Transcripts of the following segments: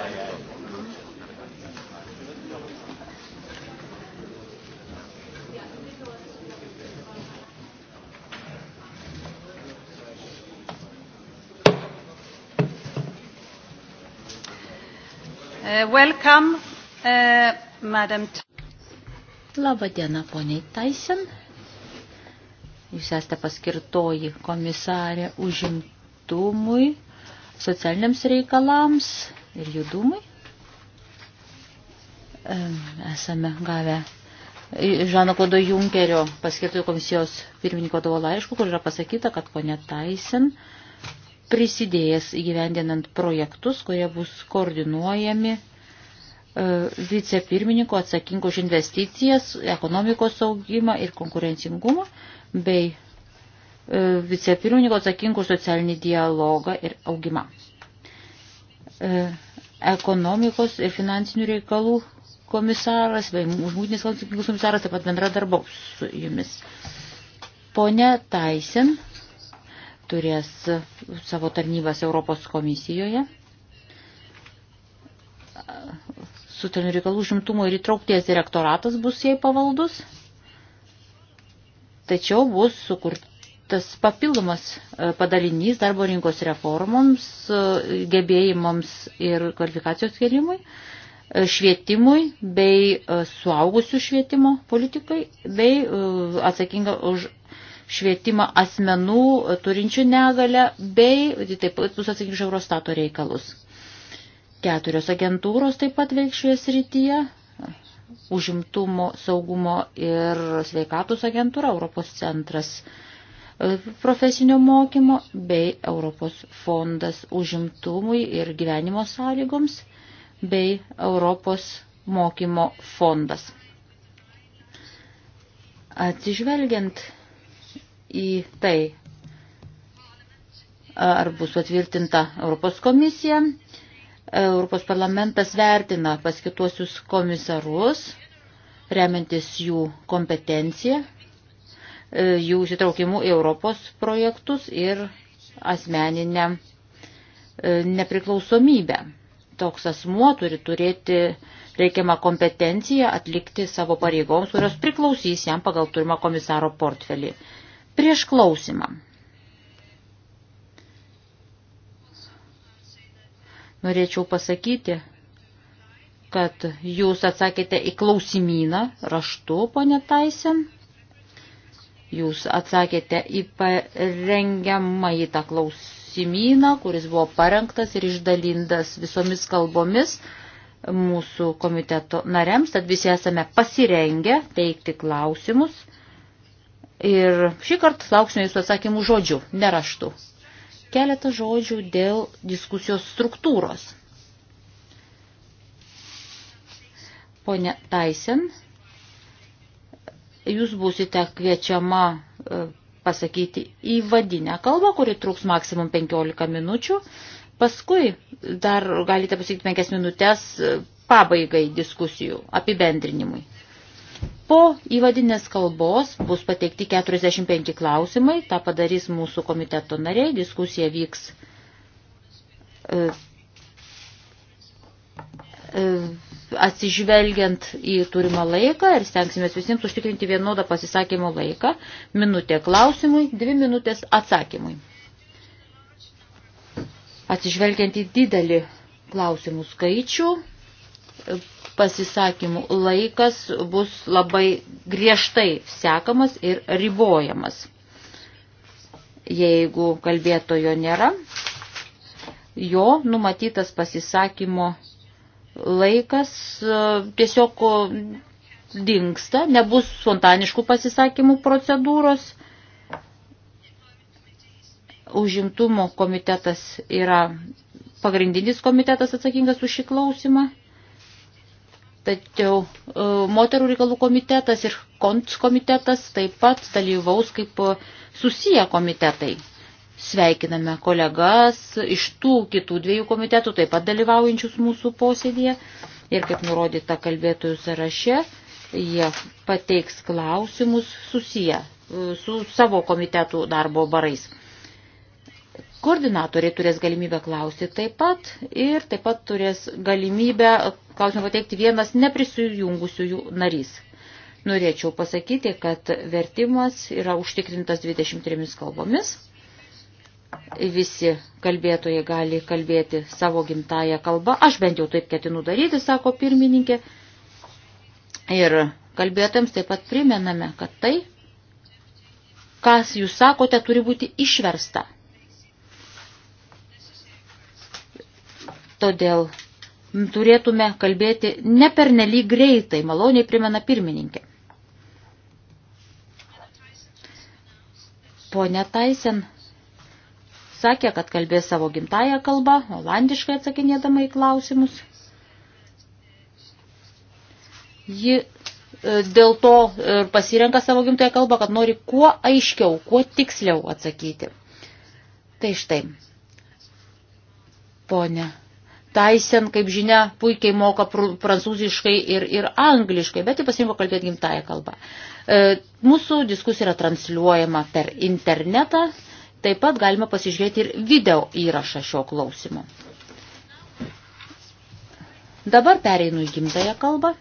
Uh, welcome, uh, Madam. Labą dieną, poniai Tyson. Jūs esate paskirtoji komisarė užimtumui, socialiniams reikalams, ir judumui. Esame gavę Žano Klodo Junkerio paskirtojų komisijos pirmininko dovo laiškų, kur yra pasakyta, kad ponė Taisen prisidėjęs įgyvendinant projektus, kurie bus koordinuojami e, vicepirmininko atsakingo už investicijas, ekonomikos saugimą ir konkurencingumą, bei e, vicepirmininko atsakingo už socialinį dialogą ir augimą. E, ekonomikos ir finansinių reikalų komisaras, bei užmūtinės konfliktinės komisaras, taip pat bendradarbaus su jumis. Pone Taisin turės savo tarnybas Europos komisijoje sutarinių reikalų žimtumo ir įtraukties direktoratas bus jai pavaldus, tačiau bus sukurt, tas papildomas e, padalinys darbo rinkos reformoms, e, gebėjimams ir kvalifikacijos kėlimui, e, švietimui bei suaugusių švietimo politikai, bei atsakinga už švietimą asmenų turinčių negalę, bei taip pat bus atsakingi už Eurostato reikalus. Keturios agentūros taip pat veiks šioje srityje užimtumo, saugumo ir sveikatos agentūra, Europos centras uh, profesinio mokymo bei Europos fondas užimtumui ir gyvenimo sąlygoms bei Europos mokymo fondas. Atsižvelgiant į tai, ar bus patvirtinta Europos komisija, Europos parlamentas vertina paskituosius komisarus, remiantis jų kompetenciją E, jų įsitraukimu į Europos projektus ir asmeninę e, nepriklausomybę. Toks asmuo turi turėti reikiamą kompetenciją atlikti savo pareigoms, kurios priklausys jam pagal turimą komisaro portfelį. Prieš klausimą. Norėčiau pasakyti, kad jūs atsakėte į klausimyną raštu, ponė Taisen. Jūs atsakėte į parengiamą į tą klausimyną, kuris buvo parengtas ir išdalintas visomis kalbomis mūsų komiteto nariams, tad visi esame pasirengę teikti klausimus. Ir šį kartą lauksime jūsų atsakymų žodžių, neraštų. Keletą žodžių dėl diskusijos struktūros. Pone Taisen, jūs būsite kviečiama e, pasakyti įvadinę kalbą, kuri truks maksimum 15 minučių. Paskui dar galite pasakyti 5 minutės e, pabaigai diskusijų, apibendrinimui. Po įvadinės kalbos bus pateikti 45 klausimai, tą padarys mūsų komiteto nariai, diskusija vyks. E, e, atsižvelgiant į turimą laiką ir stengsimės visiems užtikrinti vienodą pasisakymo laiką. Minutė klausimui, dvi minutės atsakymui. Atsižvelgiant į didelį klausimų skaičių, pasisakymų laikas bus labai griežtai sekamas ir ribojamas. Jeigu kalbėtojo nėra, jo numatytas pasisakymo laikas laikas e, tiesiog dinksta, nebus spontaniškų pasisakymų procedūros. Užimtumo komitetas yra pagrindinis komitetas atsakingas už šį klausimą. Tačiau e, moterų reikalų komitetas ir kont komitetas taip pat dalyvaus kaip e, susiję komitetai. Sveikiname kolegas iš tų kitų dviejų komitetų, taip pat dalyvaujančius mūsų posėdėje. Ir kaip nurodyta kalbėtojų sąraše, jie pateiks klausimus susiję e, su savo komitetų darbo barais. Koordinatoriai turės galimybę klausyti taip pat ir taip pat turės galimybę klausimą pateikti vienas neprisijungusiųjų narys. Norėčiau pasakyti, kad vertimas yra užtikrintas 23 kalbomis visi kalbėtojai gali kalbėti savo gimtają kalbą. Aš bent jau taip ketinu daryti, sako pirmininkė. Ir kalbėtojams taip pat primename, kad tai, kas jūs sakote, turi būti išversta. Todėl turėtume kalbėti ne per nelyg greitai, maloniai primena pirmininkė. Pone Taisen sakė, kad kalbės savo gimtają kalbą, olandiškai atsakinėdama į klausimus. Ji e, dėl to e, pasirenka savo gimtąją kalbą, kad nori kuo aiškiau, kuo tiksliau atsakyti. Tai štai, ponė. Taisen, kaip žinia, puikiai moka pr prancūziškai ir, ir angliškai, bet jie pasirinko kalbėti gimtają kalbą. E, mūsų diskusija yra transliuojama per internetą, Taip pat galima pasižiūrėti ir video įrašą šio klausimo. Dabar pereinu į gimtąją kalbą.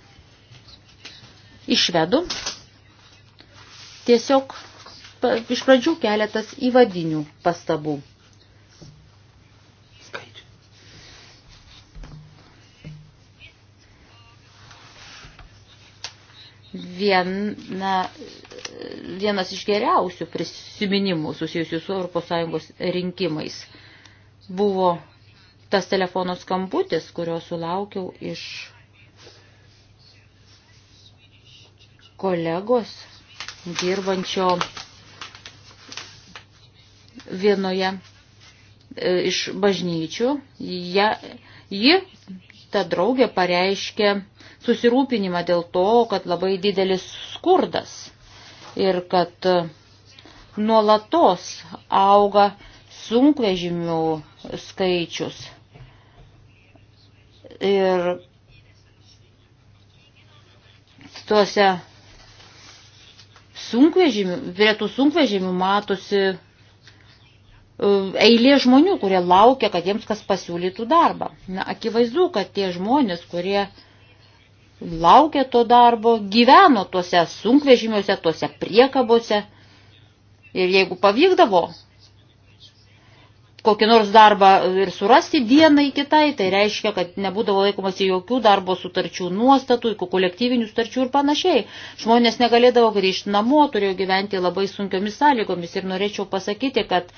Išvedu. Tiesiog iš pradžių keletas įvadinių pastabų. Viena vienas iš geriausių prisiminimų susijusių su ES rinkimais buvo tas telefono skambutis, kurio sulaukiau iš kolegos dirbančio vienoje e, iš bažnyčių. Ja, ji, ta draugė, pareiškė susirūpinimą dėl to, kad labai didelis skurdas ir kad e, nuolatos auga sunkvežimių skaičius. Ir tuose sunkvežimių, prie tų sunkvežimių matosi e, eilė žmonių, kurie laukia, kad jiems kas pasiūlytų darbą. Na, akivaizdu, kad tie žmonės, kurie uh, laukė to darbo, gyveno tuose sunkvežimiuose, tuose priekabose. Ir jeigu pavykdavo kokį nors darbą ir surasti dienai kitai, tai reiškia, kad nebūdavo laikomasi jokių darbo sutarčių nuostatų, kolektyvinių sutarčių ir panašiai. Žmonės negalėdavo grįžti namo, turėjo gyventi labai sunkiomis sąlygomis ir norėčiau pasakyti, kad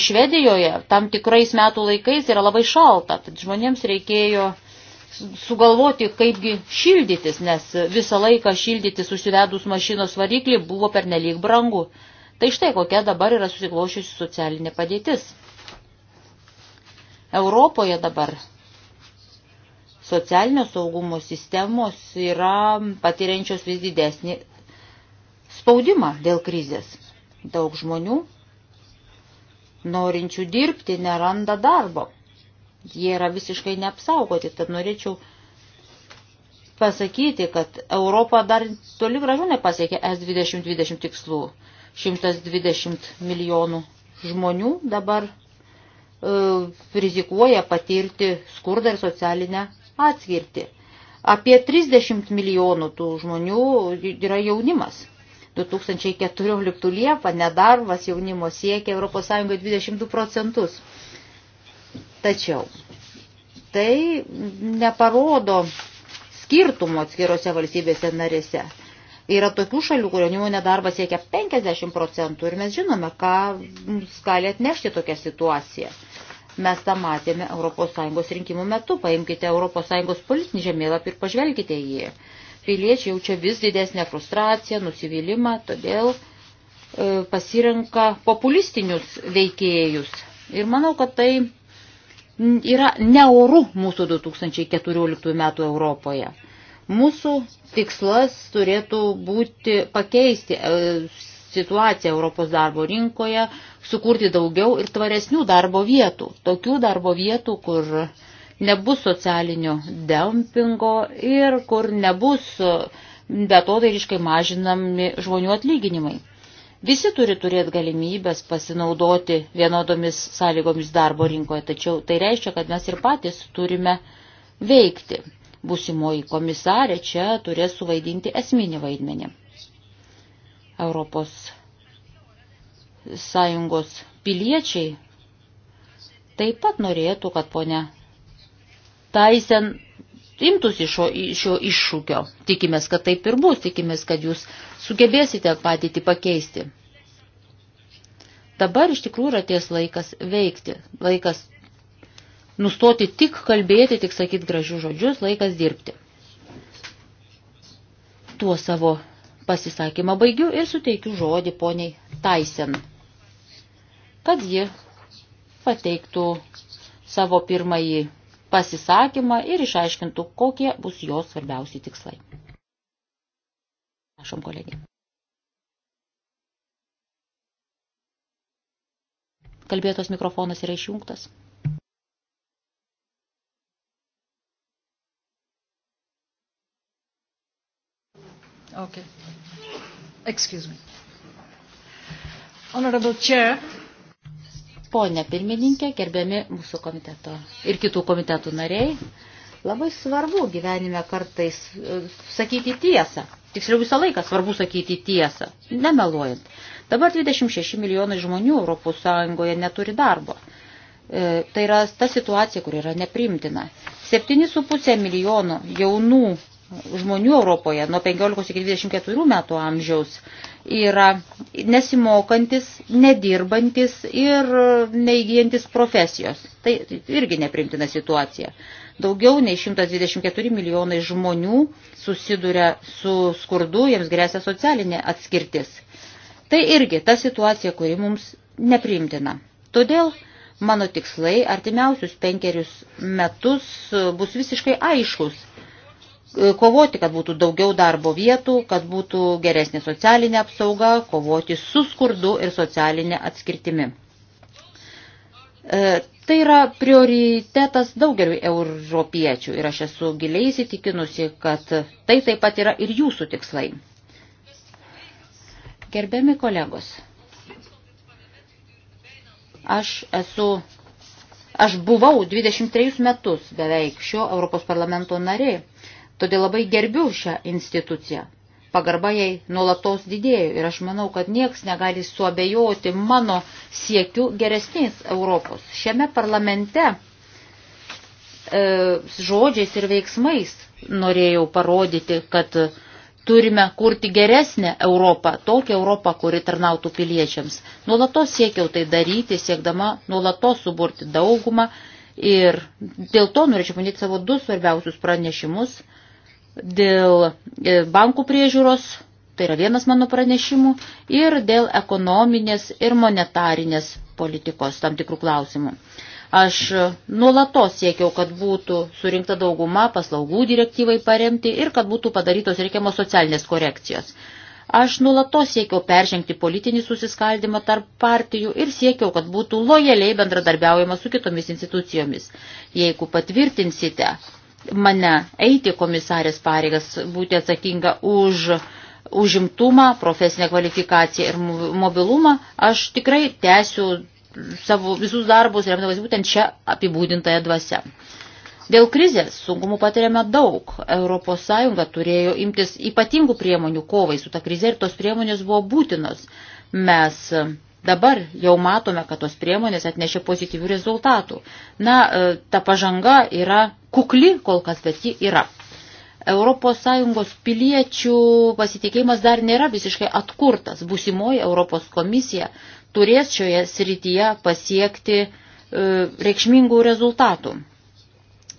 Švedijoje tam tikrais metų laikais yra labai šalta, tad žmonėms reikėjo sugalvoti, kaipgi šildytis, nes visą laiką šildytis užsivedus mašinos variklį buvo pernelyg brangu. Tai štai kokia dabar yra susiklošiusi socialinė padėtis. Europoje dabar socialinio saugumo sistemos yra patiriančios vis didesnį spaudimą dėl krizės. Daug žmonių, norinčių dirbti, neranda darbo jie yra visiškai neapsaugoti. Tad norėčiau pasakyti, kad Europa dar toli gražu nepasiekė S2020 tikslų. 120 milijonų žmonių dabar e, rizikuoja patirti skurdą ir socialinę atskirtį. Apie 30 milijonų tų žmonių yra jaunimas. 2014 liepą nedarbas jaunimo siekia ES 22 procentus. Tačiau tai neparodo skirtumo atskirose valstybėse narėse. Yra tokių šalių, kurio jaunimo nedarbas siekia 50 procentų ir mes žinome, ką gali atnešti tokia situacija. Mes tą matėme ES rinkimų metu. Paimkite ES politinį žemėlapį ir pažvelkite į jį. Piliečiai jaučia vis didesnę frustraciją, nusivylimą, todėl e, pasirenka populistinius veikėjus. Ir manau, kad tai yra neoru mūsų 2014 metų Europoje. Mūsų tikslas turėtų būti pakeisti e, situaciją Europos darbo rinkoje, sukurti daugiau ir tvaresnių darbo vietų. Tokių darbo vietų, kur nebus socialinio dumpingo ir kur nebus e, betodairiškai mažinami žmonių atlyginimai. Visi turi turėti galimybės pasinaudoti vienodomis sąlygomis darbo rinkoje, tačiau tai reiškia, kad mes ir patys turime veikti. Būsimoji komisarė čia turės suvaidinti esminį vaidmenį. Europos Sąjungos piliečiai taip pat norėtų, kad ponia Taisen imtųsi šio, šio iššūkio. Tikimės, kad taip ir bus, tikimės, kad jūs sugebėsite padėti pakeisti. Dabar iš tikrųjų yra ties laikas veikti, laikas nustoti tik kalbėti, tik sakyti gražių žodžius, laikas dirbti. Tuo savo pasisakymą baigiu ir suteikiu žodį poniai Taisen, kad ji pateiktų savo pirmąjį pasisakymą ir išaiškintų, kokie bus jos svarbiausi tikslai. Prašom, kolegė. Kalbėtos mikrofonas yra išjungtas. Okay. Excuse me. Honorable Chair, Pone pirmininkė, gerbiami mūsų komiteto ir kitų komitetų nariai, labai svarbu gyvenime kartais e, sakyti tiesą. Tiksliau visą laiką svarbu sakyti tiesą, nemeluojant. Dabar 26 milijonai žmonių ES neturi darbo. E, tai yra ta situacija, kur yra neprimtina. 7,5 milijono jaunų žmonių Europoje nuo 15 iki 24 metų amžiaus yra nesimokantis, nedirbantis ir neįgyjantis profesijos. Tai irgi neprimtina situacija. Daugiau nei 124 milijonai žmonių susiduria su skurdu, jiems grėsia socialinė atskirtis. Tai irgi ta situacija, kuri mums neprimtina. Todėl mano tikslai artimiausius penkerius metus bus visiškai aiškus E, kovoti, kad būtų daugiau darbo vietų, kad būtų geresnė socialinė apsauga, kovoti su skurdu ir socialinė atskirtimi. E, tai yra prioritetas daugeliu europiečių ir aš esu giliai įsitikinusi, kad tai taip pat yra ir jūsų tikslai. Gerbiami kolegos, aš esu, aš buvau 23 metus beveik šio Europos parlamento narė Todėl labai gerbiu šią instituciją. Pagarba jai nuolatos didėjo ir aš manau, kad nieks negali suabejoti mano siekiu geresnės Europos. Šiame parlamente e, žodžiais ir veiksmais norėjau parodyti, kad turime kurti geresnę Europą, tokią Europą, kuri tarnautų piliečiams. Nuolatos siekiau tai daryti, siekdama nuolatos suburti daugumą ir dėl to norėčiau paminėti savo du svarbiausius pranešimus dėl e, bankų priežiūros, tai yra vienas mano pranešimų, ir dėl ekonominės ir monetarinės politikos tam tikrų klausimų. Aš nuolatos siekiau, kad būtų surinkta dauguma paslaugų direktyvai paremti ir kad būtų padarytos reikiamos socialinės korekcijos. Aš nuolatos siekiau peržengti politinį susiskaldimą tarp partijų ir siekiau, kad būtų lojaliai bendradarbiaujama su kitomis institucijomis. Jeigu patvirtinsite mane eiti komisarės pareigas, būti atsakinga už užimtumą, profesinę kvalifikaciją ir mobilumą, aš tikrai tęsiu savo visus darbus remdavas būtent čia apibūdintąją dvasę. Dėl krizės sunkumų patiriame daug. ES turėjo imtis ypatingų priemonių kovai su ta krize ir tos priemonės buvo būtinos. Mes Dabar jau matome, kad tos priemonės atnešė pozityvių rezultatų. Na, e, ta pažanga yra kukli kol kas, bet ji yra. ES piliečių pasitikėjimas dar nėra visiškai atkurtas. Būsimoji Europos komisija turės šioje srityje pasiekti e, reikšmingų rezultatų,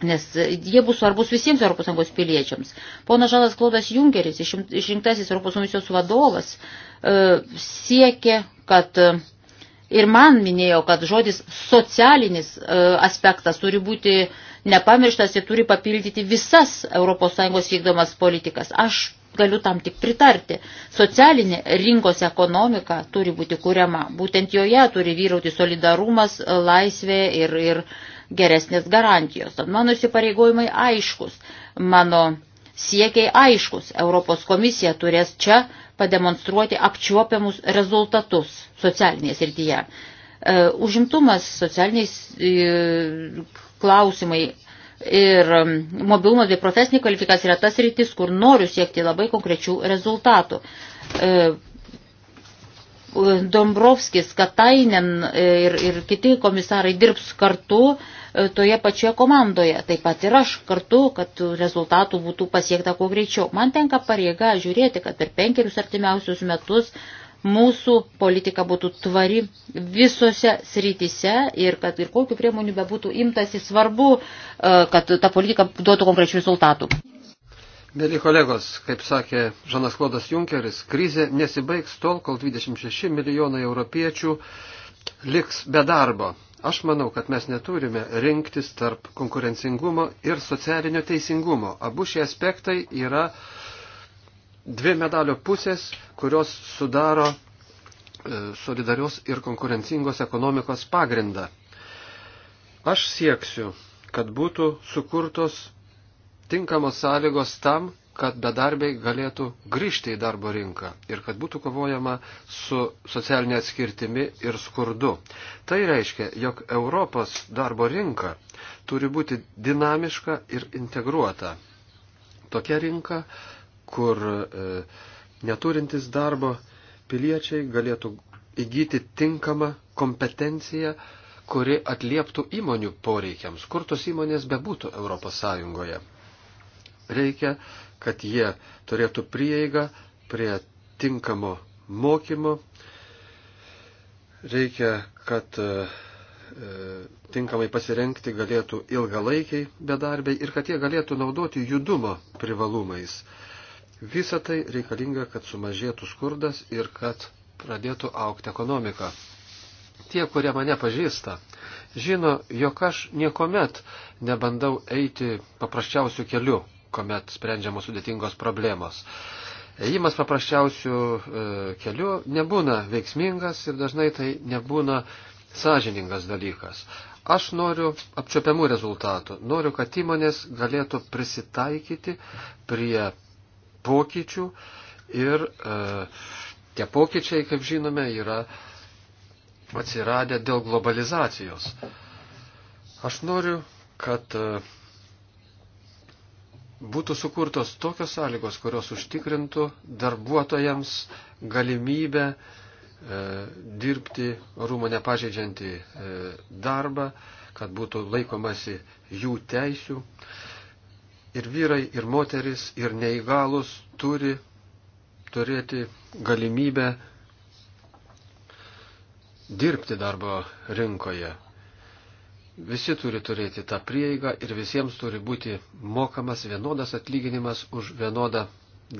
nes jie bus svarbus visiems ES piliečiams. Pona Žalas Klaudas Junkeris, išrinktasis ES komisijos vadovas, e, siekė kad e, ir man minėjo, kad žodis socialinis e, aspektas turi būti nepamirštas ir turi papildyti visas ES vykdomas politikas. Aš galiu tam tik pritarti. Socialinė rinkos ekonomika turi būti kuriama. Būtent joje turi vyrauti solidarumas, laisvė ir, ir geresnės garantijos. Tad mano įsipareigojimai aiškus. Mano siekiai aiškus. Europos komisija turės čia pademonstruoti apčiuopiamus rezultatus socialinėje srityje. E, užimtumas socialiniais e, klausimai ir mobilumas bei profesinė kvalifikacija yra tas rytis, kur noriu siekti labai konkrečių rezultatų. E, Dombrovskis, Katainen ir, ir kiti komisarai dirbs kartu E, toje pačioje komandoje, taip pat ir aš kartu, kad rezultatų būtų pasiekta kuo greičiau. Man tenka pareiga žiūrėti, kad per penkerius artimiausius metus mūsų politika būtų tvari visose srityse ir kad ir kokiu priemonių bebūtų imtasi, svarbu, e, kad ta politika duotų konkrečių rezultatų. Mėly kolegos, kaip sakė Žanas Klodas Junkeris, krizė nesibaigs tol, kol 26 milijonai europiečių liks be darbo. Aš manau, kad mes neturime rinktis tarp konkurencingumo ir socialinio teisingumo. Abu šie aspektai yra dvi medalio pusės, kurios sudaro e, solidarios ir konkurencingos ekonomikos pagrindą. Aš sieksiu, kad būtų sukurtos tinkamos sąlygos tam, kad bedarbiai galėtų grįžti į darbo rinką ir kad būtų kovojama su socialinė atskirtimi ir skurdu. Tai reiškia, jog Europos darbo rinka turi būti dinamiška ir integruota. Tokia rinka, kur e, neturintis darbo piliečiai galėtų įgyti tinkamą kompetenciją, kuri atlieptų įmonių poreikiams, kur tos įmonės bebūtų Europos Sąjungoje reikia, kad jie turėtų prieigą prie tinkamo mokymo. Reikia, kad e, e, tinkamai pasirenkti galėtų ilgalaikiai bedarbiai ir kad jie galėtų naudoti judumo privalumais. Visa tai reikalinga, kad sumažėtų skurdas ir kad pradėtų aukti ekonomika. Tie, kurie mane pažįsta, žino, jog aš niekuomet nebandau eiti paprasčiausių kelių kuomet sprendžiamos sudėtingos problemos. Ėjimas paprasčiausių e, kelių nebūna veiksmingas ir dažnai tai nebūna sąžiningas dalykas. Aš noriu apčiopiamų rezultatų. Noriu, kad įmonės galėtų prisitaikyti prie pokyčių ir e, tie pokyčiai, kaip žinome, yra atsiradę dėl globalizacijos. Aš noriu, kad e, būtų sukurtos tokios sąlygos, kurios užtikrintų darbuotojams galimybę e, dirbti rūmą nepažeidžiantį e, darbą, kad būtų laikomasi jų teisių. Ir vyrai, ir moteris, ir neįgalus turi turėti galimybę dirbti darbo rinkoje. Visi turi turėti tą prieigą ir visiems turi būti mokamas vienodas atlyginimas už vienodą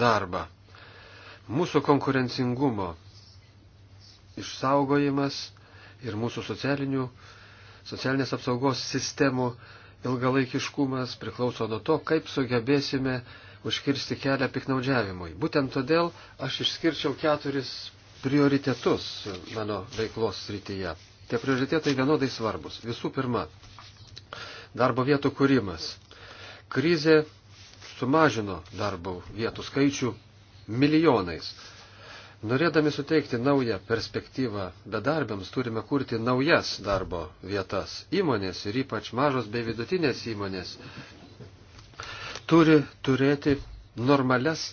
darbą. Mūsų konkurencingumo išsaugojimas ir mūsų socialinės apsaugos sistemų ilgalaikiškumas priklauso nuo to, kaip sugebėsime užkirsti kelią piknaudžiavimui. Būtent todėl aš išskirčiau keturis prioritetus mano veiklos srityje. Tie prioritetai vienodai svarbus. Visų pirma, darbo vietų kūrimas. Krizė sumažino darbo vietų skaičių milijonais. Norėdami suteikti naują perspektyvą bedarbiams, turime kurti naujas darbo vietas. Įmonės ir ypač mažos bei vidutinės įmonės turi turėti normales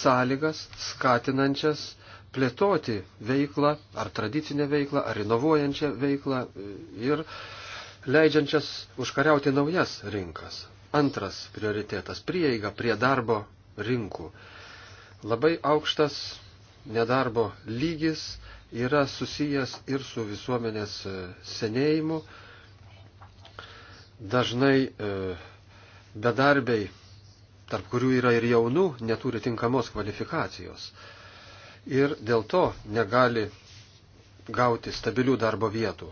sąlygas, skatinančias plėtoti veiklą, ar tradicinę veiklą, ar inovuojančią veiklą ir leidžiančias užkariauti naujas rinkas. Antras prioritetas - prieiga prie darbo rinkų. Labai aukštas nedarbo lygis yra susijęs ir su visuomenės e, senėjimu. Dažnai e, bedarbiai, tarp kurių yra ir jaunų, neturi tinkamos kvalifikacijos ir dėl to negali gauti stabilių darbo vietų.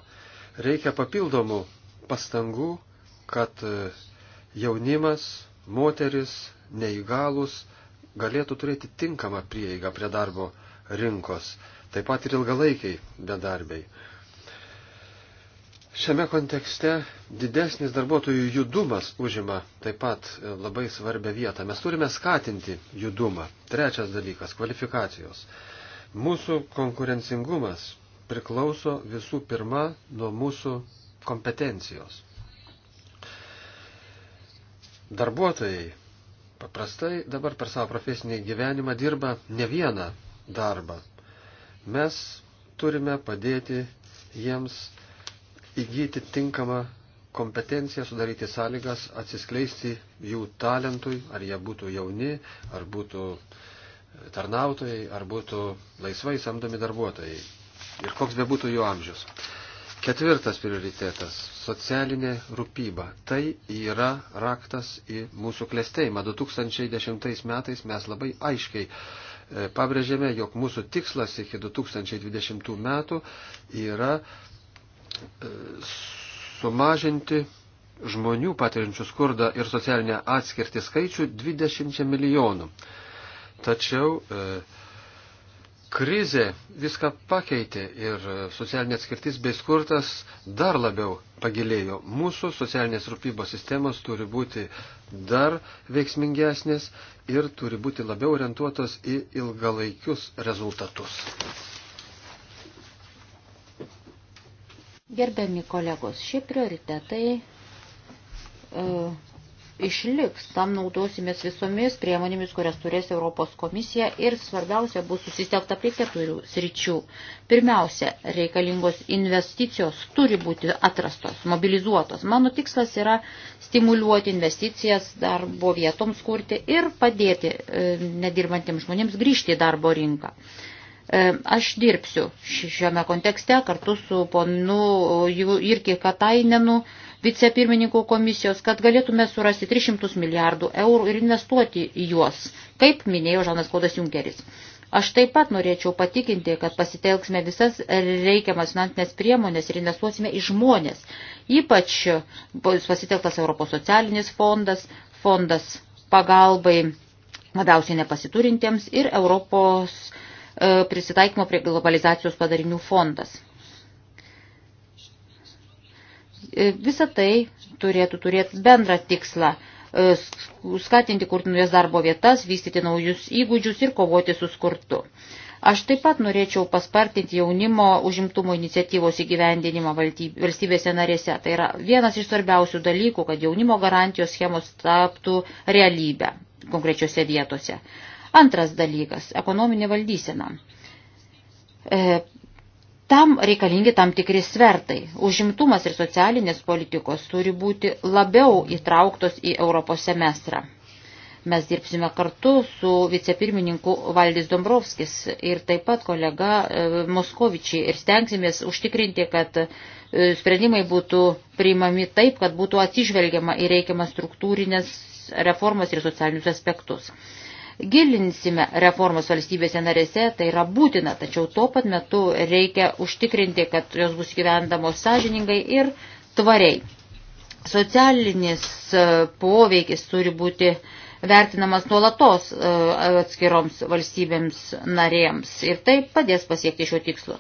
Reikia papildomų pastangų, kad e, jaunimas, moteris, neįgalus galėtų turėti tinkamą prieigą prie darbo rinkos, taip pat ir ilgalaikiai bedarbiai. Šiame kontekste didesnis darbuotojų judumas užima taip pat e, labai svarbę vietą. Mes turime skatinti judumą. Trečias dalykas - kvalifikacijos. Mūsų konkurencingumas priklauso visų pirma nuo mūsų kompetencijos. Darbuotojai paprastai dabar per savo profesinį gyvenimą dirba ne vieną darbą. Mes turime padėti jiems įgyti tinkamą kompetenciją, sudaryti sąlygas, atsiskleisti jų talentui, ar jie būtų jauni, ar būtų tarnautojai, ar būtų laisvai samdomi darbuotojai. Ir koks be būtų jų amžius. Ketvirtas prioritetas - socialinė rūpyba. Tai yra raktas į mūsų klėstėjimą. 2010 metais mes labai aiškiai e, pabrėžėme, jog mūsų tikslas iki 2020 metų yra sumažinti žmonių patiriančių skurdą ir socialinę atskirtį skaičių 20 milijonų. Tačiau e, krizė viską pakeitė ir e, socialinė atskirtis bei skurtas dar labiau pagilėjo. Mūsų socialinės rūpybos sistemos turi būti dar veiksmingesnės ir turi būti labiau orientuotos į ilgalaikius rezultatus. Gerbiami kolegos, šie prioritetai uh, išliks, tam naudosimės visomis priemonėmis, kurias turės Europos komisija ir svarbiausia bus susitelkta prie keturių sričių. Pirmiausia, reikalingos investicijos turi būti atrastos, mobilizuotos. Mano tikslas yra stimuliuoti investicijas darbo vietoms kurti ir padėti e, nedirbantiems žmonėms grįžti į darbo rinką. E, E, aš dirbsiu šiame kontekste kartu su ponu Irki Katainenu, vicepirmininkų komisijos, kad galėtume surasti 300 milijardų eurų ir investuoti į juos, kaip minėjo Žanas Kodas Junkeris. Aš taip pat norėčiau patikinti, kad pasitelksime visas reikiamas finansinės priemonės ir investuosime į žmonės. Ypač pasitelktas Europos socialinis fondas, fondas pagalbai labiausiai nepasiturintiems ir Europos E, prisitaikymo prie globalizacijos padarinių fondas. E, visa tai turėtų turėti bendrą tikslą e, skatinti kurtinės darbo vietas, vystyti naujus įgūdžius ir kovoti su skurtu. Aš taip pat norėčiau paspartinti jaunimo užimtumo iniciatyvos įgyvendinimą valstybėse narėse. Tai yra vienas iš svarbiausių dalykų, kad jaunimo garantijos schemos taptų realybę konkrečiose vietose. Antras dalykas – ekonominė valdysena. E, tam reikalingi tam tikri svertai. Užimtumas ir socialinės politikos turi būti labiau įtrauktos į Europos semestrą. Mes dirbsime kartu su vicepirmininku Valdis Dombrovskis ir taip pat kolega e, Moskovičiai ir stengsimės užtikrinti, kad e, sprendimai būtų priimami taip, kad būtų atsižvelgiama į reikiamas struktūrinės reformas ir socialinius aspektus. Gilinsime reformas valstybėse narėse, tai yra būtina, tačiau tuo pat metu reikia užtikrinti, kad jos bus gyvendamos sąžiningai ir tvariai. Socialinis e, poveikis turi būti uh, vertinamas nuolatos e, atskiroms valstybėms narėms ir tai padės pasiekti šio tikslo.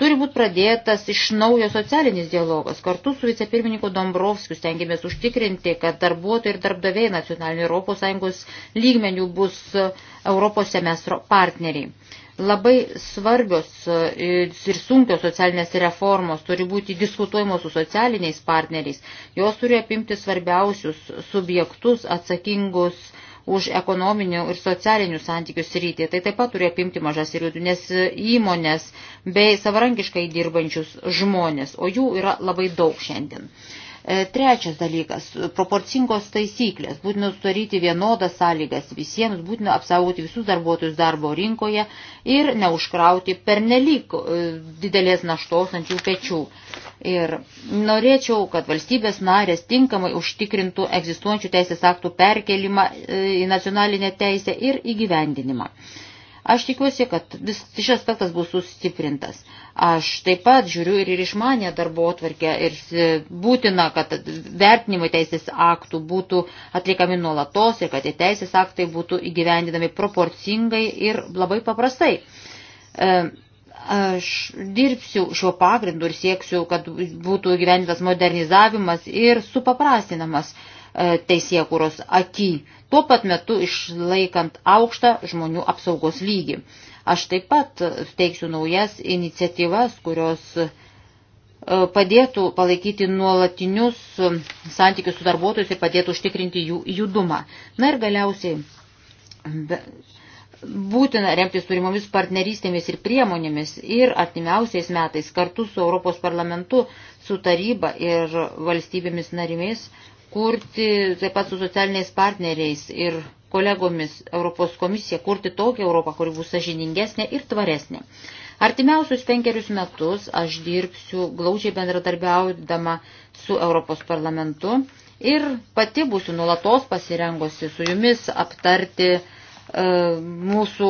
Turi būti pradėtas iš naujo socialinis dialogas. Kartu su vicepirmininku Dombrovskiu stengiamės užtikrinti, kad darbuotojai ir darbdaviai nacionalinių ES lygmenių bus Europos semestro partneriai. Labai svarbios e, ir sunkios socialinės reformos turi būti diskutuojamos su socialiniais partneriais. Jos turi apimti svarbiausius subjektus atsakingus už ekonominių ir socialinių santykių sritį. Tai taip pat turi apimti mažas ir vidutinės įmonės bei savarankiškai dirbančius žmonės, o jų yra labai daug šiandien. E, trečias dalykas – proporcingos taisyklės. Būtina sudaryti vienodas sąlygas visiems, būtina apsaugoti visus darbuotojus darbo rinkoje ir neužkrauti pernelyg e, didelės naštos ant jų pečių. Ir norėčiau, kad valstybės narės tinkamai užtikrintų egzistuojančių teisės aktų perkelimą e, į nacionalinę teisę ir įgyvendinimą. Aš tikiuosi, kad vis šis aspektas bus sustiprintas. Aš taip pat žiūriu ir išmanę darbo atvarkę ir būtina, kad vertinimai teisės aktų būtų atliekami nuolatos ir kad tie teisės aktai būtų įgyvendinami proporcingai ir labai paprastai. E, Aš dirbsiu šiuo pagrindu ir sieksiu, kad būtų gyventas modernizavimas ir supaprastinamas e, teisėkūros aky, tuo pat metu išlaikant aukštą žmonių apsaugos lygį. Aš taip pat teiksiu naujas iniciatyvas, kurios e, padėtų palaikyti nuolatinius e, santykius su darbuotojus ir padėtų užtikrinti jų judumą. Na ir galiausiai būtina remtis turimomis partnerystėmis ir priemonėmis ir artimiausiais metais kartu su Europos parlamentu, su taryba ir valstybėmis narimis kurti taip pat su socialiniais partneriais ir kolegomis Europos komisija, kurti tokią Europą, kuri bus sažiningesnė ir tvaresnė. Artimiausius penkerius metus aš dirbsiu glaučiai bendradarbiaudama su Europos parlamentu ir pati būsiu nulatos pasirengusi su jumis aptarti uh, E, mūsų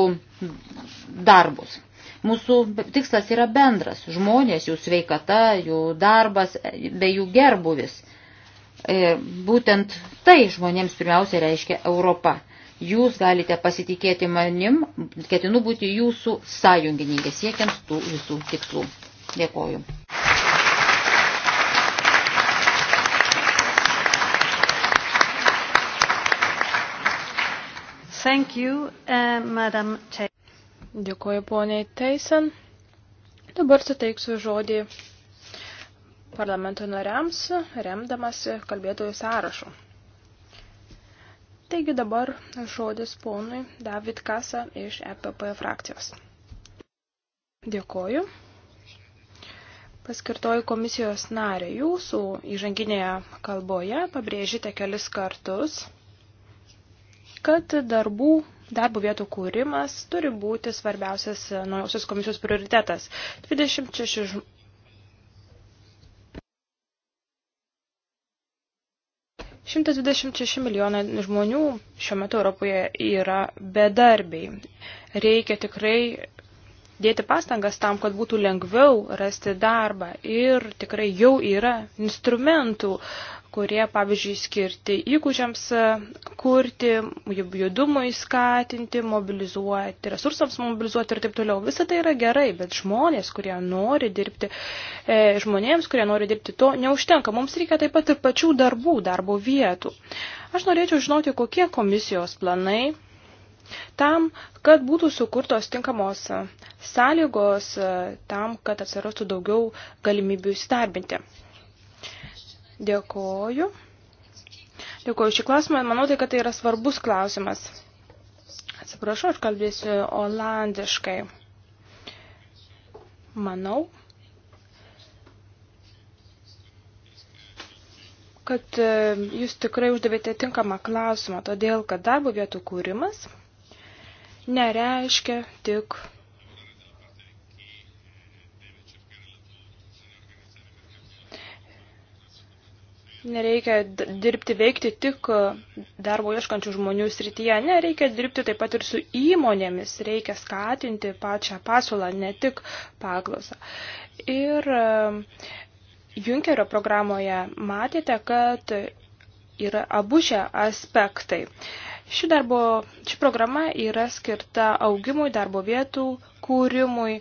darbus. Mūsų tikslas yra bendras - žmonės, jų sveikata, jų darbas, bei jų gerbuvis. E, būtent tai žmonėms pirmiausia reiškia Europa. Jūs galite pasitikėti manim, ketinu būti jūsų sąjungininkė siekiant tų visų tikslų. Dėkoju. Thank you, uh, Madam Dėkuoju poniai Teisen. Dabar suteiksiu žodį parlamento nariams, remdamasi kalbėtojų sąrašu. Taigi dabar žodis ponui David Kasa iš EPP frakcijos. Dėkuoju. Paskirtoji komisijos narė, jūsų įžanginėje kalboje pabrėžite kelis kartus kad darbų Darbo vietų kūrimas turi būti svarbiausias naujosios komisijos prioritetas. 26 žm... Šimtas dvidešimt šeši milijonai žmonių šiuo metu Europoje yra bedarbiai. Reikia tikrai dėti pastangas tam, kad būtų lengviau rasti darbą. Ir tikrai jau yra instrumentų uh, kurie, pavyzdžiui, skirti įgūdžiams e, kurti, judumui skatinti, mobilizuoti, resursams mobilizuoti ir taip toliau. Visa tai yra gerai, bet žmonės, kurie nori dirbti, e, žmonėms, kurie nori dirbti, to neužtenka. Mums reikia taip pat ir pačių darbų, darbo vietų. Aš norėčiau žinoti, kokie komisijos planai tam, kad būtų sukurtos tinkamos e, sąlygos, tam, kad atsirastų daugiau galimybių įsidarbinti. Dėkoju. Dėkoju šį klausimą. Manau, tai, kad tai yra svarbus klausimas. Atsiprašau, aš kalbėsiu olandiškai. Manau, kad e, jūs tikrai uždavėte tinkamą klausimą, todėl kad darbo vietų kūrimas nereiškia tik Nereikia dirbti veikti tik e, darbo ieškančių žmonių srityje, nereikia dirbti taip pat ir su įmonėmis, reikia skatinti pačią pasiūlą, ne tik paklausą. Ir e, Junkerio programoje matėte, kad yra abu šie aspektai. Ši, darbo, ši programa yra skirta augimui, darbo vietų kūrimui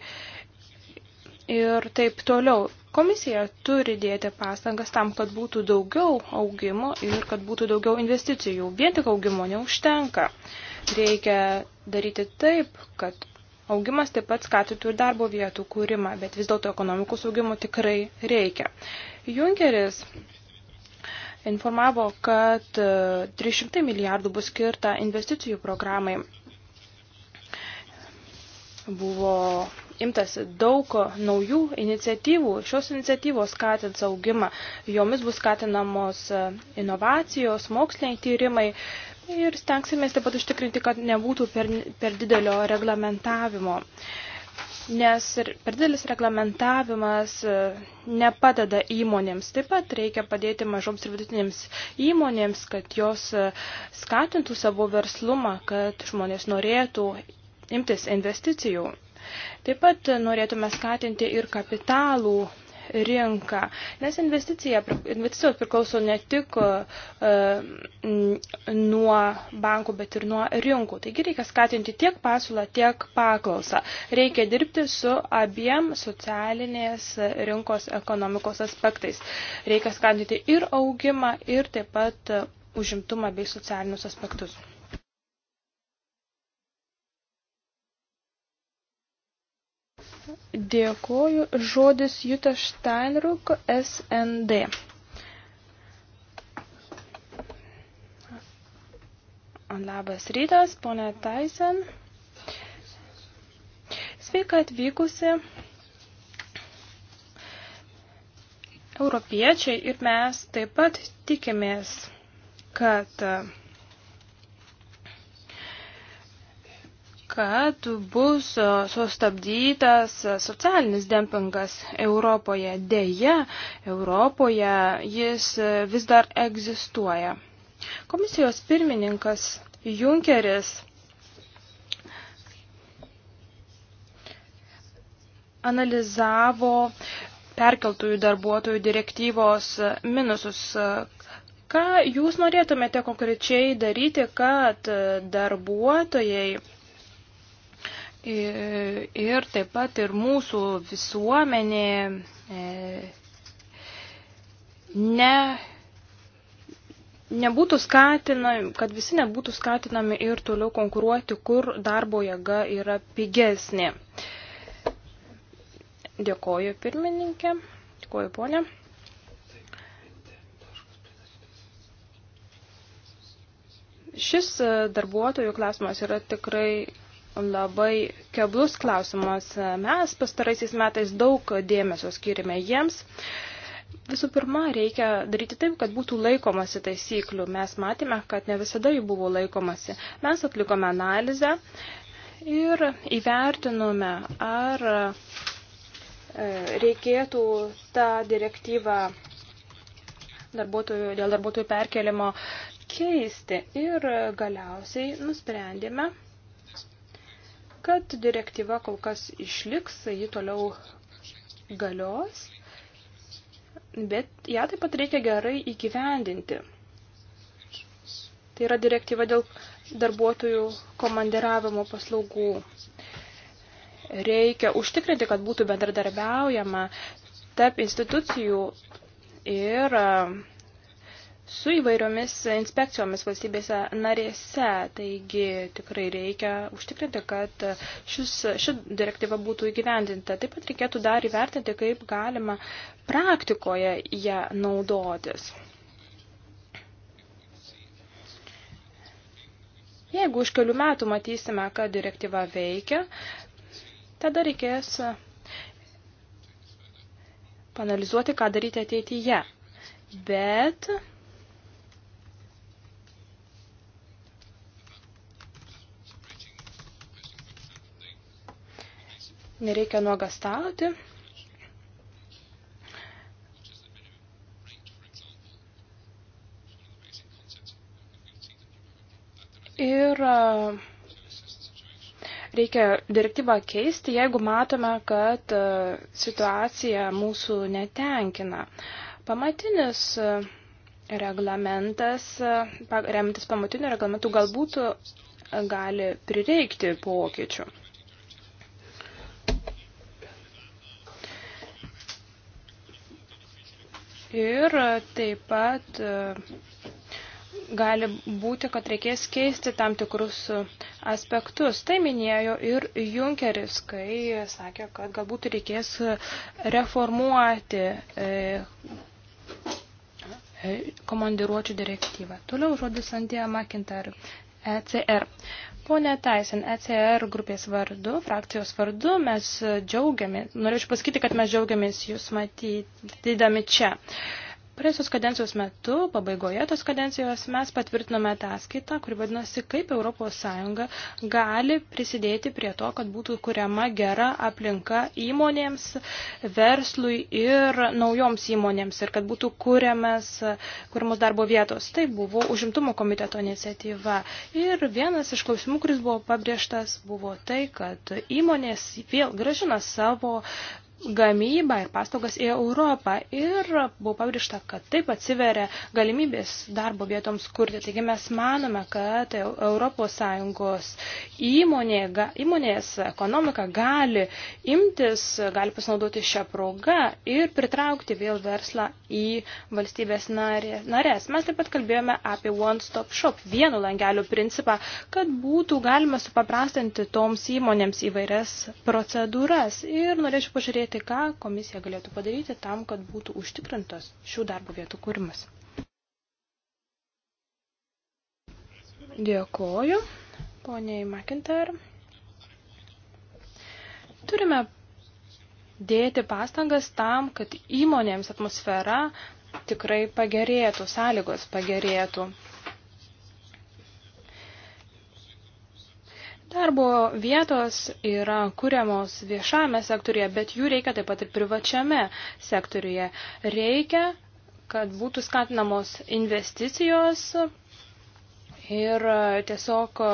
ir taip toliau. Komisija turi dėti pastangas tam, kad būtų daugiau augimo ir kad būtų daugiau investicijų. Vien tik augimo neužtenka. Reikia daryti taip, kad augimas taip pat skatytų ir darbo vietų kūrimą, bet vis dėlto ekonomikos augimo tikrai reikia. Junkeris informavo, kad 300 e, milijardų bus skirta investicijų programai. Buvo imtasi daug naujų iniciatyvų. Šios iniciatyvos skatins augimą. Jomis bus skatinamos e, inovacijos, moksliniai tyrimai ir stengsime taip pat užtikrinti, kad nebūtų per, per didelio reglamentavimo. Nes per didelis reglamentavimas e, nepadeda įmonėms. Taip pat reikia padėti mažoms ir vidutinėms įmonėms, kad jos e, skatintų savo verslumą, kad žmonės norėtų imtis investicijų. Taip pat norėtume skatinti ir kapitalų rinką, nes investicijos priklauso ne tik e, nuo bankų, bet ir nuo rinkų. Taigi reikia skatinti tiek pasiūlą, tiek paklausą. Reikia dirbti su abiem socialinės rinkos ekonomikos aspektais. Reikia skatinti ir augimą, ir taip pat užimtumą bei socialinius aspektus. Dėkoju. Žodis Juta Steinruk, SND. Labas rytas, ponė Taisen. Sveika atvykusi. Europiečiai ir mes taip pat tikimės, kad uh, kad bus sustabdytas socialinis dempingas Europoje. Deja, Europoje jis vis dar egzistuoja. Komisijos pirmininkas Junkeris analizavo perkeltųjų darbuotojų direktyvos minusus. Ką jūs norėtumėte konkrečiai daryti, kad darbuotojai ir taip pat ir mūsų visuomenė e, ne, nebūtų skatinami, kad visi nebūtų skatinami ir toliau konkuruoti, kur darbo jėga yra pigesnė. Dėkoju pirmininkė, dėkoju ponė. Šis e, darbuotojų klausimas yra tikrai labai keblus klausimas. Mes pastaraisiais metais daug dėmesio skirime jiems. Visų pirma, reikia daryti taip, kad būtų laikomasi taisyklių. Mes matėme, kad ne visada jų buvo laikomasi. Mes atlikome analizę ir įvertinome, ar e, reikėtų tą direktyvą darbuotojų, dėl darbuotojų perkelimo keisti. Ir galiausiai nusprendėme, kad direktyva kol kas išliks, ji toliau galios, bet ją taip pat reikia gerai įgyvendinti. Tai yra direktyva dėl darbuotojų komandiravimo paslaugų. Reikia užtikrinti, kad būtų bendradarbiaujama tarp institucijų ir uh, su įvairiomis inspekcijomis valstybėse narėse. Taigi tikrai reikia užtikrinti, kad šis, ši direktyva būtų įgyvendinta. Taip pat reikėtų dar įvertinti, kaip galima praktikoje ją naudotis. Jeigu už kelių metų matysime, kad direktyva veikia, tada reikės panalizuoti, ką daryti ateityje. Bet nereikia nuogastauti. Ir reikia direktyvą keisti, jeigu matome, kad situacija mūsų netenkina. Pamatinis reglamentas, remtis pamatiniu reglamentu, galbūt gali prireikti pokyčių. Po Ir taip pat e, gali būti, kad reikės keisti tam tikrus e, aspektus. Tai minėjo ir Junkeris, kai sakė, kad galbūt reikės reformuoti e, komandiruočių direktyvą. Toliau žodis Antija Makintariu. ECR. Pone Taisen, ECR grupės vardu, frakcijos vardu, mes džiaugiamės, norėčiau pasakyti, kad mes džiaugiamės jūs matydami čia. Uh, Praėjusios kadencijos metu, pabaigoje tos kadencijos, mes patvirtinome ataskaitą, kuri vadinasi, kaip ES gali prisidėti prie to, kad būtų kuriama gera aplinka įmonėms, verslui ir naujoms įmonėms ir kad būtų kuriamas, kuriamos darbo vietos. Tai buvo užimtumo komiteto iniciatyva. Ir vienas iš klausimų, kuris buvo pabrėžtas, buvo tai, kad įmonės vėl gražina savo gamybą ir paslaugas į Europą. Ir buvo pabrėžta, kad taip atsiveria galimybės darbo vietoms kurti. Taigi mes manome, kad ES įmonė, įmonės ekonomika gali imtis, gali pasinaudoti šią progą ir pritraukti vėl verslą į valstybės narės. Mes taip pat kalbėjome apie One Stop Shop, vieno langelio principą, kad būtų galima supaprastinti toms įmonėms įvairias procedūras. Ir norėčiau pažiūrėti pasižiūrėti, ką komisija galėtų padaryti tam, kad būtų užtikrintos šių darbo vietų kūrimas. Dėkoju, poniai McIntyre. Turime dėti pastangas tam, kad įmonėms atmosfera tikrai pagerėtų, sąlygos pagerėtų. Darbo vietos yra kuriamos viešame sektorija, bet jų reikia taip pat ir privačiame sektorija. Reikia, kad būtų skatinamos investicijos ir e, tiesiog e,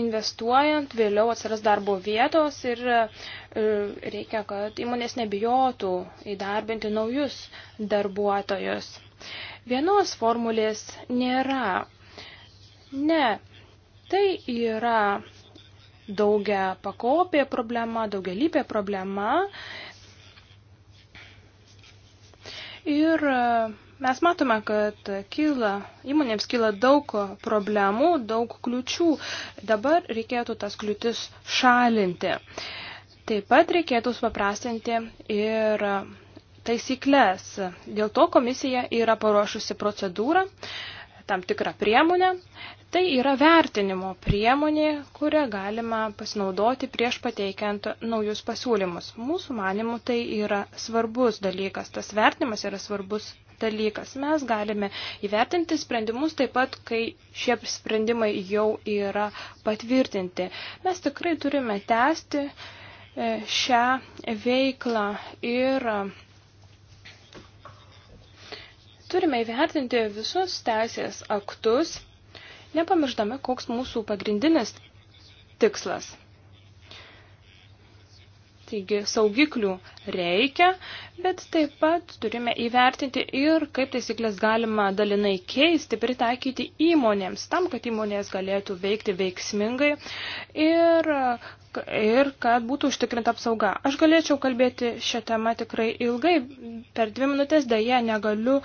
investuojant vėliau atsiras darbo vietos ir e, reikia, kad įmonės nebijotų įdarbinti naujus darbuotojus. Vienos formulės nėra Ne, tai yra daugia pakopė problema, daugialypė problema. Ir e, mes matome, kad kyla, įmonėms kyla daug problemų, daug kliučių. Dabar reikėtų tas kliūtis šalinti. Taip pat reikėtų supaprastinti ir taisyklės. Dėl to komisija yra paruošusi procedūrą, tam tikrą priemonę. Tai yra vertinimo priemonė, kurią galima pasinaudoti prieš pateikiant naujus pasiūlymus. Mūsų manimu tai yra svarbus dalykas, tas vertinimas yra svarbus dalykas. Mes galime įvertinti sprendimus taip pat, kai šie sprendimai jau yra patvirtinti. Mes tikrai turime tęsti e, šią veiklą ir Turime įvertinti visus teisės aktus, nepamirždami, koks mūsų pagrindinis tikslas. Taigi saugiklių reikia, bet taip pat turime įvertinti ir kaip taisyklės galima dalinai keisti, pritaikyti įmonėms, tam, kad įmonės galėtų veikti veiksmingai ir, ir kad būtų užtikrinta apsauga. Aš galėčiau kalbėti šią temą tikrai ilgai, per dvi minutės dėje negaliu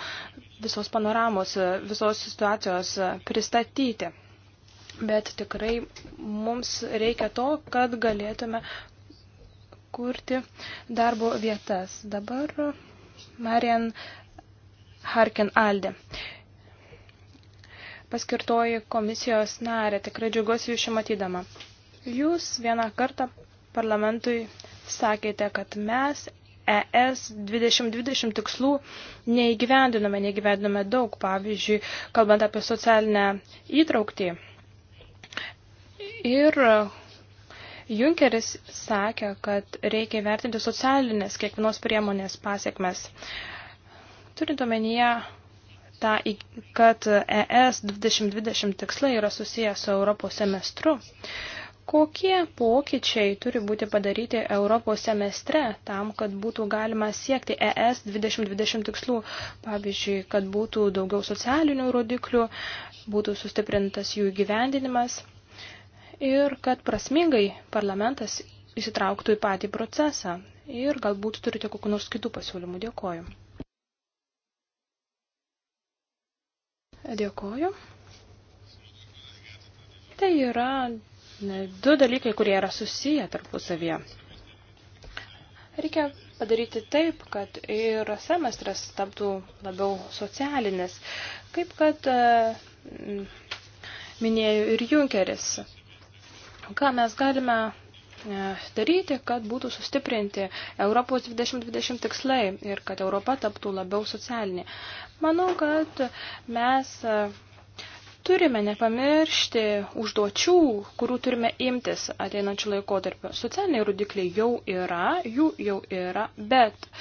visos panoramos, visos situacijos pristatyti. Bet tikrai mums reikia to, kad galėtume kurti darbo vietas. Dabar Marian Harkin Aldė. Paskirtoji komisijos narė, tikrai džiugosi jūs čia matydama. Jūs vieną kartą parlamentui sakėte, kad mes ES 2020 tikslų neįgyvendinome, neįgyvendinome daug, pavyzdžiui, kalbant apie socialinę įtraukti. Ir Junkeris sakė, kad reikia vertinti socialinės kiekvienos priemonės pasiekmes. Turint omenyje tą, kad ES 2020 tikslai yra susijęs su Europos semestru, kokie pokyčiai turi būti padaryti Europos semestre tam, kad būtų galima siekti ES 2020 tikslų, pavyzdžiui, kad būtų daugiau socialinių rodiklių, būtų sustiprintas jų gyvendinimas ir kad prasmingai parlamentas įsitrauktų į patį procesą. Ir galbūt turite kokiu nors kitų pasiūlymų. Dėkoju. Dėkoju. Tai yra du dalykai, kurie yra susiję tarpusavyje. Reikia padaryti taip, kad ir semestras taptų labiau socialinis, kaip kad e, minėjo ir Junkeris ką mes galime e, daryti, kad būtų sustiprinti Europos 2020 tikslai ir kad Europa taptų labiau socialinė. Manau, kad mes e, turime nepamiršti užduočių, kurių turime imtis ateinančių laikotarpių. Socialiniai rodikliai jau yra, jų jau yra, bet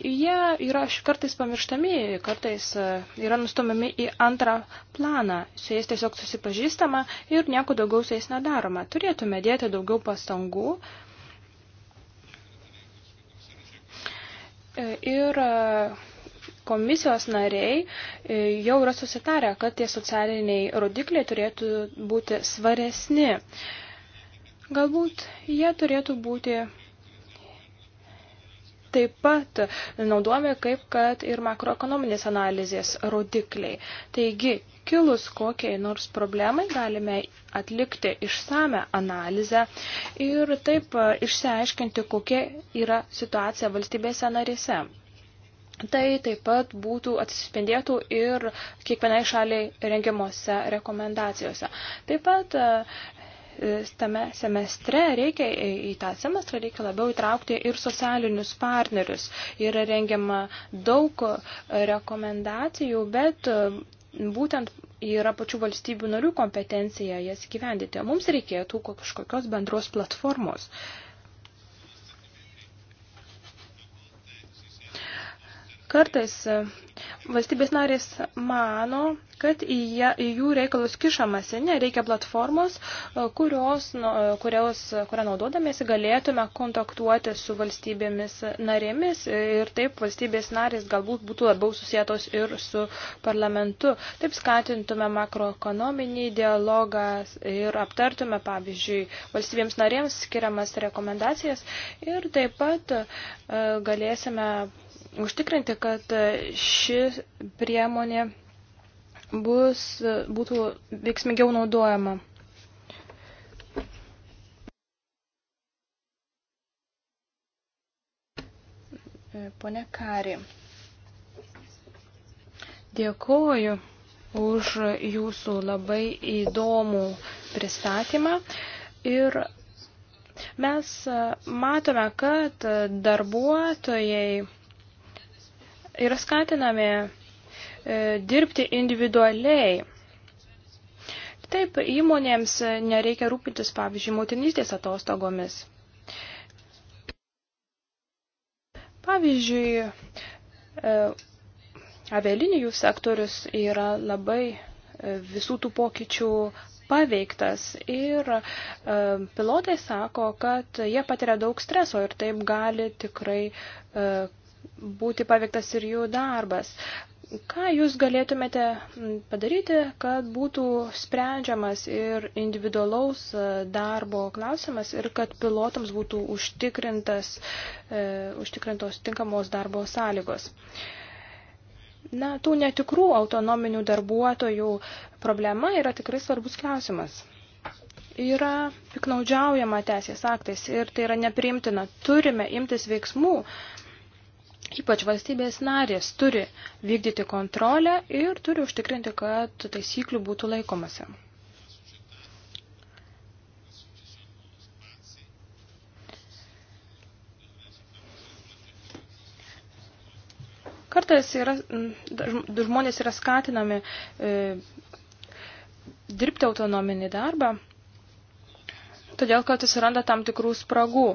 jie yra kartais pamirštami, kartais e, yra nustumiami į antrą planą, su jais tiesiog susipažįstama ir nieko daugiau su jais nedaroma. Turėtume dėti daugiau pastangų e, ir e, komisijos nariai jau yra susitarę, kad tie socialiniai rodikliai turėtų būti svaresni. Galbūt jie turėtų būti taip pat naudojami kaip kad ir makroekonominės analizės rodikliai. Taigi, kilus kokiai nors problemai galime atlikti išsame analizę ir taip e, išsiaiškinti, kokia yra situacija valstybėse narėse. Tai taip pat būtų atsispindėtų ir kiekvienai šaliai rengiamuose rekomendacijose. Taip pat e, tame semestre reikia, į tą semestrą reikia labiau įtraukti ir socialinius partnerius. Yra rengiama daug rekomendacijų, bet e, būtent yra pačių valstybių narių kompetencija jas įgyvendyti. Mums reikėtų kažkokios bendros platformos. Uh, Kartais e, valstybės narės mano, kad į, ją, į jų reikalus kišamasi, nereikia platformos, e, kurios, nu, e, kurios, kurią naudodamėsi galėtume kontaktuoti su valstybėmis narėmis ir taip valstybės narės galbūt būtų labiau susijėtos ir su parlamentu. Taip skatintume makroekonominį dialogą ir aptartume, pavyzdžiui, valstybėms narėms skiriamas rekomendacijas ir taip pat galėsime užtikrinti, kad ši priemonė bus, būtų veiksmingiau naudojama. Pone Kari, dėkoju už jūsų labai įdomų pristatymą ir mes matome, kad darbuotojai yra skatinami e, dirbti individualiai. Taip, įmonėms nereikia rūpintis, pavyzdžiui, motinystės atostogomis. Pavyzdžiui, e, avialinijų sektorius yra labai e, visų tų pokyčių paveiktas ir pilotai sako, kad jie patiria daug streso ir taip gali tikrai būti paveiktas ir jų darbas. Ką jūs galėtumėte padaryti, kad būtų sprendžiamas ir individualaus e, darbo klausimas ir kad pilotams būtų užtikrintas, e, užtikrintos tinkamos darbo sąlygos? Na, tų netikrų autonominių darbuotojų problema yra tikrai svarbus klausimas. Yra piknaudžiaujama teisės aktais ir tai yra nepriimtina. Turime imtis veiksmų, e, Ypač valstybės narės turi vykdyti kontrolę ir turi užtikrinti, kad taisyklių būtų laikomasi. Kartais yra, mm, žmonės yra skatinami e, dirbti autonominį darbą, todėl kad atsiranda tam tikrų spragų.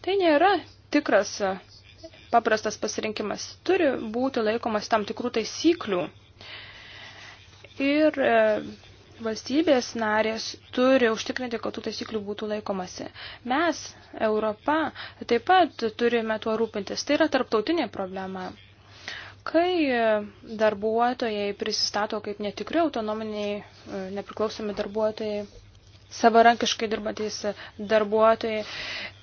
Tai nėra tikras paprastas pasirinkimas. Turi būti laikomas tam tikrų taisyklių. Ir e, valstybės narės turi užtikrinti, kad tų taisyklių būtų laikomasi. Mes, Europa, taip pat turime tuo rūpintis. Tai yra tarptautinė problema. Kai e, darbuotojai prisistato kaip netikri autonominiai, e, nepriklausomi darbuotojai, savarankiškai dirbantis darbuotojai,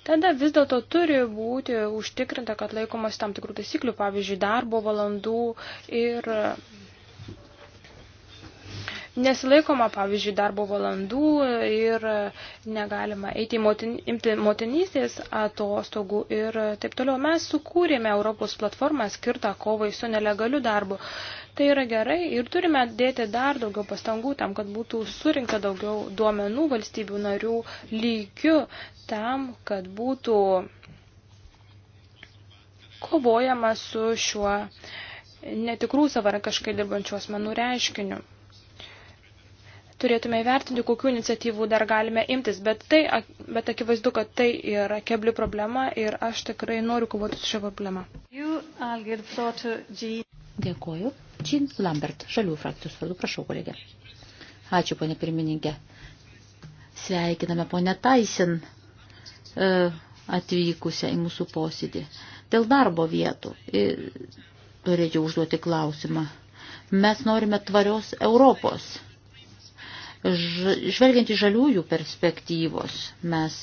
tada vis dėlto turi būti užtikrinta, kad laikomas tam tikrų taisyklių, pavyzdžiui, darbo valandų ir nesilaikoma, pavyzdžiui, darbo valandų ir negalima eiti motin, imti motinystės atostogų ir taip toliau. Mes sukūrėme Europos platformą skirtą kovai su nelegaliu darbu. Tai yra gerai ir turime dėti dar daugiau pastangų tam, kad būtų surinkta daugiau duomenų valstybių narių lygių tam, kad būtų kovojama su šiuo netikrų savarankaškai dirbančių asmenų reiškiniu turėtume įvertinti, kokiu iniciatyvų dar galime imtis, bet, tai, bet akivaizdu, kad tai yra kebli problema ir aš tikrai noriu kovoti su šia problema. Dėkuoju. Jean Lambert, žalių frakcijos vardu, prašau, kolegė. Ačiū, ponė pirmininkė. Sveikiname ponę Taisin e, atvykusią į mūsų posėdį. Dėl darbo vietų turėčiau e, užduoti klausimą. Mes norime tvarios Europos. Žvelgiant į žaliųjų perspektyvos, mes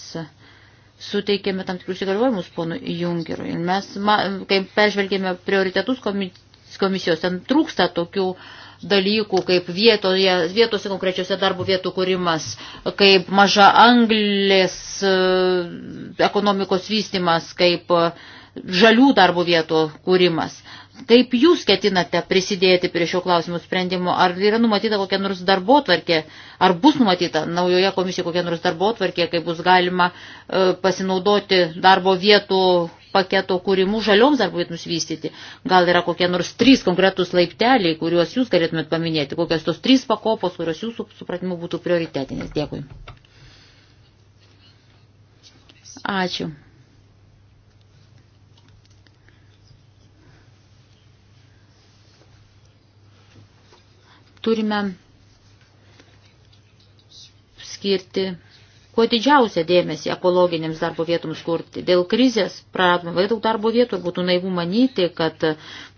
suteikėme tam tikrus įgaliojimus ponui Junkerui. Mes, kai peržvelgėme prioritetus, komitė komisijos. Ten trūksta tokių dalykų, kaip vietoje, vietose konkrečiose darbo vietų kūrimas, kaip maža anglės e, ekonomikos vystimas, kaip e, žalių darbo vietų kūrimas. Kaip jūs ketinate prisidėti prie šio klausimų sprendimo? Ar yra numatyta kokia nors darbo tvarkė? Ar bus numatyta naujoje komisijoje kokia nors darbo tvarkė, kaip bus galima e, pasinaudoti darbo vietų paketo kūrimų žalioms darbo vietoms vystyti. Gal yra kokie nors trys konkretūs laipteliai, kuriuos jūs galėtumėt paminėti, kokios tos trys pakopos, kurios jūsų supratimu būtų prioritetinės. Dėkui. Ačiū. Turime skirti kuo didžiausią dėmesį ekologinėms darbo vietoms kurti. Dėl krizės praradome labai daug darbo vietų ir būtų naivu manyti, kad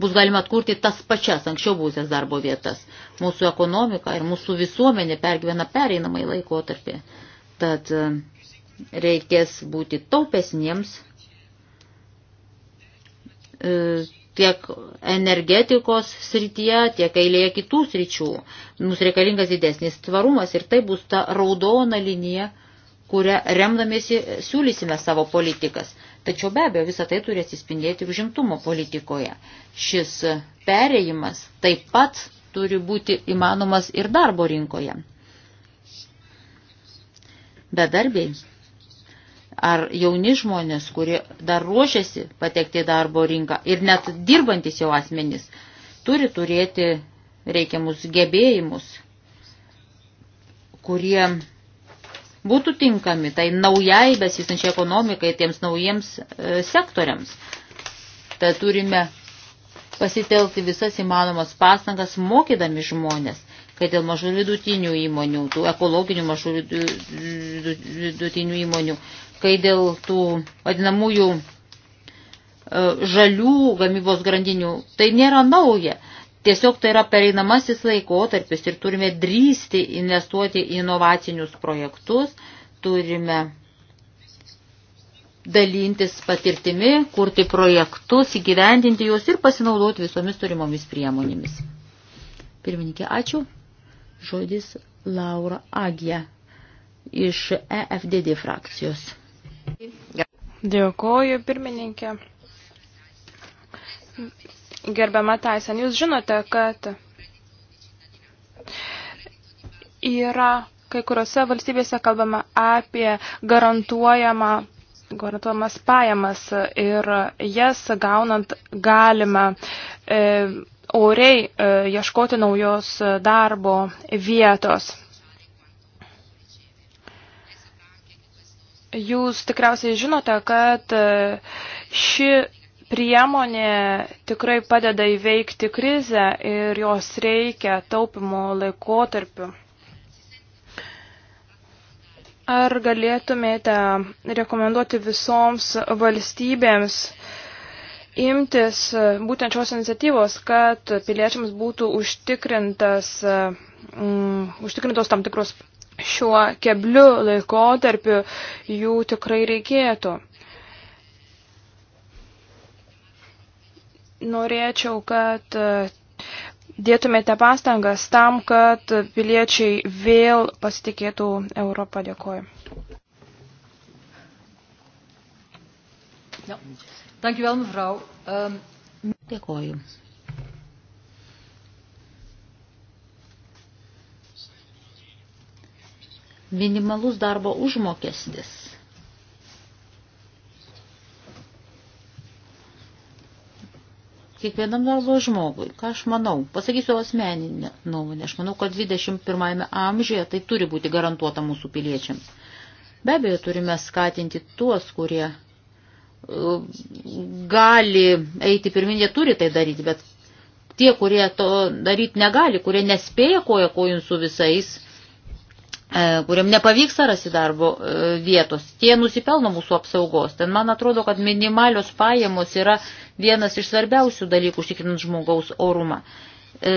bus galima atkurti tas pačias anksčiau būsęs darbo vietas. Mūsų ekonomika ir mūsų visuomenė pergyvena pereinamai laikotarpį. Tad e, reikės būti taupesniems e, tiek energetikos srityje, tiek eilėje kitų sričių. Mums reikalingas didesnis tvarumas ir tai bus ta raudona linija, kurią remdamėsi siūlysime savo politikas. Tačiau be abejo visą tai turi atsispindėti užimtumo politikoje. Šis perėjimas taip pat turi būti įmanomas ir darbo rinkoje. Bedarbiai ar jauni žmonės, kurie dar ruošiasi patekti į darbo rinką ir net dirbantis jau asmenys, turi turėti reikiamus gebėjimus, kurie būtų tinkami tai naujai besistančiai ekonomikai, tiems naujiems e, sektoriams. Tad turime pasitelkti visas įmanomas pastangas mokydami žmonės, kad dėl mažų vidutinių įmonių, tų ekologinių mažų vidutinių įmonių, kai dėl tų vadinamųjų e, žalių gamybos grandinių, tai nėra nauja. Tiesiog tai yra pereinamasis laikotarpis ir turime drįsti investuoti į inovacinius projektus, turime dalintis patirtimi, kurti projektus, įgyvendinti juos ir pasinaudoti visomis turimomis priemonėmis. Pirmininkė, ačiū. Žodis Laura Agija iš EFDD frakcijos. Dėkoju, pirmininkė. Gerbiama Taisen, jūs žinote, kad yra kai kuriuose valstybėse kalbama apie garantuojamą, garantuojamas pajamas ir jas gaunant galima e, oriai e, ieškoti naujos darbo vietos. Jūs tikriausiai žinote, kad e, ši priemonė tikrai padeda įveikti krizę ir jos reikia taupimo laikotarpiu. Ar galėtumėte rekomenduoti visoms valstybėms imtis būtent šios iniciatyvos, kad piliečiams būtų užtikrintas, um, užtikrintos tam tikros šiuo kebliu laikotarpiu jų tikrai reikėtų? Norėčiau, kad e, dėtumėte pastangas tam, kad piliečiai vėl pasitikėtų Europą. Dėkuoju. Ja. Dankjewel, mevrouw. Um... Ehm, Dėkuoju. Minimalus darbo užmokestis kiekvienam darbo žmogui. Ką aš manau? Pasakysiu asmeninę nuomonę. Aš manau, kad 21 amžiuje tai turi būti garantuota mūsų piliečiams. Be abejo, turime skatinti tuos, kurie uh, gali eiti pirmin, jie turi tai daryti, bet tie, kurie to daryti negali, kurie nespėja koja kojų su visais, uh, E, kuriam nepavyksta rasti darbo e, vietos, tie nusipelno mūsų apsaugos. Ten man atrodo, kad minimalios pajamos yra vienas iš svarbiausių dalykų užtikrinant žmogaus orumą. E,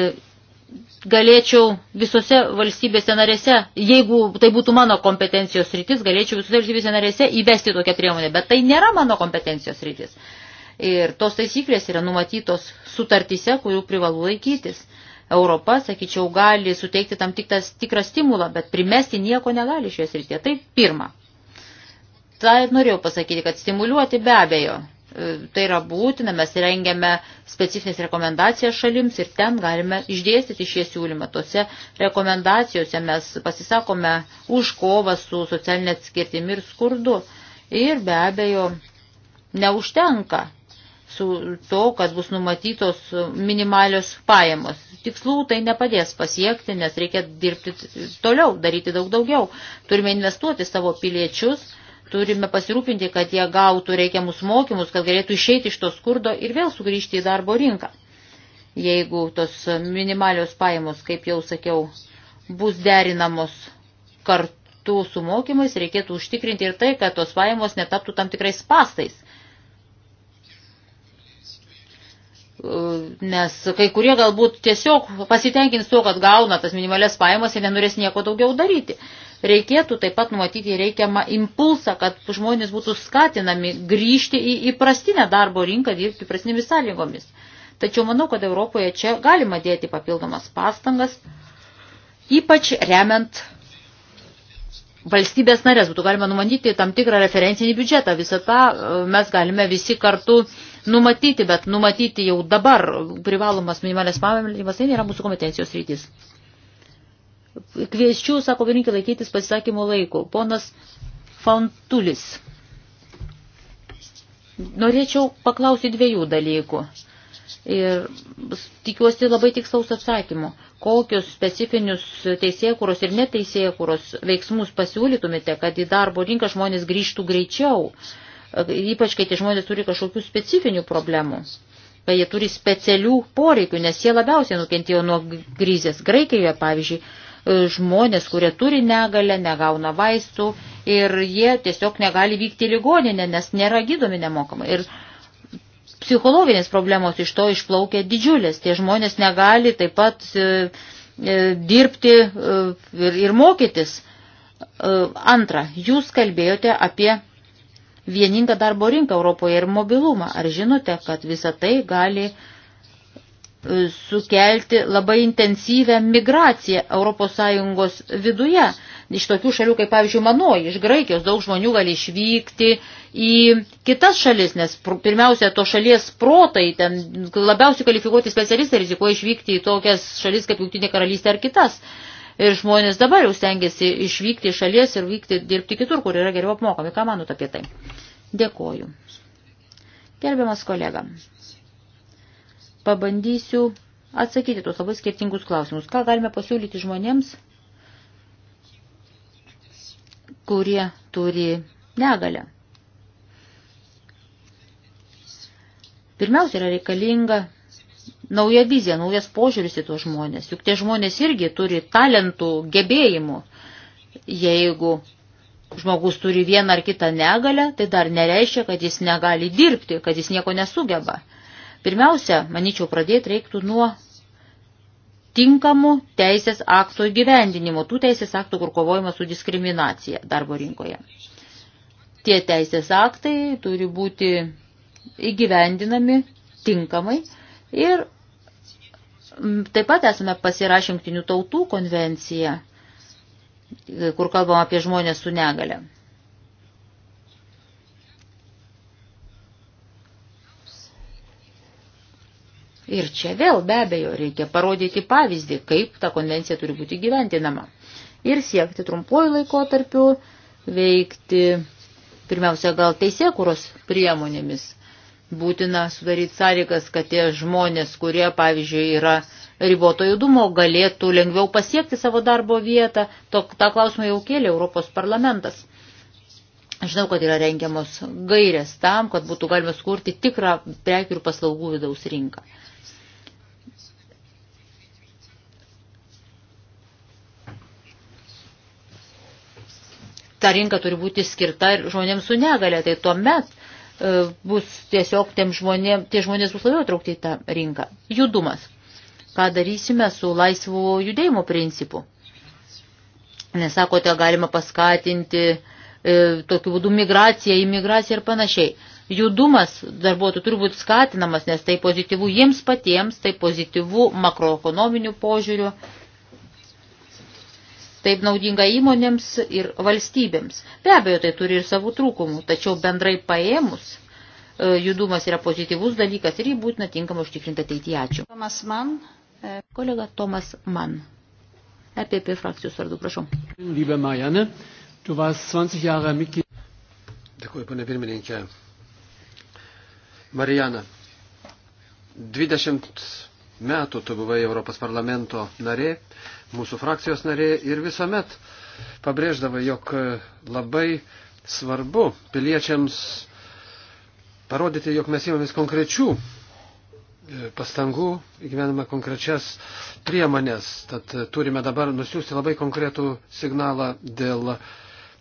galėčiau visose valstybėse narėse, jeigu tai būtų mano kompetencijos rytis, galėčiau visose valstybėse narėse įvesti tokią priemonę, bet tai nėra mano kompetencijos rytis. Ir tos taisyklės yra numatytos sutartyse, kurių privalu laikytis. Europa, sakyčiau, gali suteikti tam tiktas, tikrą stimulą, bet primesti nieko negali šioje srityje. Tai pirma. Tai norėjau pasakyti, kad stimuliuoti be abejo. E, tai yra būtina, mes rengiame specifines rekomendacijas šalims ir ten galime išdėstyti šie siūlymą. Tose rekomendacijose mes pasisakome už kovą su socialinė atskirtimi ir skurdu. Ir be abejo, neužtenka su to, kad bus numatytos minimalios pajamos. Tikslų tai nepadės pasiekti, nes reikia dirbti toliau, daryti daug daugiau. Turime investuoti savo piliečius, turime pasirūpinti, kad jie gautų reikiamus mokymus, kad galėtų išeiti iš to skurdo ir vėl sugrįžti į darbo rinką. Jeigu tos minimalios pajamos, kaip jau sakiau, bus derinamos kartu su mokymais, reikėtų užtikrinti ir tai, kad tos pajamos netaptų tam tikrais pastais nes kai kurie galbūt tiesiog pasitenkins tuo, kad gauna tas minimalias pajamas ir nenorės nieko daugiau daryti. Reikėtų taip pat numatyti reikiamą impulsą, kad žmonės būtų skatinami grįžti į įprastinę darbo rinką, dirbti įprastinėmis sąlygomis. Tačiau manau, kad Europoje čia galima dėti papildomas pastangas, ypač remiant valstybės narės. Būtų galima numatyti tam tikrą referencinį biudžetą. Visą tą e, mes galime visi kartu numatyti, bet numatyti jau dabar privalomas minimalės pavėmėlimas, tai nėra mūsų kompetencijos rytis. Kviečiu, sako vieninkai, laikytis pasisakymų laiko. Ponas Fantulis. Norėčiau paklausyti dviejų dalykų. Ir tikiuosi labai tikslaus atsakymų. Kokius specifinius teisėkūros ir neteisėkūros veiksmus pasiūlytumėte, kad į darbo rinką žmonės grįžtų greičiau? Uh, ypač kai tie žmonės turi kažkokių specifinių problemų, kai jie turi specialių poreikių, nes jie labiausiai nukentėjo nuo krizės. Graikijoje, pavyzdžiui, e, žmonės, kurie turi negalę, negauna vaistų ir jie tiesiog negali vykti į ligoninę, nes nėra gydomi nemokamai. Ir psichologinės problemos iš to išplaukia didžiulės. Tie žmonės negali taip pat e, e dirbti e, ir, ir mokytis. E, antra, jūs kalbėjote apie vieningą darbo rinką Europoje ir mobilumą. Ar žinote, kad visa tai gali e, sukelti labai intensyvę migraciją ES viduje. Iš tokių šalių, kaip pavyzdžiui, manoji, iš Graikijos daug žmonių gali išvykti į kitas šalis, nes pirmiausia, to šalies protai, ten labiausiai kvalifikuoti specialistai rizikuoja išvykti į tokias šalis kaip Jungtinė karalystė ar kitas. Uh, ir žmonės dabar jau stengiasi išvykti iš šalies ir vykti dirbti kitur, kur yra geriau apmokami. Ką manot apie tai? Dėkoju. Gerbiamas kolega, pabandysiu atsakyti tuos labai skirtingus klausimus. Ką galime pasiūlyti žmonėms, kurie turi negalę? Pirmiausia, yra reikalinga naują viziją, naujas požiūris į tuos žmonės. Juk tie žmonės irgi turi talentų, gebėjimų. Jeigu žmogus turi vieną ar kitą negalę, tai dar nereiškia, kad jis negali dirbti, kad jis nieko nesugeba. Pirmiausia, manyčiau, pradėti reiktų nuo tinkamų teisės akto įgyvendinimo, tų teisės aktų, kur kovojama su diskriminacija darbo rinkoje. Tie teisės aktai turi būti įgyvendinami tinkamai ir Taip pat esame pasirašę jungtinių tautų konvenciją, kur kalbam apie žmonės su negale. Ir čia vėl be abejo reikia parodyti pavyzdį, kaip ta konvencija turi būti gyventinama. Ir siekti trumpuoju laikotarpiu, veikti pirmiausia gal teisėkuros priemonėmis, būtina sudaryti sąlygas, kad tie žmonės, kurie, pavyzdžiui, yra riboto judumo, galėtų lengviau pasiekti savo darbo vietą. To, tą klausimą jau kėlė Europos parlamentas. Žinau, kad yra rengiamos gairės tam, kad būtų galima skurti tikrą prekių ir paslaugų vidaus rinką. Ta rinka turi būti skirta žmonėms su negale, tai tuomet met E, bus tiesiog tiem žmonėm, tie žmonės bus labiau traukti į tą rinką. Judumas. Ką darysime su laisvo judėjimo principu? Nesakote, galima paskatinti e, tokiu būdu migraciją, imigraciją ir panašiai. Judumas darbuotojų turi būti skatinamas, nes tai pozityvu jiems patiems, tai pozityvu makroekonominių požiūrių taip naudinga įmonėms ir valstybėms. Be abejo, tai turi ir savų trūkumų, tačiau bendrai paėmus e, judumas yra pozityvus dalykas ir jį būtina tinkamai užtikrinti ateityje. Ačiū. Tomas Mann. E, Kolega Tomas Mann. EPP frakcijos vardu, prašau. Liebe Marianne, tu vas 20 jahre Mitglied. Dėkuoju, pane pirmininkė. Marijana, 20 metų tu buvai Europos parlamento narė mūsų frakcijos narė ir visuomet pabrėždavo, jog labai svarbu piliečiams parodyti, jog mes įmamės konkrečių e, pastangų, įgyvename konkrečias priemonės. Tad e, turime dabar nusiųsti labai konkretų signalą dėl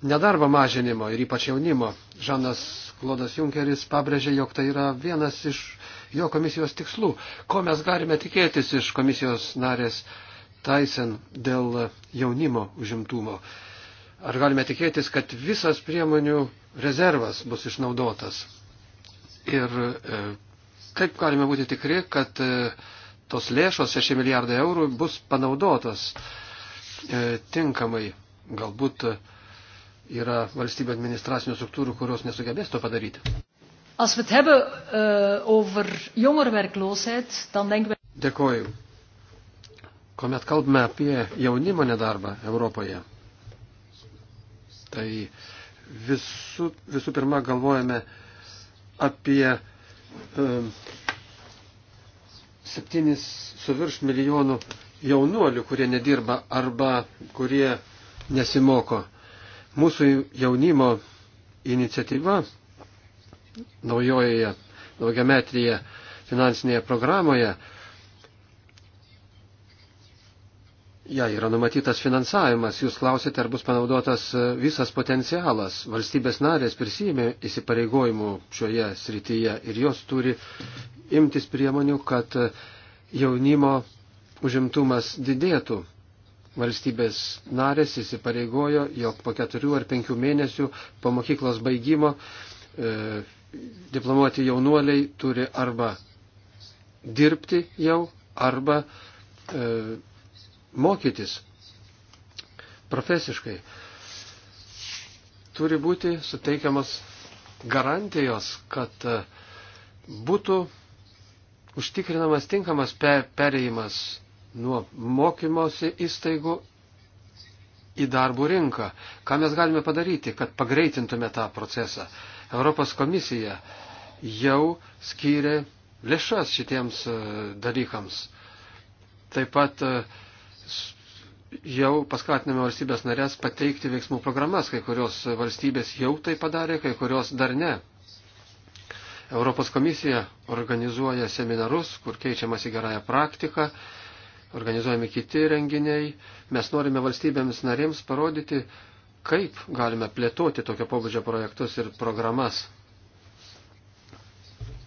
nedarbo mažinimo ir ypač jaunimo. Žanas Klodas Junkeris pabrėžė, jog tai yra vienas iš jo komisijos tikslų. Ko mes galime tikėtis iš komisijos narės Taisen dėl jaunimo užimtumo. Ar galime tikėtis, kad visas priemonių rezervas bus išnaudotas? Ir e, kaip galime būti tikri, kad e, tos lėšos 6 milijardai eurų bus panaudotos e, tinkamai? Galbūt e, yra valstybė administracinių struktūrų, kurios nesugebės to padaryti. Als we het hebben uh, over jongerenwerkloosheid, dan denken we. Dėkoju kuomet kalbame apie jaunimo nedarbą Europoje, tai visų, visų pirma galvojame apie um, septynis su virš milijonų jaunuolių, kurie nedirba arba kurie nesimoko. Mūsų jaunimo iniciatyva naujojoje daugiametrėje finansinėje programoje Ja, yra numatytas finansavimas. Jūs klausėte, ar bus panaudotas e, visas potencialas. Valstybės narės prisijėmė įsipareigojimų šioje srityje ir jos turi imtis priemonių, kad e, jaunimo užimtumas didėtų. Valstybės narės įsipareigojo, jog po keturių ar penkių mėnesių po mokyklos baigimo e, diplomuoti jaunuoliai turi arba dirbti jau, arba e, mokytis profesiškai. Turi būti suteikiamas garantijos, kad e, būtų užtikrinamas tinkamas perėjimas nuo mokymosi įstaigų į darbų rinką. Ką mes galime padaryti, kad pagreitintume tą procesą? Europos komisija jau skyrė lėšas šitiems e, dalykams. Taip pat e, jau paskatiname valstybės narės pateikti veiksmų programas, kai kurios valstybės jau tai padarė, kai kurios dar ne. Europos komisija organizuoja seminarus, kur keičiamasi gerąją praktiką, organizuojami kiti renginiai. Mes norime valstybėms narėms parodyti, kaip galime plėtoti tokio pobūdžio projektus ir programas.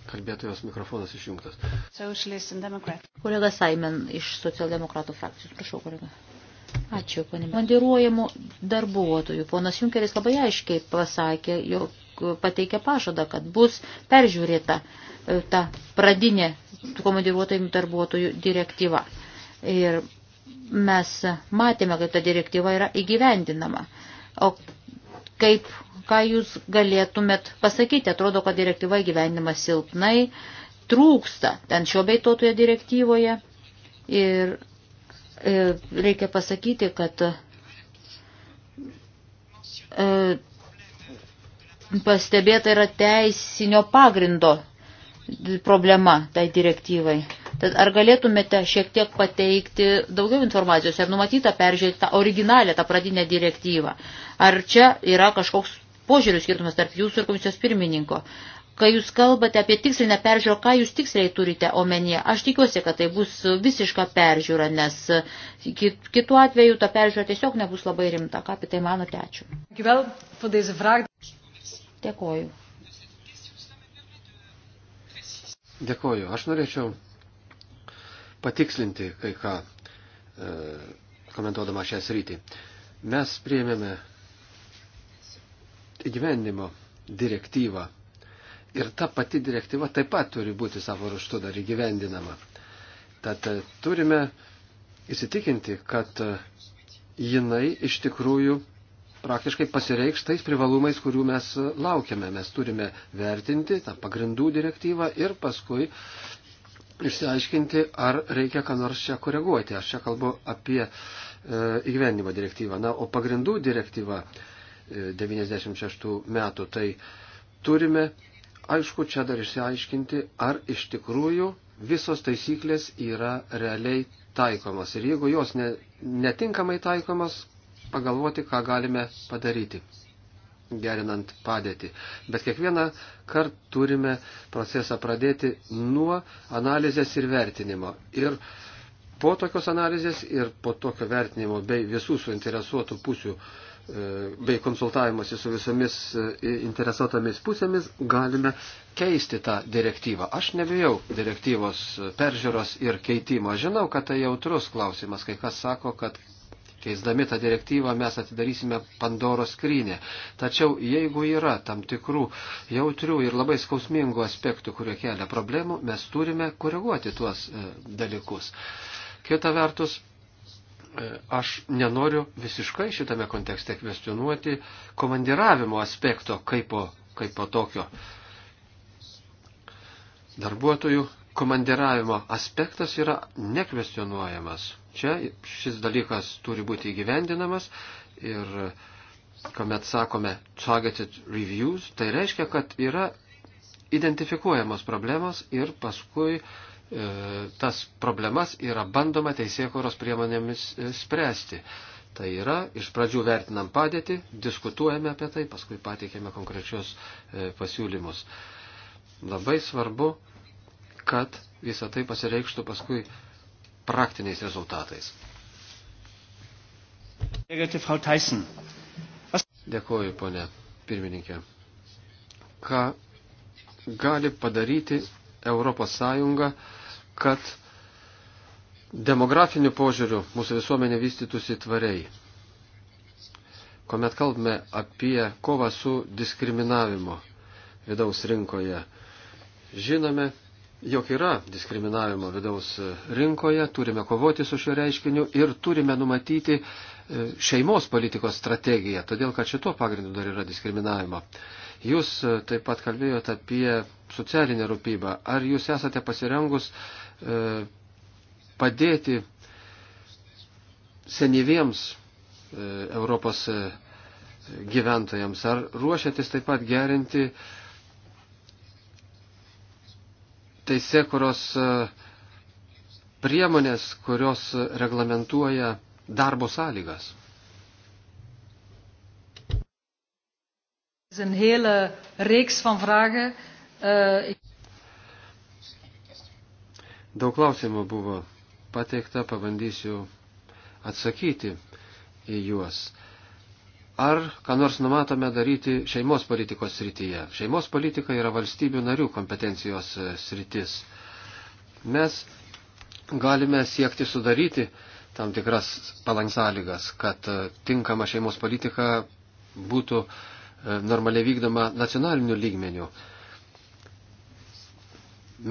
Kalbėtojos mikrofonas išjungtas. Kolega Saimen iš socialdemokratų frakcijos. Prašau, kolega. Ačiū, ponė. Mandiruojamų darbuotojų. Ponas Junkeris labai aiškiai pasakė, jog pateikė pažadą, kad bus peržiūrėta e, ta pradinė komandiruotojų darbuotojų direktyva. Ir mes matėme, kad ta direktyva yra įgyvendinama. O Kaip, ką jūs galėtumėt pasakyti, atrodo, kad direktyva gyvenima silpnai, trūksta ten šio beitotoje direktyvoje ir, ir e, reikia pasakyti, kad e, pastebėta yra teisinio pagrindo problema tai direktyvai. Tad ar galėtumėte šiek tiek pateikti daugiau informacijos, ar numatyta peržiūrėti tą originalę, tą pradinę direktyvą? Ar čia yra kažkoks požiūrių skirtumas tarp jūsų ir komisijos pirmininko? Kai jūs kalbate apie tikslinę peržiūrą, ką jūs tiksliai turite omenyje? Aš tikiuosi, kad tai bus visiška peržiūra, nes kitu atveju ta peržiūra tiesiog nebus labai rimta. Ką apie tai manote? Ačiū. Dėkoju. Dėkoju. Aš norėčiau patikslinti kai ką, e, komentuodama šią sritį. Mes priėmėme įgyvendimo direktyvą ir ta pati direktyva taip pat turi būti savo ruštu dar įgyvendinama. Tad e, turime įsitikinti, kad e, jinai iš tikrųjų praktiškai pasireikš tais privalumais, kurių mes e, laukiame. Mes turime vertinti tą pagrindų direktyvą ir paskui išsiaiškinti, ar reikia ką nors čia koreguoti. Aš čia kalbu apie e, įgyvenimo direktyvą. Na, o pagrindų direktyva e, 96 metų, tai turime, aišku, čia dar išsiaiškinti, ar iš tikrųjų visos taisyklės yra realiai taikomos. Ir jeigu jos ne, netinkamai taikomos, pagalvoti, ką galime padaryti gerinant padėtį. Bet kiekvieną kartą turime procesą pradėti nuo analizės ir vertinimo. Ir po tokios analizės ir po tokio vertinimo bei visų suinteresuotų pusių e, bei konsultavimuose su visomis e, interesuotomis pusėmis galime keisti tą direktyvą. Aš nebijau direktyvos peržiūros ir keitimo. Žinau, kad tai jautrus klausimas. Kai kas sako, kad Keisdami tą direktyvą mes atidarysime Pandoro skrynę. Tačiau jeigu yra tam tikrų jautrių ir labai skausmingų aspektų, kurie kelia problemų, mes turime koreguoti tuos e, dalykus. Kita vertus, e, aš nenoriu visiškai šitame kontekste kvestionuoti komandiravimo aspekto kaip po, kaip po tokio. Darbuotojų komandiravimo aspektas yra nekvestionuojamas. Čia šis dalykas turi būti įgyvendinamas ir kuomet sakome targeted reviews, tai reiškia, kad yra identifikuojamos problemos ir paskui e, tas problemas yra bandoma teisėkoros priemonėmis e, spręsti. Tai yra, iš pradžių vertinam padėtį, diskutuojame apie tai, paskui pateikėme konkrečius e, pasiūlymus. Labai svarbu, kad visą tai pasireikštų paskui praktiniais rezultatais. Dėkuoju, ponė pirmininkė. Ką gali padaryti Europos Sąjunga, kad demografiniu požiūriu mūsų visuomenė vystytųsi tvariai. Komet kalbame apie kovą su diskriminavimo vidaus rinkoje, žinome, jog yra diskriminavimo vidaus e, rinkoje, turime kovoti su šiuo reiškiniu ir turime numatyti e, šeimos politikos strategiją, todėl kad šito pagrindu dar yra diskriminavimo. Jūs e, taip pat kalbėjote apie socialinę rūpybą. Ar jūs esate pasirengus padėti senyviems Europos gyventojams? Ar ruošiatės taip pat gerinti uh, teisė, kurios e, priemonės, kurios reglamentuoja darbo sąlygas. is een hele reeks van vragen. Eh, Daug klausimų buvo pateikta, pabandysiu atsakyti į juos. Ar ką nors numatome daryti šeimos politikos srityje? Šeimos politika yra valstybių narių kompetencijos e, sritis. Mes galime siekti sudaryti tam tikras palanksąlygas, kad e, tinkama šeimos politika būtų e, normaliai vykdoma nacionaliniu lygmeniu.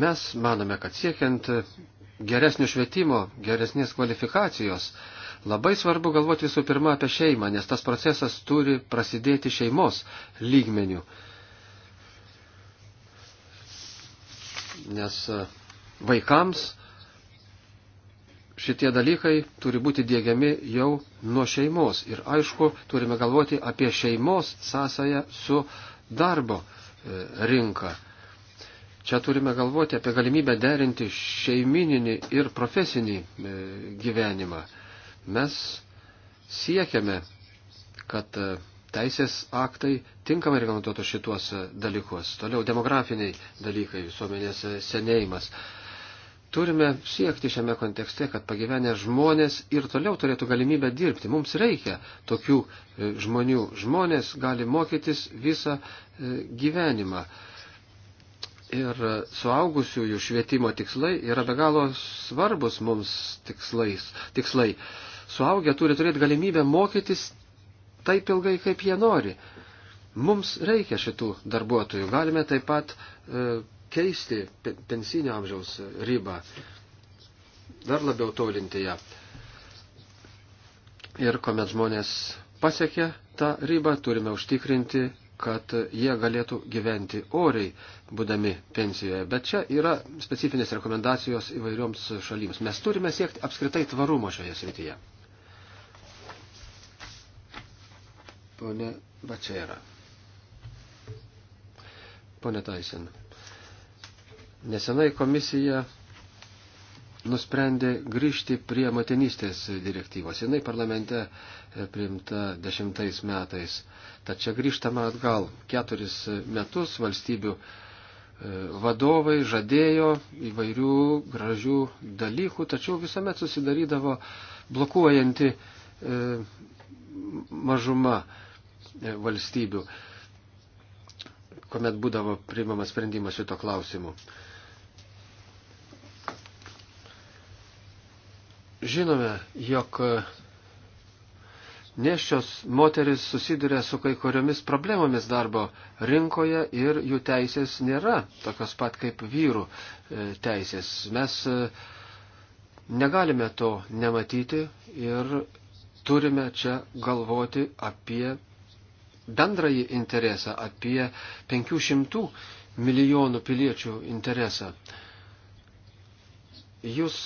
Mes manome, kad siekiant geresnio švietimo, geresnės kvalifikacijos, Labai svarbu galvoti visų pirma apie šeimą, nes tas procesas turi prasidėti šeimos lygmenių. Nes e, vaikams šitie dalykai turi būti dėgiami jau nuo šeimos. Ir aišku, turime galvoti apie šeimos sąsąją su darbo e, rinka. Čia turime galvoti apie galimybę derinti šeimininį ir profesinį e, gyvenimą. Mes siekiame, kad e, teisės aktai tinkamai reglamentuotų šituos e, dalykus. Toliau demografiniai dalykai, visuomenės e, senėjimas. Turime siekti šiame kontekste, kad pagyvenę žmonės ir toliau turėtų galimybę dirbti. Mums reikia tokių žmonių. Žmonės gali mokytis visą gyvenimą ir suaugusiųjų švietimo tikslai yra be galo svarbus mums tikslais, tikslai. Suaugę turi turėti galimybę mokytis taip ilgai, kaip jie nori. Mums reikia šitų darbuotojų. Galime taip pat e, keisti pensinio amžiaus ribą, dar labiau tolinti ją. Ir kuomet žmonės pasiekia tą ribą, turime užtikrinti kad jie galėtų gyventi oriai, būdami pensijoje. Bet čia yra specifinės rekomendacijos įvairioms šalims. Mes turime siekti apskritai tvarumo šioje srityje. Pone Bačera. Pone Taisen. Nesenai komisija nusprendė grįžti prie motinystės direktyvos. Jinai parlamente e, priimta dešimtais metais. Tačiau grįžtama atgal keturis metus valstybių e, vadovai žadėjo įvairių gražių dalykų, tačiau visuomet susidarydavo blokuojanti e, mažuma valstybių, kuomet būdavo priimamas sprendimas šito klausimu. Žinome, jog neščios moteris susiduria su kai kuriomis problemomis darbo rinkoje ir jų teisės nėra tokios pat kaip vyrų e, teisės. Mes e, negalime to nematyti ir turime čia galvoti apie bendrąjį interesą, apie 500 milijonų piliečių interesą. Jūs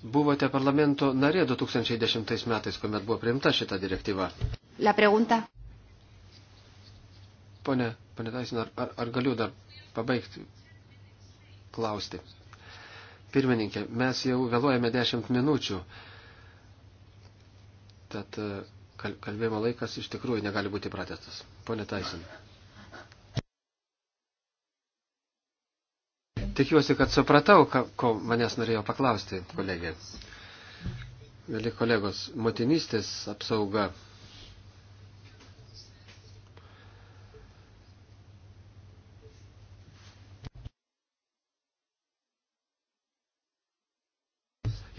Buvote parlamento narė 2010 metais, kuomet buvo priimta šita direktyva. La pregunta. Pone, pone Taisin, ar, ar, ar galiu dar pabaigti klausti? Pirmininkė, mes jau vėluojame 10 minučių. Tad e, kalbėjimo laikas iš tikrųjų negali būti pratestas. Pone Taisin. Tikiuosi, kad supratau, ką, ko manęs norėjo paklausti kolegė. Vėli kolegos, motinystės apsauga.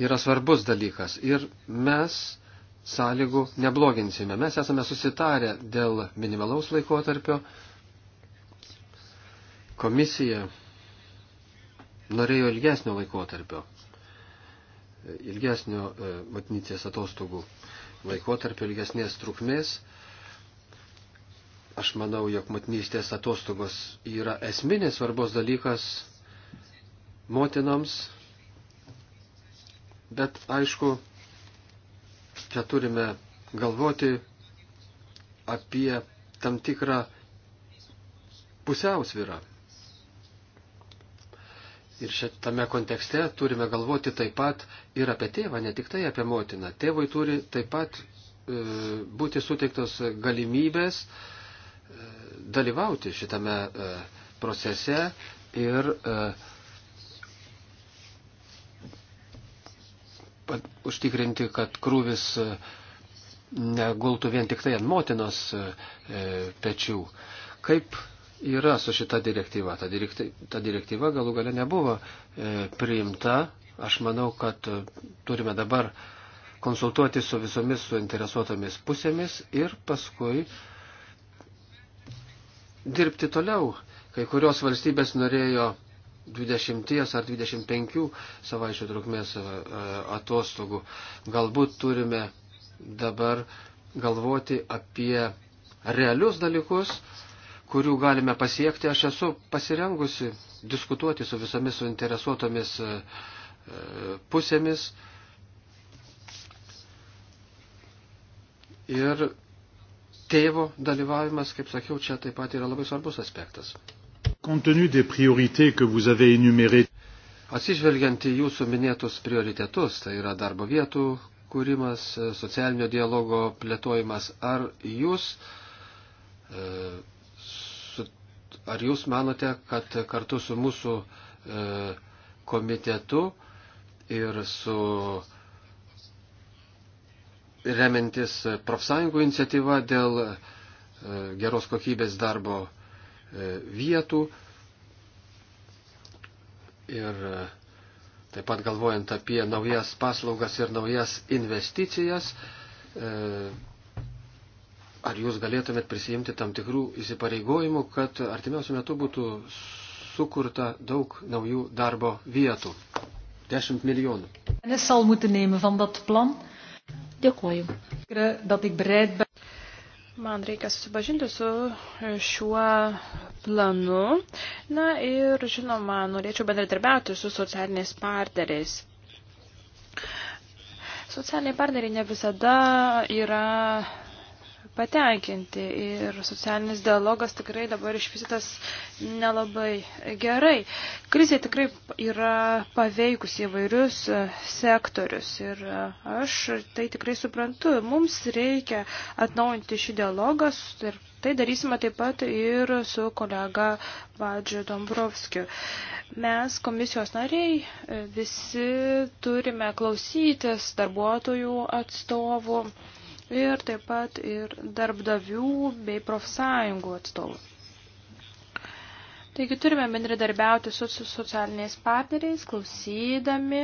Yra svarbus dalykas ir mes sąlygų nebloginsime. Mes esame susitarę dėl minimalaus laikotarpio. Komisija norėjo ilgesnio laikotarpio, ilgesnio e, matnycės atostogų laikotarpio, ilgesnės trukmės. Aš manau, jog matnystės atostogos yra esminės svarbos dalykas motinoms, bet aišku, čia turime galvoti apie tam tikrą pusiausvyrą Ir šitame kontekste turime galvoti taip pat ir apie tėvą, ne tik tai apie motiną. Tėvui turi taip pat e, būti suteiktos galimybės e, dalyvauti šitame e, procese ir e, pat, užtikrinti, kad krūvis e, negultų vien tik tai ant motinos e, pečių. Kaip yra su šita direktyva. Ta, direkty, ta direktyva galų gale nebuvo e, priimta. Aš manau, kad e, turime dabar konsultuoti su visomis suinteresuotomis pusėmis ir paskui dirbti toliau. Kai kurios valstybės norėjo 20 ar 25 savaičių trukmės e, e, atostogų. Galbūt turime dabar galvoti apie realius dalykus, kurių galime pasiekti, aš esu pasirengusi diskutuoti su visomis suinteresuotomis e, e, pusėmis. Ir tėvo dalyvavimas, kaip sakiau, čia taip pat yra labai svarbus aspektas. Atsižvelgiant į jūsų minėtus prioritetus, tai yra darbo vietų kūrimas, e, socialinio dialogo plėtojimas, ar jūs e, Ar jūs manote, kad kartu su mūsų e, komitetu ir su remiantis profsąjungų iniciatyva dėl e, geros kokybės darbo e, vietų ir taip pat galvojant apie naujas paslaugas ir naujas investicijas, Ar jūs galėtumėt prisijimti tam tikrų įsipareigojimų, kad artimiausių metų būtų sukurta daug naujų darbo vietų? 10 milijonų. Dėkuoju. Man reikia susipažinti su šiuo planu. Na ir, žinoma, norėčiau bendradarbiauti su socialiniais partneriais socialiniai partneriai ne visada yra patenkinti ir socialinis dialogas tikrai dabar išvystytas nelabai gerai. Krizė tikrai yra paveikusi įvairius sektorius ir aš tai tikrai suprantu. Mums reikia atnaujinti šį dialogą ir tai darysime taip pat ir su kolega Vadžiu Dombrovskiu. Mes komisijos nariai visi turime klausytis darbuotojų atstovų ir taip pat ir darbdavių bei profsąjungų atstovų. Taigi turime bendradarbiauti su, su socialiniais partneriais, klausydami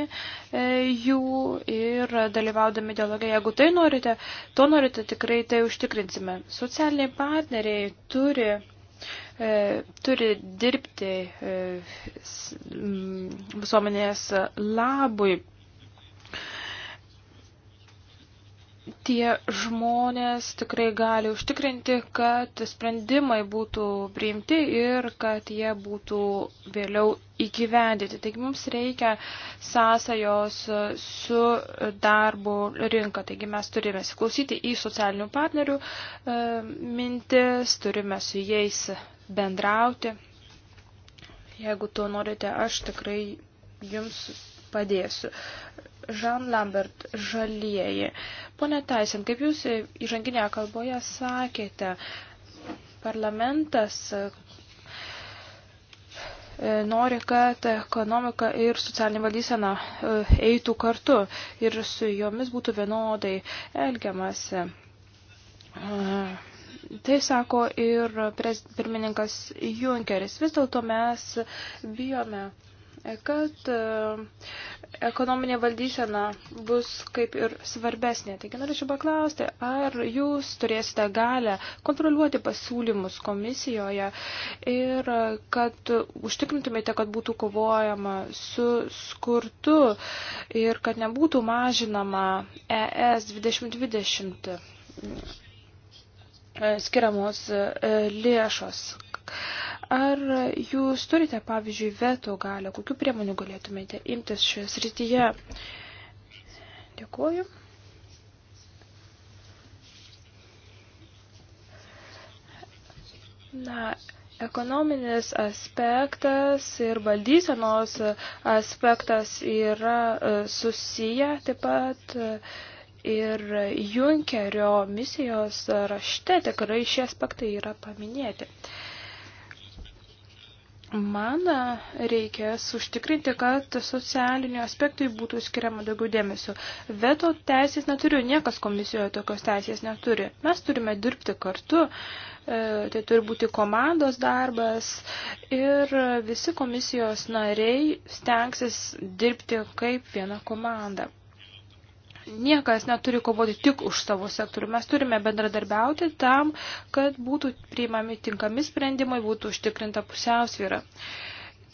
e, jų ir dalyvaudami dialogą. Jeigu tai norite, to norite, tikrai tai užtikrinsime. Socialiniai partneriai turi, e, turi dirbti e, visuomenės labui tie žmonės tikrai gali užtikrinti, kad sprendimai būtų priimti ir kad jie būtų vėliau įgyvendyti. Taigi mums reikia sąsajos su darbo rinka. Taigi mes turime įsiklausyti į socialinių partnerių e, mintis, turime su jais bendrauti. Jeigu to norite, aš tikrai jums padėsiu. Jean Lambert, žalieji. Pone Taisen, kaip jūs įžanginėje kalboje sakėte, parlamentas e, nori, kad ekonomika ir socialinė valdysena e, eitų kartu ir su jomis būtų vienodai elgiamasi. E, tai sako ir pirmininkas Junkeris. Vis dėlto mes bijome kad e, ekonominė valdysena bus kaip ir svarbesnė. Taigi norėčiau paklausti, ar jūs turėsite galę kontroliuoti pasiūlymus komisijoje ir e, kad užtikrintumėte, kad būtų kovojama su skurtu ir kad nebūtų mažinama ES 2020 e, skiriamos lėšos, Ar jūs turite, pavyzdžiui, veto galę, kokiu priemonių galėtumėte imtis šioje srityje? Dėkuoju. Na, ekonominis aspektas ir valdysenos aspektas yra e, susiję taip pat e, ir Junkerio misijos rašte tikrai šie aspektai yra paminėti. Uh, Man reikės užtikrinti, kad socialinių aspektui būtų skiriama daugiau dėmesio. Veto teisės neturiu, niekas komisijoje tokios teisės neturi. Mes turime dirbti kartu, e, tai turi būti komandos darbas ir visi komisijos nariai stengsis dirbti kaip viena komanda niekas neturi kovoti tik už savo sektorių. Mes turime bendradarbiauti tam, kad būtų priimami tinkami sprendimai, būtų užtikrinta pusiausvyra.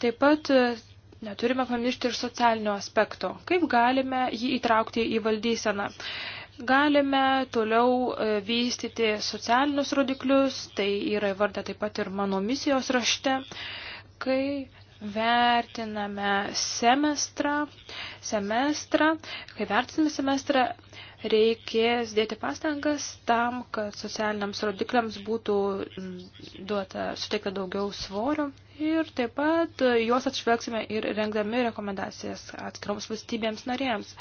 Taip pat e, neturime pamiršti ir socialinio aspekto. Kaip galime jį įtraukti į valdyseną? Galime toliau e, vystyti socialinius rodiklius, tai yra įvardė taip pat ir mano misijos rašte, kai vertiname semestrą, semestrą, kai vertiname semestrą, reikės dėti pastangas tam, kad socialiniams rodikliams būtų duota, suteikta daugiau svorio ir taip pat juos atšvelgsime ir rengdami rekomendacijas atskiroms valstybėms narėms.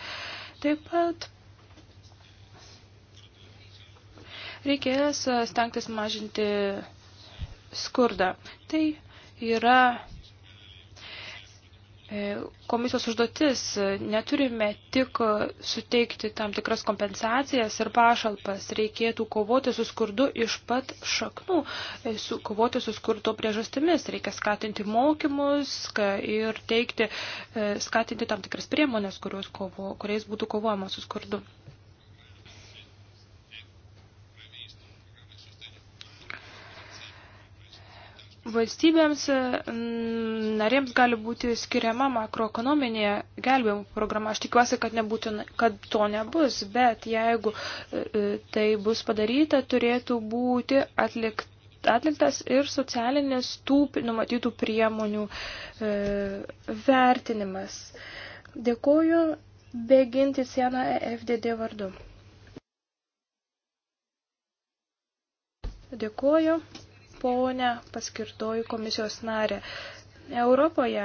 Taip pat reikės stengtis mažinti skurdą. Tai yra E, komisijos užduotis. Neturime tik suteikti tam tikras kompensacijas ir pašalpas. Reikėtų kovoti su skurdu iš pat šaknų, e, su, kovoti su skurdo priežastimis. Reikia skatinti mokymus ir teikti, e, skatinti tam tikras priemonės, kurios kovo, kuriais būtų kovojama su skurdu. Valstybėms narėms gali būti skiriama makroekonominė gelbėjimo programa. Aš tikiuosi, kad, nebūtina, kad to nebus, bet jeigu e, e, tai bus padaryta, turėtų būti atlikt, atliktas ir socialinis tų numatytų priemonių e, vertinimas. Dėkuoju beginti sieną e FDD vardu. Dėkuoju ponę paskirtoji komisijos narė. Europoje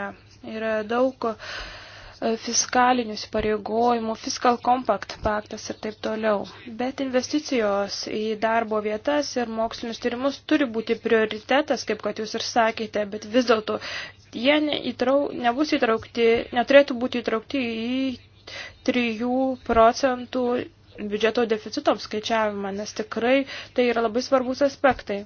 yra daug e, fiskalinių įsipareigojimų, fiskal compact paktas ir taip toliau. Bet investicijos į darbo vietas ir mokslinius tyrimus turi būti prioritetas, kaip kad jūs ir sakėte, bet vis dėlto jie neįtrau, nebus įtraukti, neturėtų būti įtraukti į 3 procentų biudžeto deficito apskaičiavimą, nes tikrai tai yra labai svarbus aspektai.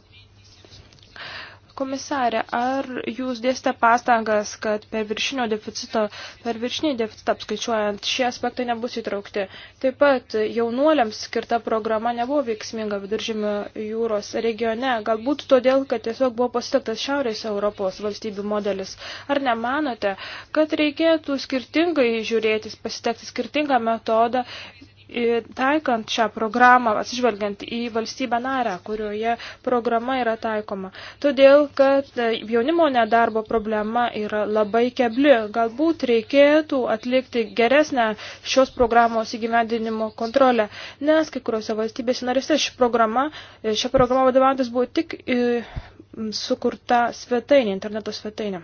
Komisarė, ar jūs dėstė pastangas, kad per viršinio deficito, per viršinį deficitą apskaičiuojant, šie aspektai nebus įtraukti? Taip pat jaunuoliams skirta programa nebuvo veiksminga viduržymio jūros regione, galbūt todėl, kad tiesiog buvo pasitektas Šiaurės Europos valstybių modelis. Ar nemanote, kad reikėtų skirtingai žiūrėtis, pasitekti skirtingą metodą taikant šią programą, atsižvelgiant į valstybę narę, kurioje programa yra taikoma. Todėl, kad e, jaunimo nedarbo problema yra labai kebli. Galbūt reikėtų atlikti geresnę šios programos įgyvendinimo kontrolę, nes kai kuriuose valstybėse narėse ši programa, e, šią programą vadovantis buvo tik e, sukurta svetainė, interneto svetainė.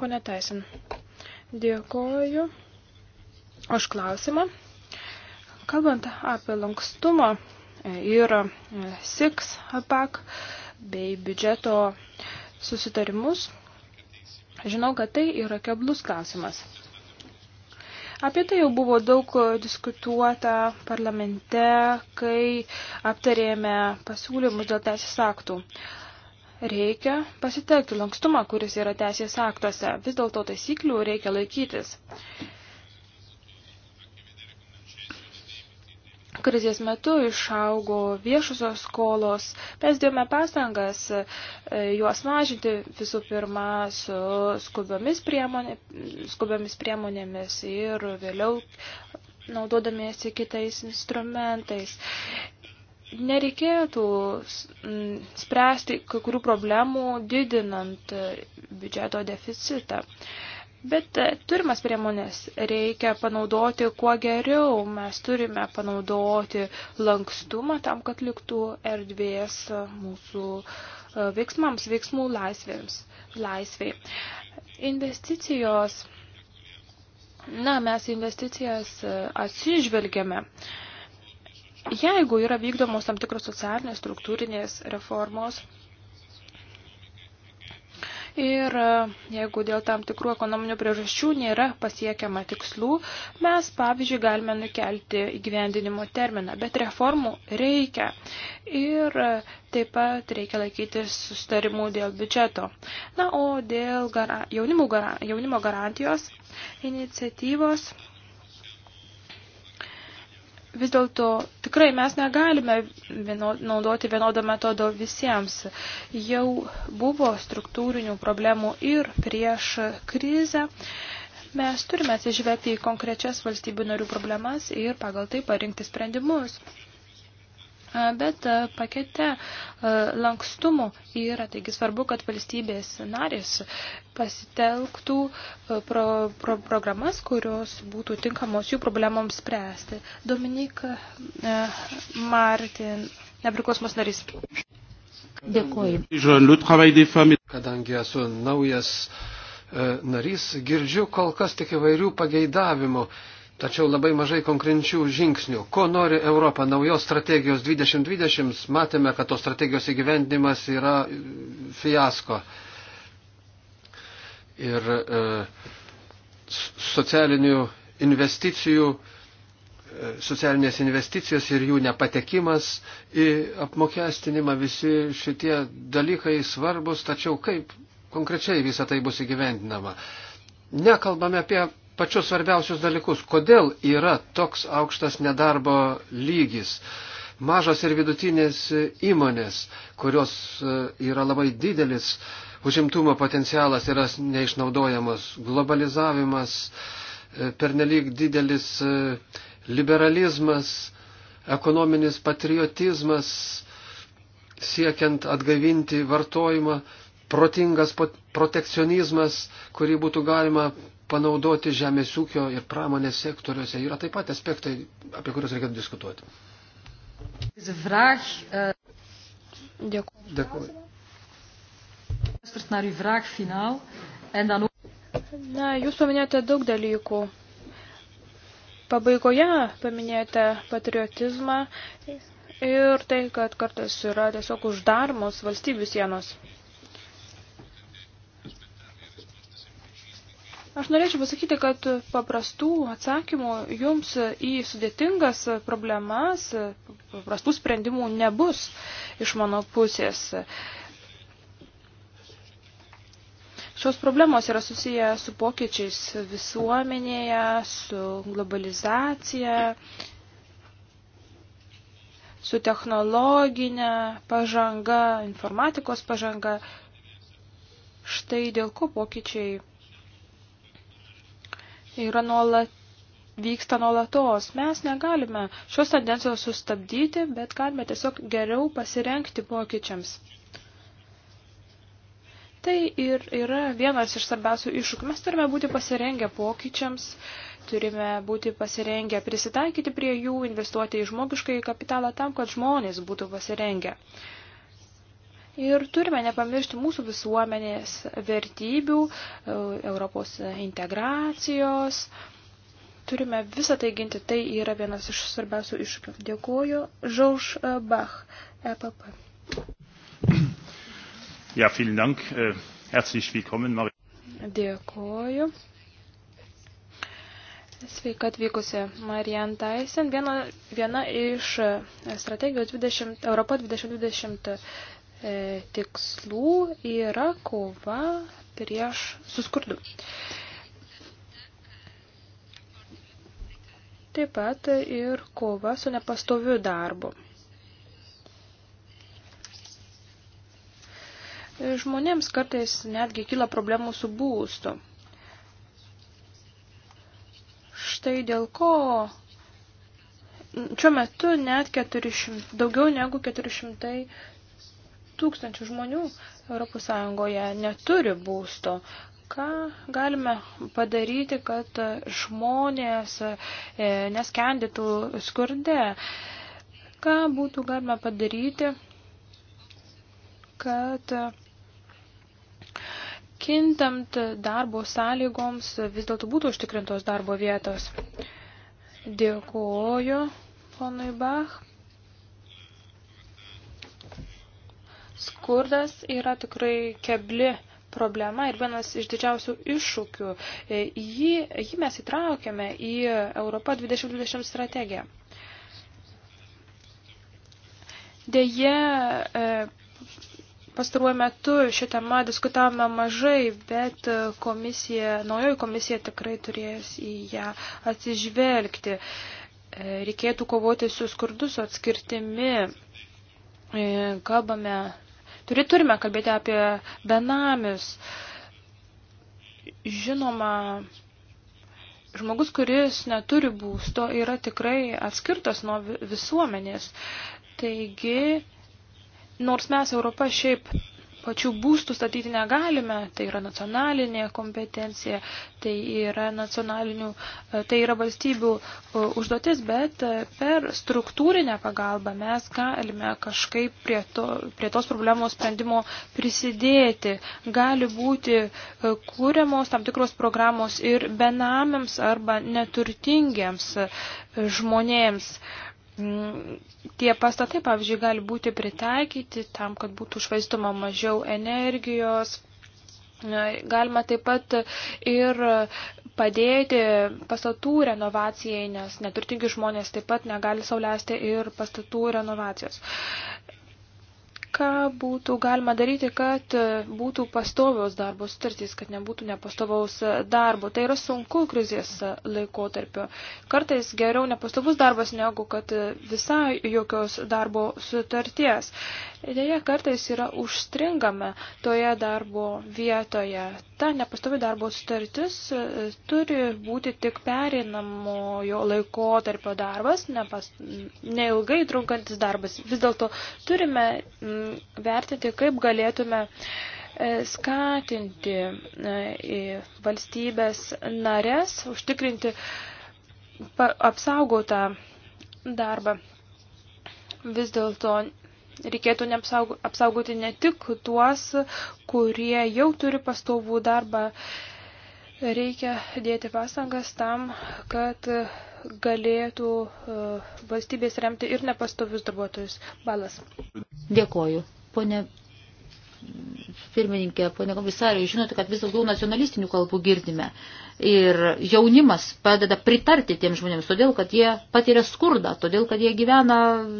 Pone Teisin, dėkoju už klausimą. Kalbant apie lankstumą e, ir e, SIX PAK bei biudžeto susitarimus, žinau, kad tai yra keblus klausimas. Apie tai jau buvo daug diskutuota parlamente, kai aptarėme pasiūlymus dėl teisės aktų. Reikia pasitelkti lankstumą, kuris yra teisės aktuose. Vis dėlto taisyklių reikia laikytis. krizės metu išaugo viešusios skolos. Mes dėjome pastangas e, juos mažinti visų pirma su skubiomis, priemonė, skubiomis priemonėmis ir vėliau naudodamiesi kitais instrumentais. Nereikėtų spręsti kai kurių problemų didinant biudžeto deficitą. Uh, Bet e, turimas priemonės reikia panaudoti kuo geriau. Mes turime panaudoti lankstumą tam, kad liktų erdvės mūsų e, veiksmams, veiksmų laisvėms, laisvai. Investicijos. Na, mes investicijas e, atsižvelgiame. Jeigu yra vykdomos tam tikros socialinės struktūrinės reformos, ir e, jeigu dėl tam tikrų ekonominių priežasčių nėra pasiekiama tikslų, mes, pavyzdžiui, galime nukelti įgyvendinimo terminą, bet reformų reikia ir e, taip pat reikia laikytis sustarimų dėl biudžeto. Na, o dėl gara, jaunimo, gara, jaunimo garantijos iniciatyvos vis dėlto tikrai mes negalime vieno, naudoti vienodo metodo visiems. Jau buvo struktūrinių problemų ir prieš krizę. Mes turime atsižvelgti į konkrečias valstybių narių problemas ir pagal tai parinkti sprendimus. Bet pakete lankstumo yra, taigi svarbu, kad valstybės narės pasitelktų pro, pro, programas, kurios būtų tinkamos jų problemoms spręsti. Dominik Martin, nepriklausomos narys. Dėkuoju. Kadangi esu naujas e, narys, girdžiu kol kas tik įvairių pageidavimų tačiau labai mažai konkrečių žingsnių. Ko nori Europa naujos strategijos 2020? Matėme, kad tos strategijos įgyvendimas yra fiasko. Ir e, socialinių investicijų, e, socialinės investicijos ir jų nepatekimas į apmokestinimą, visi šitie dalykai svarbus, tačiau kaip konkrečiai visą tai bus įgyvendinama. Nekalbame apie pačius svarbiausius dalykus. Kodėl yra toks aukštas nedarbo lygis? Mažos ir vidutinės įmonės, kurios e, yra labai didelis užimtumo potencialas, yra neišnaudojamos. Globalizavimas, e, pernelyg didelis e, liberalizmas, ekonominis patriotizmas, siekiant atgaivinti vartojimą, protingas protekcionizmas, kurį būtų galima panaudoti žemės ūkio ir pramonės sektoriuose yra taip pat aspektai, apie kuriuos reikėtų diskutuoti. Eh, Dėkuoju. Na, jūs paminėjote daug dalykų. Pabaigoje paminėjote patriotizmą ir tai, kad kartais yra tiesiog uždarmos valstybių sienos. Aš norėčiau pasakyti, kad paprastų atsakymų jums į sudėtingas problemas, paprastų sprendimų nebus iš mano pusės. Šios problemos yra susiję su pokyčiais visuomenėje, su globalizacija, su technologinė pažanga, informatikos pažanga. Štai dėl ko pokyčiai yra nuolat vyksta nuolatos. Mes negalime šios tendencijos sustabdyti, bet galime tiesiog geriau pasirenkti pokyčiams. Tai ir yra vienas iš svarbiausių iššūkių. Mes turime būti pasirengę pokyčiams, turime būti pasirengę prisitaikyti prie jų, investuoti į žmogišką į kapitalą tam, kad žmonės būtų pasirengę. Uh, Ir turime nepamiršti mūsų visuomenės vertybių, e, Europos integracijos. Turime visą tai ginti. Tai yra vienas iš svarbiausių iššūkių. Dėkuoju. Žauš e, Bach, EPP. Ja, vielen Dank. Äh, herzlich willkommen, Marie. Dėkuoju. Sveika atvykusi Marian Tyson. Viena, viena iš e, strategijos 20, Europa 2020 E, tikslų yra kova prieš suskurdu. Taip pat ir kova su nepastoviu darbu. Žmonėms kartais netgi kyla problemų su būstu. Štai dėl ko šiuo metu net 400, daugiau negu 400 tūkstančių žmonių ES neturi būsto. Ką galime padaryti, kad žmonės e, neskendytų skurde? Ką būtų galima padaryti, kad kintant darbo sąlygoms vis dėlto būtų užtikrintos darbo vietos. Dėkuoju, ponui Bach. Skurdas yra tikrai kebli problema ir vienas iš didžiausių iššūkių. E, jį, jį mes įtraukėme į Europą 2020 strategiją. Deja, e, pastaruoju metu šią temą diskutavome mažai, bet komisija, naujoji komisija tikrai turės į ją atsižvelgti. E, reikėtų kovoti su skurdu, su atskirtimi. Kalbame Turi, turime kalbėti apie benamius. Žinoma, žmogus, kuris neturi būsto, yra tikrai atskirtas nuo visuomenės. Taigi, nors mes Europą šiaip pačių būstų statyti negalime, tai yra nacionalinė kompetencija, tai yra nacionalinių, e, tai yra valstybių e, užduotis, bet e, per struktūrinę pagalbą mes galime kažkaip prie, to, prie tos problemos sprendimo prisidėti. Gali būti kūriamos tam tikros programos ir benamiams arba neturtingiems žmonėms. Mm, tie pastatai, pavyzdžiui, gali būti pritaikyti tam, kad būtų švaistoma mažiau energijos. Galima taip pat ir padėti pastatų renovacijai, nes neturtingi žmonės taip pat negali sauliaisti ir pastatų renovacijos ką būtų galima daryti, kad būtų pastovios darbo sutartys, kad nebūtų nepastovaus darbo. Tai yra sunku krizės laikotarpio. Kartais geriau nepastovus darbas negu kad visai jokios darbo sutarties. Dėja, kartais yra užstringame toje darbo vietoje. Ta nepastovi darbo sutartis e, turi būti tik perinamojo laiko tarpio darbas, nepas, neilgai trunkantis darbas. Vis dėlto turime vertinti, kaip galėtume e, skatinti e, valstybės narės, užtikrinti apsaugotą darbą. Vis dėlto reikėtų apsaugoti ne tik tuos, kurie jau turi pastovų darbą. Reikia dėti pastangas tam, kad galėtų e, valstybės remti ir nepastovius darbuotojus. Balas. Dėkoju. Pone pirmininkė, pone komisarė, žinote, kad vis daugiau nacionalistinių kalbų girdime. Ir jaunimas padeda pritarti tiems žmonėms, todėl kad jie patiria skurdą, todėl kad jie gyvena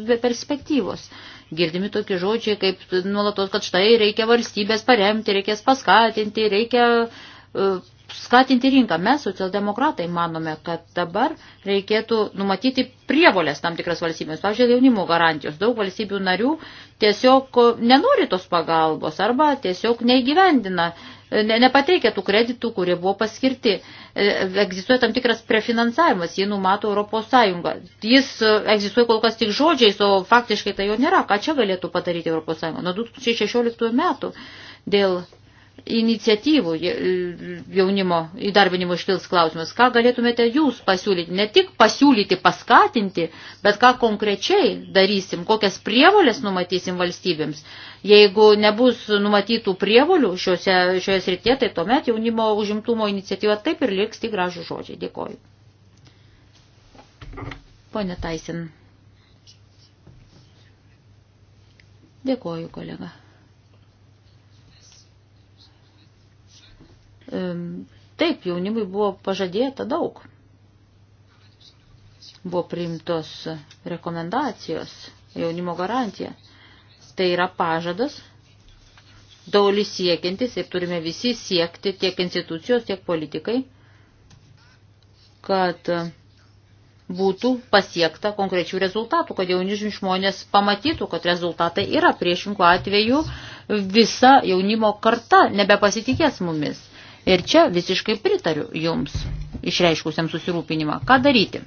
be perspektyvos girdimi tokie žodžiai, kaip nuolatos, kad štai reikia valstybės paremti, reikės paskatinti, reikia uh, skatinti rinką. Mes, socialdemokratai, manome, kad dabar reikėtų numatyti prievolės tam tikras valstybės. Pavyzdžiui, jaunimo garantijos. Daug valstybių narių tiesiog nenori tos pagalbos arba tiesiog neįgyvendina uh, ne, nepateikia tų kreditų, kurie buvo paskirti. E, egzistuoja tam tikras prefinansavimas, jį numato Europos Sąjunga. Jis e, egzistuoja kol kas tik žodžiais, o faktiškai tai jo nėra. Ką čia galėtų padaryti Europos Sąjunga? Nuo 2016 metų dėl iniciatyvų jaunimo įdarbinimo iškils klausimas. Ką galėtumėte jūs pasiūlyti? Ne tik pasiūlyti, paskatinti, bet ką konkrečiai darysim, kokias prievolės numatysim valstybėms. Jeigu nebus numatytų prievolių šiuose, šioje srityje, tai tuomet jaunimo užimtumo iniciatyva taip ir liks tik gražų žodžiai. Dėkoju. Pone Taisin. Dėkoju, kolega. Taip, jaunimui buvo pažadėta daug. Buvo priimtos rekomendacijos, jaunimo garantija. Tai yra pažadas, daulis siekiantis ir turime visi siekti, tiek institucijos, tiek politikai, kad būtų pasiekta konkrečių rezultatų, kad jauni žmonės pamatytų, kad rezultatai yra. Priešinku atveju visa jaunimo karta nebepasitikės mumis. Ir čia visiškai pritariu jums išreiškusiam susirūpinimą. Ką daryti?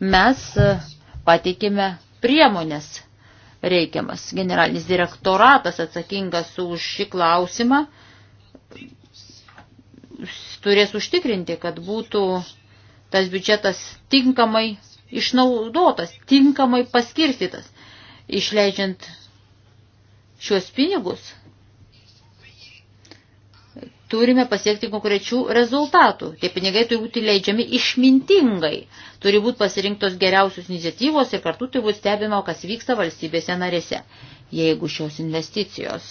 Mes e, pateikime priemonės reikiamas. Generalinis direktoratas atsakingas už šį klausimą turės užtikrinti, kad būtų tas biudžetas tinkamai išnaudotas, tinkamai paskirstytas, išleidžiant šiuos pinigus turime pasiekti konkrečių rezultatų. Tie pinigai turi būti leidžiami išmintingai, turi būti pasirinktos geriausios iniciatyvos ir kartu turi būti stebima, kas vyksta valstybėse narėse, jeigu šios investicijos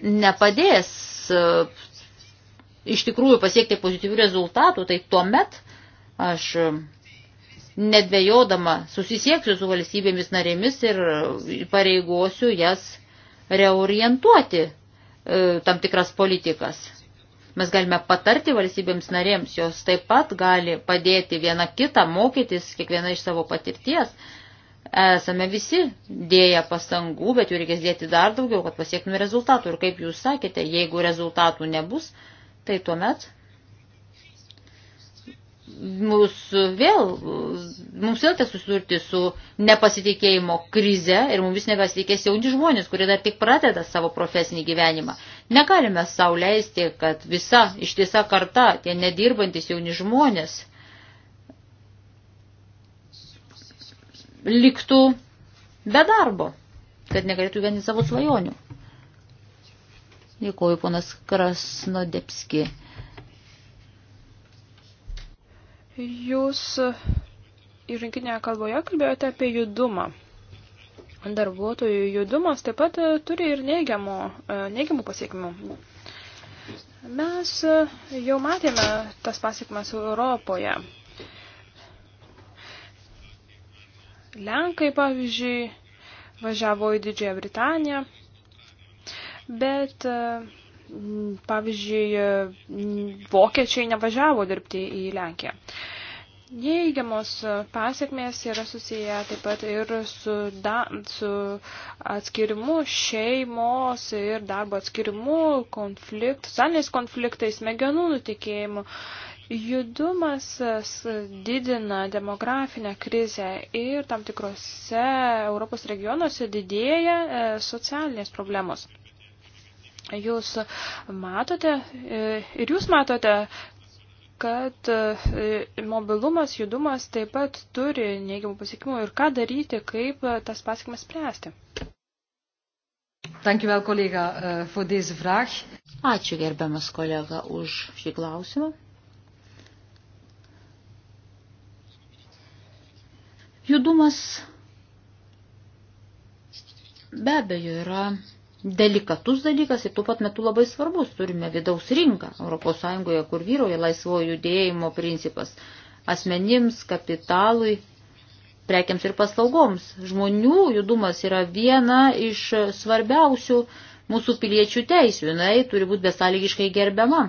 nepadės e, iš tikrųjų pasiekti pozityvių rezultatų, tai tuomet aš e, nedvėjodama susisieksiu su valstybėmis narėmis ir pareigosiu jas reorientuoti E, tam tikras politikas. Mes galime patarti valstybėms narėms, jos taip pat gali padėti viena kitą, mokytis kiekviena iš savo patirties. Esame visi dėję pastangų, bet jų reikės dėti dar daugiau, kad pasiektume rezultatų. Ir kaip jūs sakėte, jeigu rezultatų nebus, tai tuomet mums vėl, mums vėl teks susidurti su nepasitikėjimo krize ir mums vis nebesitikės jauni žmonės, kurie dar tik pradeda savo profesinį gyvenimą. Negalime sau leisti, kad visa ištisa karta, tie nedirbantis jauni žmonės, liktų be darbo, kad negalėtų vieni savo svajonių. Dėkuoju, ponas Krasnodepski. Jūs įžanginėje kalboje kalbėjote apie judumą. Darbuotojų judumas taip pat e, turi ir neigiamų, e, neigiamų pasiekmių. Mes e, jau matėme tas pasiekmes Europoje. Lenkai, pavyzdžiui, važiavo į Didžiąją Britaniją, bet uh, Mm, pavyzdžiui, mm, vokiečiai nevažiavo dirbti į Lenkiją. Neįgiamos e, pasiekmės yra susiję taip pat ir su, da, su atskirimu šeimos ir darbo atskirimu, konflikt, socialiniais konfliktais, smegenų nutikėjimu. Judumas e, didina demografinę krizę ir tam tikrose Europos regionuose didėja e, socialinės problemos. Jūs matote e, ir jūs matote, kad e, mobilumas, judumas taip pat turi neigiamų pasiekimų ir ką daryti, kaip e, tas pasiekmes spręsti. Dankjewel, kolega, uh, for deze vraag. Ačiū, gerbiamas kolega, už šį klausimą. Judumas be abejo yra delikatus dalykas ir tuo pat metu labai svarbus. Turime vidaus rinką ES, kur vyroja laisvo judėjimo principas asmenims, kapitalui, prekiams ir paslaugoms. Žmonių judumas yra viena iš svarbiausių mūsų piliečių teisių. Jinai turi būti besąlygiškai gerbiama.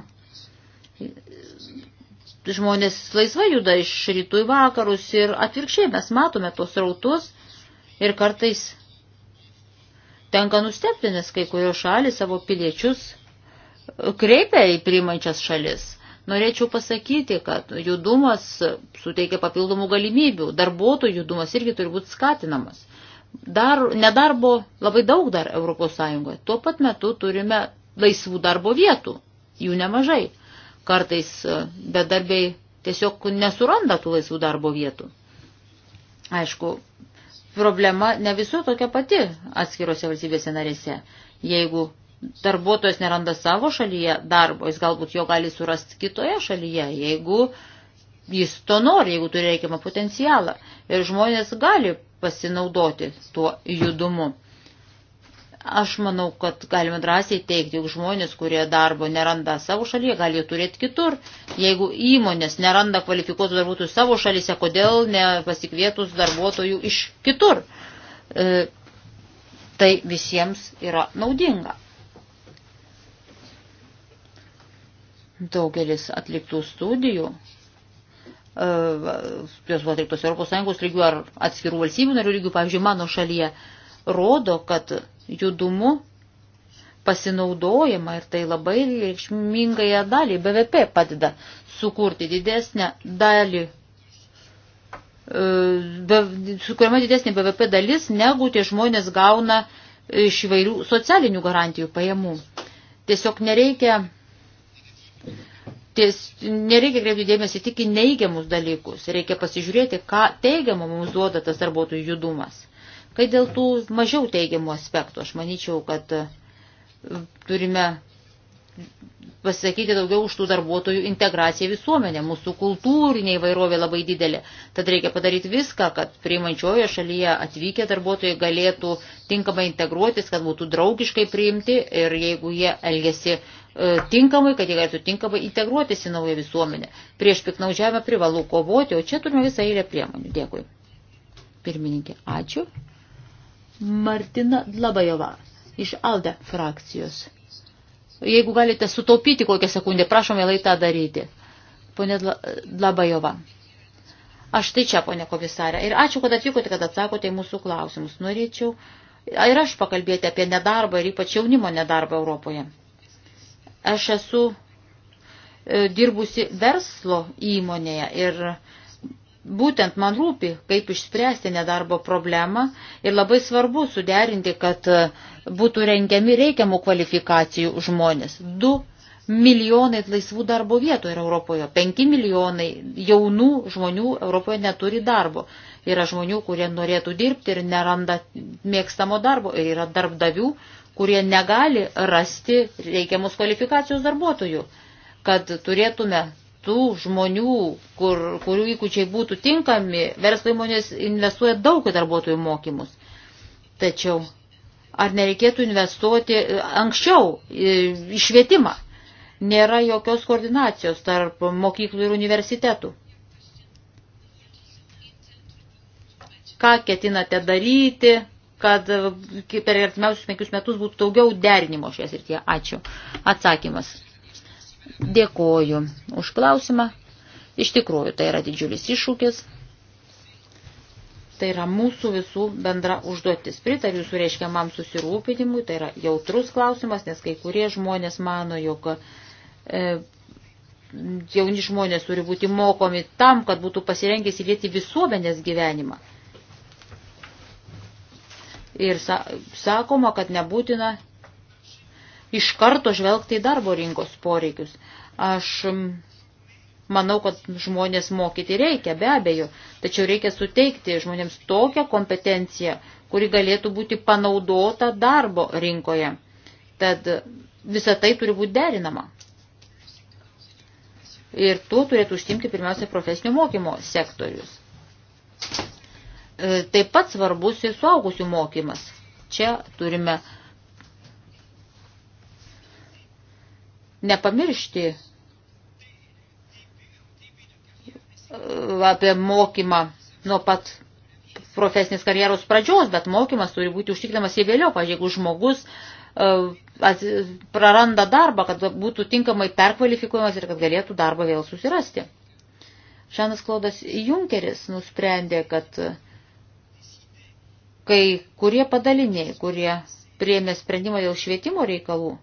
Žmonės laisvai juda iš rytų į vakarus ir atvirkščiai mes matome tos rautus ir kartais tenka nustepti, nes kai kurios šalis savo piliečius e, kreipia į priimančias šalis. Norėčiau pasakyti, kad judumas suteikia papildomų galimybių, darbuotojų judumas irgi turi būti skatinamas. Dar, nedarbo labai daug dar ES. Tuo pat metu turime laisvų darbo vietų, jų nemažai. Kartais e, bedarbiai tiesiog nesuranda tų laisvų darbo vietų. Aišku, problema ne visų tokia pati atskirose valstybėse narėse. Jeigu darbuotojas neranda savo šalyje darbo, jis galbūt jo gali surasti kitoje šalyje, jeigu jis to nori, jeigu turi reikiamą potencialą. Ir žmonės gali pasinaudoti tuo judumu. Aš manau, kad galime drąsiai teikti, jog žmonės, kurie darbo neranda savo šalyje, gali jų turėti kitur. Jeigu įmonės neranda kvalifikuotų darbuotojų savo šalyse, kodėl nepasikvietus darbuotojų iš kitur? E, tai visiems yra naudinga. Daugelis atliktų studijų, e, jos buvo atliktos ES lygių ar atskirų valstybių narių lygių, pavyzdžiui, mano šalyje, rodo, kad judumu pasinaudojama ir tai labai reikšmingąją dalį BVP padeda sukurti didesnę dalį e, sukuriama didesnė BVP dalis, negu tie žmonės gauna iš vairių socialinių garantijų pajamų. Tiesiog nereikia, ties, nereikia kreipti dėmesį tik į neigiamus dalykus. Reikia pasižiūrėti, ką teigiamą mums duoda tas darbuotojų judumas. Kai dėl tų mažiau teigiamų aspektų, aš manyčiau, kad e, turime pasakyti daugiau už tų darbuotojų integraciją visuomenę. Mūsų kultūrinė įvairovė labai didelė. Tad reikia padaryti viską, kad priimančioje šalyje atvykę darbuotojai galėtų tinkamai integruotis, kad būtų draugiškai priimti ir jeigu jie elgesi e, tinkamai, kad jie galėtų tinkamai integruotis į naują visuomenę. Prieš piknaudžiavimą privalu kovoti, o čia turime visą eilę priemonių. Dėkui. Pirmininkė, ačiū. Martina Dlabajova iš ALDE frakcijos. Jeigu galite sutaupyti kokią sekundę, prašom vėlai tą daryti. Pone Dlabajova. Aš tai čia, ponė komisarė. Ir ačiū, kad atvykote, kad atsakote į mūsų klausimus. Norėčiau ir aš pakalbėti apie nedarbą ir ypač jaunimo nedarbą Europoje. Aš esu e, dirbusi verslo įmonėje ir Būtent man rūpi, kaip išspręsti nedarbo problemą ir labai svarbu suderinti, kad e, būtų rengiami reikiamų kvalifikacijų žmonės. 2 milijonai laisvų darbo vietų yra Europoje, 5 milijonai jaunų žmonių Europoje neturi darbo. Yra žmonių, kurie norėtų dirbti ir neranda mėgstamo darbo ir yra darbdavių, kurie negali rasti reikiamus kvalifikacijos darbuotojų kad turėtume tų žmonių, kur, kurių įgūdžiai būtų tinkami, verslo įmonės investuoja daug į darbuotojų mokymus. Tačiau ar nereikėtų investuoti e, anksčiau e, į švietimą? Nėra jokios koordinacijos tarp mokyklų ir universitetų. Ką ketinate daryti, kad e, per artimiausius penkius metus būtų daugiau derinimo šioje srityje? Ačiū. Atsakymas. Dėkoju už klausimą. Iš tikrųjų, tai yra didžiulis iššūkis. Tai yra mūsų visų bendra užduotis. Pritariu jūsų reiškiamam susirūpinimui, tai yra jautrus klausimas, nes kai kurie žmonės mano, jog e, jauni žmonės turi būti mokomi tam, kad būtų pasirengęs įlieti visuomenės gyvenimą. Ir sa sakoma, kad nebūtina iš karto žvelgti į darbo rinkos poreikius. Aš manau, kad žmonės mokyti reikia, be abejo, tačiau reikia suteikti žmonėms tokią kompetenciją, kuri galėtų būti panaudota darbo rinkoje. Tad visa tai turi būti derinama. Ir tuo turėtų užtimti pirmiausia profesinio mokymo sektorius. E, taip pat svarbus ir suaugusių mokymas. Čia turime uh, nepamiršti uh, apie mokymą nuo pat profesinės karjeros pradžios, bet mokymas turi būti užtikrinamas ir vėliau, pažiūrėjau, jeigu žmogus uh, praranda darbą, kad būtų tinkamai perkvalifikuojamas ir kad galėtų darbą vėl susirasti. Žanas Klaudas Junkeris nusprendė, kad kai kurie padaliniai, kurie priėmė sprendimą dėl švietimo reikalų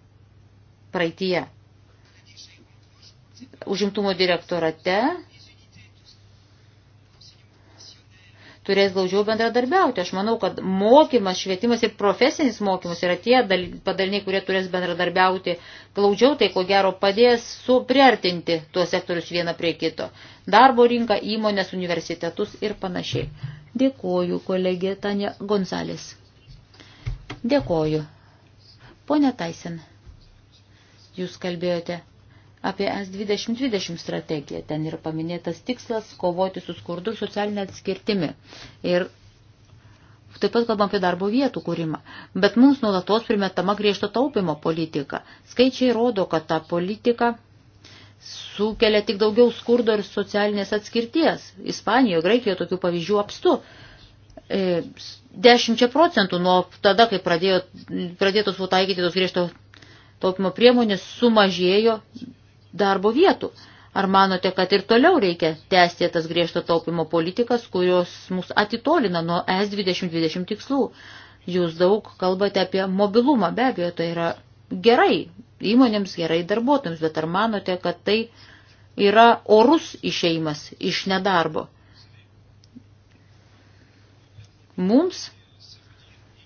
praeitie, užimtumo direktorate turės glaudžiau bendradarbiauti. Aš manau, kad mokymas, švietimas ir profesinis mokymas yra tie padaliniai, kurie turės bendradarbiauti glaudžiau, tai ko gero padės su priartinti tuos sektorius vieną prie kito. Darbo rinką, įmonės, universitetus ir panašiai. Dėkoju, kolegė Tanja Gonzalės. Dėkoju. Pone Taisen, jūs kalbėjote apie S2020 strategiją. Ten yra paminėtas tikslas kovoti su skurdu ir socialinė atskirtimi. Ir taip pat kalbam apie darbo vietų kūrimą. Bet mums nuolatos primetama griežto taupimo politika. Skaičiai rodo, kad ta politika sukelia tik daugiau skurdo ir socialinės atskirties. Ispanijoje, Graikijoje tokių pavyzdžių apstu. 10 e, procentų nuo tada, kai pradėjo, pradėtos buvo taikyti tos griežto taupimo priemonės, sumažėjo darbo vietų. Ar manote, kad ir toliau reikia tęsti tas griežto taupimo politikas, kurios mus atitolina nuo e S2020 tikslų? Jūs daug kalbate apie mobilumą, be abejo, tai yra gerai įmonėms, gerai darbuotojams, bet ar manote, kad tai yra orus išeimas iš nedarbo? Mums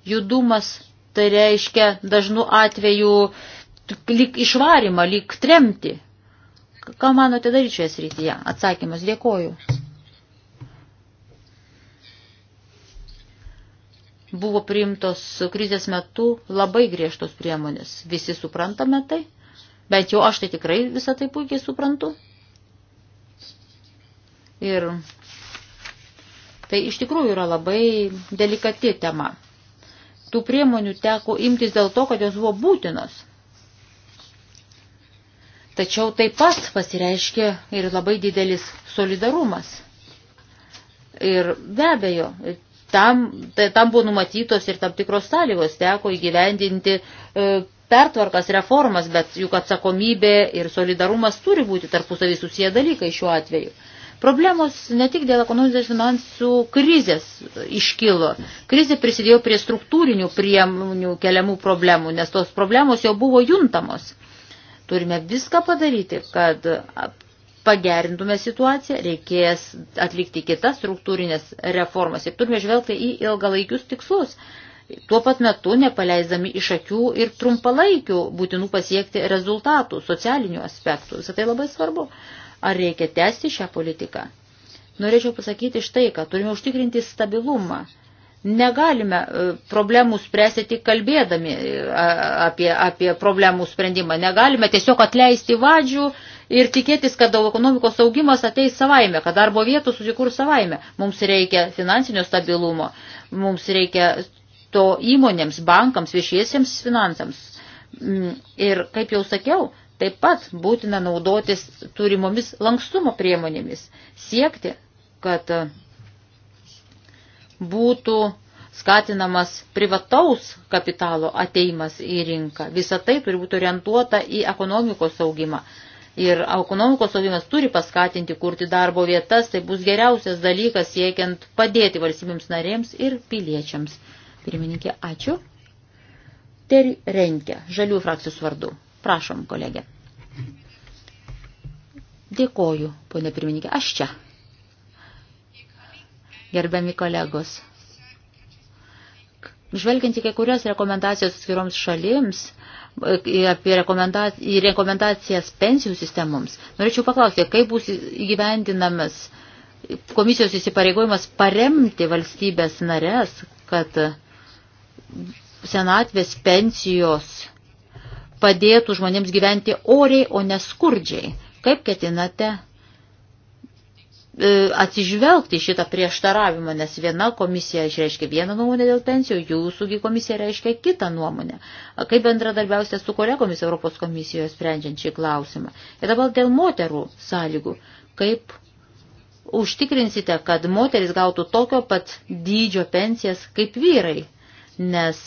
judumas tai reiškia dažnu atveju lyg išvarimą, lyg tremti, Ką manote daryti šioje srityje? Atsakymas dėkoju. Buvo priimtos krizės metu labai griežtos priemonės. Visi suprantame tai, bet jau aš tai tikrai visą tai puikiai suprantu. Ir tai iš tikrųjų yra labai delikati tema. Tų priemonių teko imtis dėl to, kad jos buvo būtinos. Tačiau taip pat pasireiškia ir labai didelis solidarumas. Ir be abejo, tam, tai, tam buvo numatytos ir tam tikros sąlygos, teko įgyvendinti e, pertvarkas, reformas, bet juk atsakomybė ir solidarumas turi būti tarpusavį susiję dalykai šiuo atveju. Problemos ne tik dėl ekonominės finansų krizės iškilo. Krizė prisidėjo prie struktūrinių priemonių keliamų problemų, nes tos problemos jau buvo juntamos. Turime viską padaryti, kad pagerintume situaciją, reikės atlikti kitas struktūrinės reformas ir turime žvelgti į ilgalaikius tikslus. Tuo pat metu nepaleisdami iš akių ir trumpalaikių būtinų pasiekti rezultatų, socialinių aspektų. Visą tai labai svarbu. Ar reikia tęsti šią politiką? Norėčiau pasakyti štai, kad turime užtikrinti stabilumą Negalime e, problemų spręsti tik kalbėdami e, apie, apie problemų sprendimą. Negalime tiesiog atleisti vadžių ir tikėtis, kad ekonomikos augimas ateis savaime, kad darbo vietų susikurs savaime. Mums reikia finansinio stabilumo, mums reikia to įmonėms, bankams, viešiesiems finansams. Mm, ir kaip jau sakiau, taip pat būtina naudotis turimomis lankstumo priemonėmis, siekti, kad būtų skatinamas privataus kapitalo ateimas į rinką. Visa tai turi būti orientuota į ekonomikos augimą. Ir ekonomikos augimas turi paskatinti kurti darbo vietas, tai bus geriausias dalykas siekiant padėti valstybėms narėms ir piliečiams. Pirmininkė, ačiū. Ter Renke, žalių frakcijos vardu. Prašom, kolegė. Dėkoju, ponė pirmininkė. Aš čia gerbiami kolegos. Žvelgiant į kai kurios rekomendacijos atskiroms šalims, apie rekomendac į rekomendacijas pensijų sistemoms, norėčiau paklausti, kaip bus įgyvendinamas komisijos įsipareigojimas paremti valstybės narės, kad senatvės pensijos padėtų žmonėms gyventi oriai, o neskurdžiai. Kaip ketinate E, atsižvelgti šitą prieštaravimą, nes viena komisija išreiškia vieną nuomonę dėl pensijų, jūsųgi komisija reiškia kitą nuomonę. Kaip bendradarbiausite su kolegomis Europos komisijoje sprendžiant šį klausimą? Ir dabar dėl moterų sąlygų. Kaip užtikrinsite, kad moteris gautų tokio pat dydžio pensijas kaip vyrai? Nes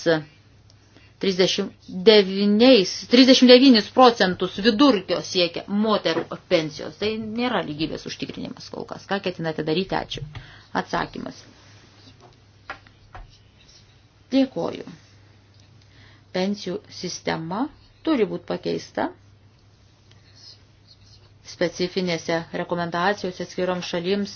39, 39 procentus vidurkio siekia moterų pensijos. Tai nėra lygybės užtikrinimas kol kas. Ką ketinate daryti? Ačiū. Atsakymas. Dėkoju. Pensijų sistema turi būti pakeista specifinėse rekomendacijose atskiroms šalims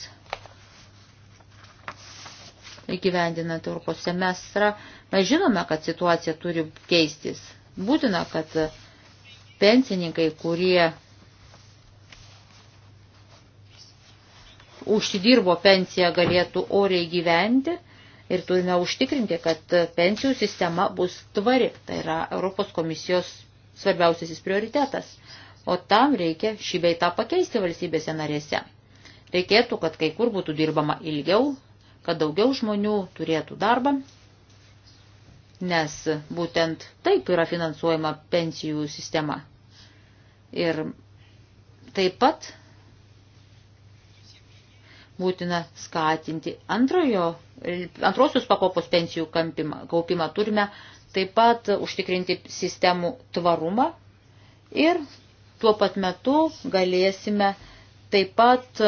įgyvendinant Europos semestrą. Mes žinome, kad situacija turi keistis. Būtina, kad pensininkai, kurie užsidirbo pensiją, galėtų oriai gyventi ir turime užtikrinti, kad pensijų sistema bus tvari. Tai yra Europos komisijos svarbiausiasis prioritetas. O tam reikia šį beitą pakeisti valstybėse narėse. Reikėtų, kad kai kur būtų dirbama ilgiau, kad daugiau žmonių turėtų darbą, nes būtent taip yra finansuojama pensijų sistema. Ir taip pat būtina skatinti antrojo, antrosios pakopos pensijų kampimą, kaupimą. Turime taip pat užtikrinti sistemų tvarumą ir tuo pat metu galėsime taip pat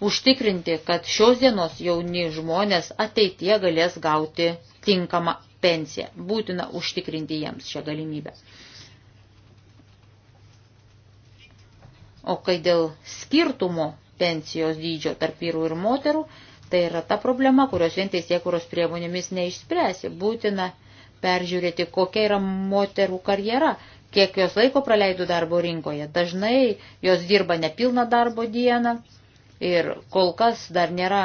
užtikrinti, kad šios dienos jauni žmonės ateitie galės gauti tinkamą pensiją. Būtina užtikrinti jiems šią galimybę. O kai dėl skirtumo pensijos dydžio tarp vyrų ir moterų, tai yra ta problema, kurios vien teisėkuros priemonėmis neišspręsi. Būtina peržiūrėti, kokia yra moterų karjera, kiek jos laiko praleidų darbo rinkoje. Dažnai jos dirba nepilną darbo dieną, Ir kol kas dar nėra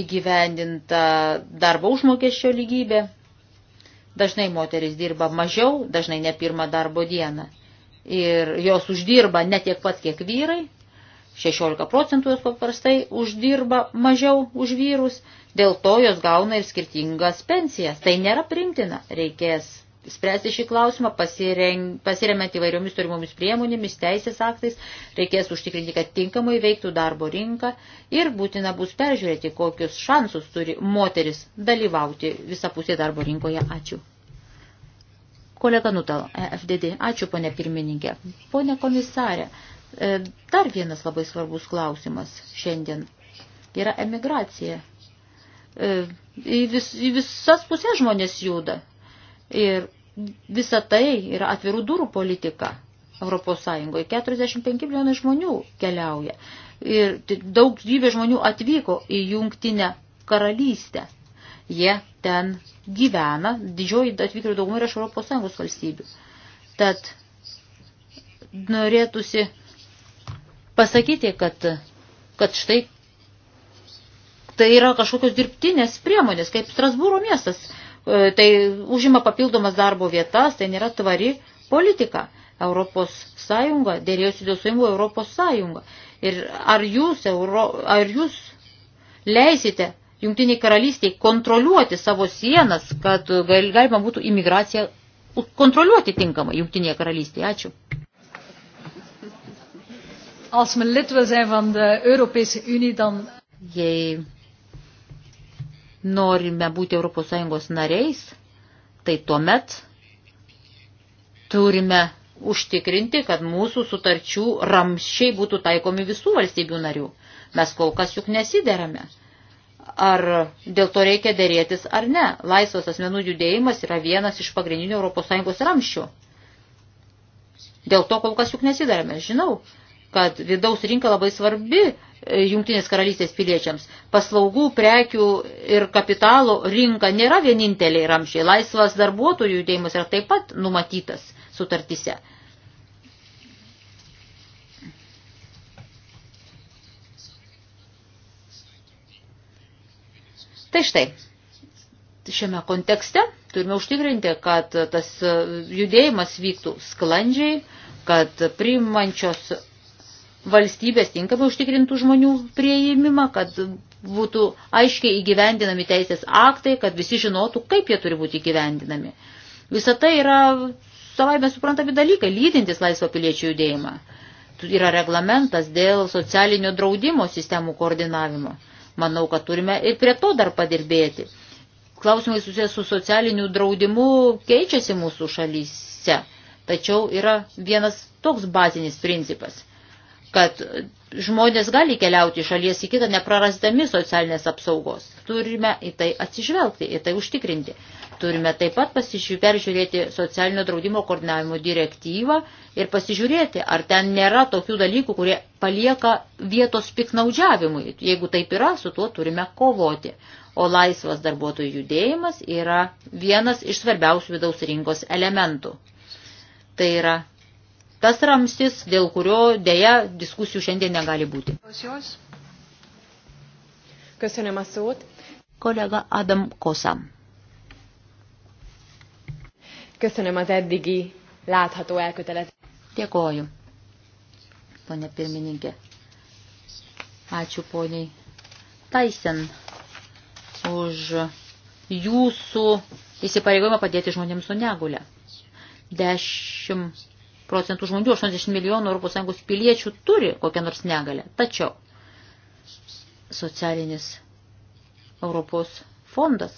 įgyvendinta darbo užmokesčio lygybė. Dažnai moteris dirba mažiau, dažnai ne pirmą darbo dieną. Ir jos uždirba ne tiek pat, kiek vyrai. 16 procentų jos paprastai uždirba mažiau už vyrus, dėl to jos gauna ir skirtingas pensijas. Tai nėra primtina, reikės spręsti šį klausimą, pasiremiant įvairiomis turimomis priemonėmis, teisės aktais, reikės užtikrinti, kad tinkamai veiktų darbo rinka ir būtina bus peržiūrėti, kokius šansus turi moteris dalyvauti visapusė darbo rinkoje. Ačiū. Kolega Nutal, e FDD. Ačiū, ponė pirmininkė. Pone komisarė, e, dar vienas labai svarbus klausimas šiandien yra emigracija. E, į, vis, į visas pusės žmonės juda. Ir Visa tai yra atvirų durų politika Europos Sąjungoje. 45 milijonai žmonių keliauja. Ir daug gyvė žmonių atvyko į jungtinę karalystę. Jie ten gyvena, didžioji atvykėlių dauguma yra iš Europos Sąjungos valstybių. Tad norėtųsi pasakyti, kad, kad štai tai yra kažkokios dirbtinės priemonės, kaip Strasbūro miestas E, tai užima papildomas darbo vietas, tai nėra tvari politika. Europos Sąjunga, dėrėjusi dėl suimų Europos Sąjunga. Ir ar jūs, Euro, ar jūs leisite Jungtiniai karalystiai kontroliuoti savo sienas, kad gal, galima būtų imigraciją kontroliuoti tinkamai Jungtinėje karalystėje. Ačiū. Als men lid wil zijn van de Europese Unie, dan... Jei norime būti ES nariais, tai tuomet turime užtikrinti, kad mūsų sutarčių ramščiai būtų taikomi visų valstybių narių. Mes kol kas juk nesiderame. Ar dėl to reikia dėrėtis ar ne? Laisvas asmenų judėjimas yra vienas iš pagrindinių ES ramščių. Dėl to kol kas juk nesidarėme. Žinau, kad vidaus rinka labai svarbi e, Jungtinės karalystės piliečiams. Paslaugų, prekių ir kapitalo rinka nėra vieninteliai ramšiai. Laisvas darbuotojų judėjimas yra taip pat numatytas sutartise. Tai štai, šiame kontekste turime užtikrinti, kad tas judėjimas vyktų sklandžiai, kad priimančios valstybės tinkamai užtikrintų žmonių prieimimą, kad būtų aiškiai įgyvendinami teisės aktai, kad visi žinotų, kaip jie turi būti įgyvendinami. Visa tai yra savaime suprantami dalykai, lydintis laisvo piliečių judėjimą. Yra reglamentas dėl socialinio draudimo sistemų koordinavimo. Manau, kad turime ir prie to dar padirbėti. Klausimai susijęs su socialiniu draudimu keičiasi mūsų šalyse, tačiau yra vienas toks bazinis principas – kad žmonės gali keliauti iš šalies į kitą, neprarasdami socialinės apsaugos. Turime į tai atsižvelgti, į tai užtikrinti. Turime taip pat peržiūrėti socialinio draudimo koordinavimo direktyvą ir pasižiūrėti, ar ten nėra tokių dalykų, kurie palieka vietos piknaudžiavimui. Jeigu taip yra, su tuo turime kovoti. O laisvas darbuotojų judėjimas yra vienas iš svarbiausių vidaus rinkos elementų. Tai yra tas ramstis, dėl kurio dėja diskusijų šiandien negali būti. Köszönöm a szót. Kollega Adam Kosa. Köszönöm az eddigi látható elkötelezést. Dėkoju, ponė pirmininkė. Ačiū poniai Taisen už jūsų įsipareigojimą padėti žmonėms su negule. Dešimt procentų žmonių, 80 milijonų ES piliečių turi kokią nors negalę. Tačiau socialinis Europos fondas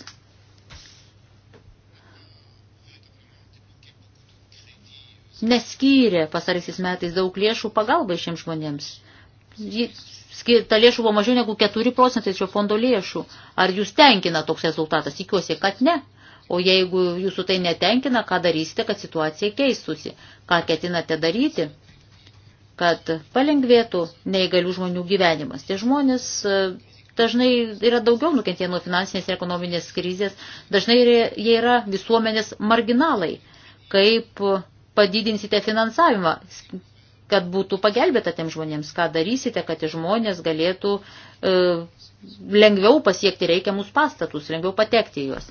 neskyrė pasarysis metais daug lėšų pagalbai šiems žmonėms. Ta lėšų buvo mažiau negu 4 procentai šio fondo lėšų. Ar jūs tenkina toks rezultatas? Tikiuosi, kad ne. O jeigu jūsų tai netenkina, ką darysite, kad situacija keistusi? Ką ketinate daryti, kad palengvėtų neįgalių žmonių gyvenimas? Tie žmonės e, dažnai yra daugiau nukentėję nuo finansinės ir ekonominės krizės, dažnai jie yra visuomenės marginalai. Kaip padidinsite finansavimą, kad būtų pagelbėta tiem žmonėms, ką darysite, kad žmonės galėtų e, lengviau pasiekti reikiamus pastatus, lengviau patekti į juos.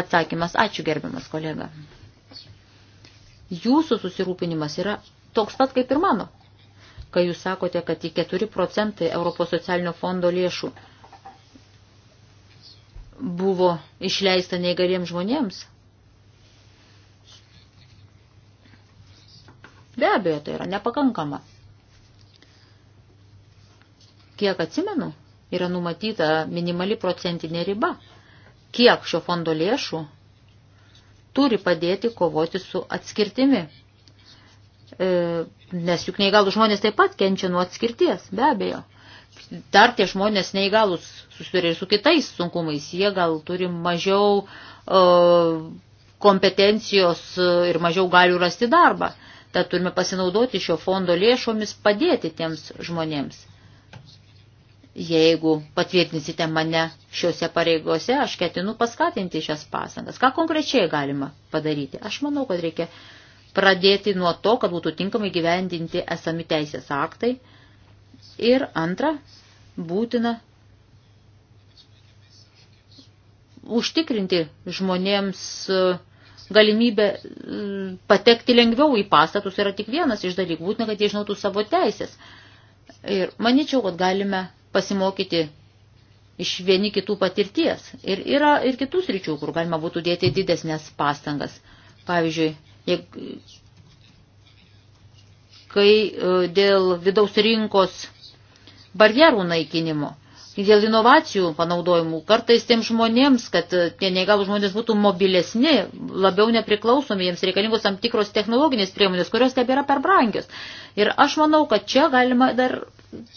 Atsakymas, ačiū gerbiamas kolega. Jūsų susirūpinimas yra toks pat kaip ir mano, kai jūs sakote, kad į 4 procentai Europos socialinio fondo lėšų buvo išleista neįgaliems žmonėms. Be abejo, tai yra nepakankama. Kiek atsimenu, yra numatyta minimali procentinė riba – kiek šio fondo lėšų turi padėti kovoti su atskirtimi. E, nes juk neįgalų žmonės taip pat kenčia nuo atskirties, be abejo. Dar tie žmonės neįgalus susiduria ir su kitais sunkumais. Jie gal turi mažiau e, kompetencijos ir mažiau galių rasti darbą. Tad turime pasinaudoti šio fondo lėšomis padėti tiems žmonėms. Jeigu patvirtinsite mane šiuose pareigose, aš ketinu paskatinti šias pasangas. Ką konkrečiai galima padaryti? Aš manau, kad reikia pradėti nuo to, kad būtų tinkamai gyvendinti esami teisės aktai. Ir antra, būtina užtikrinti žmonėms e, galimybę e, patekti lengviau į pastatus yra tik vienas iš dalykų, būtina, kad jie žinotų savo teisės. Ir manyčiau, kad galime pasimokyti iš vieni kitų patirties. Ir yra ir kitų sričių, kur galima būtų dėti didesnės pastangas. Pavyzdžiui, jeigu, kai e, dėl vidaus rinkos barjerų naikinimo, dėl inovacijų panaudojimų, kartais tiem žmonėms, kad e, tie neįgalų žmonės būtų mobilesni, labiau nepriklausomi, jiems reikalingos tam tikros technologinės priemonės, kurios tebėra per brangios. Ir aš manau, kad čia galima dar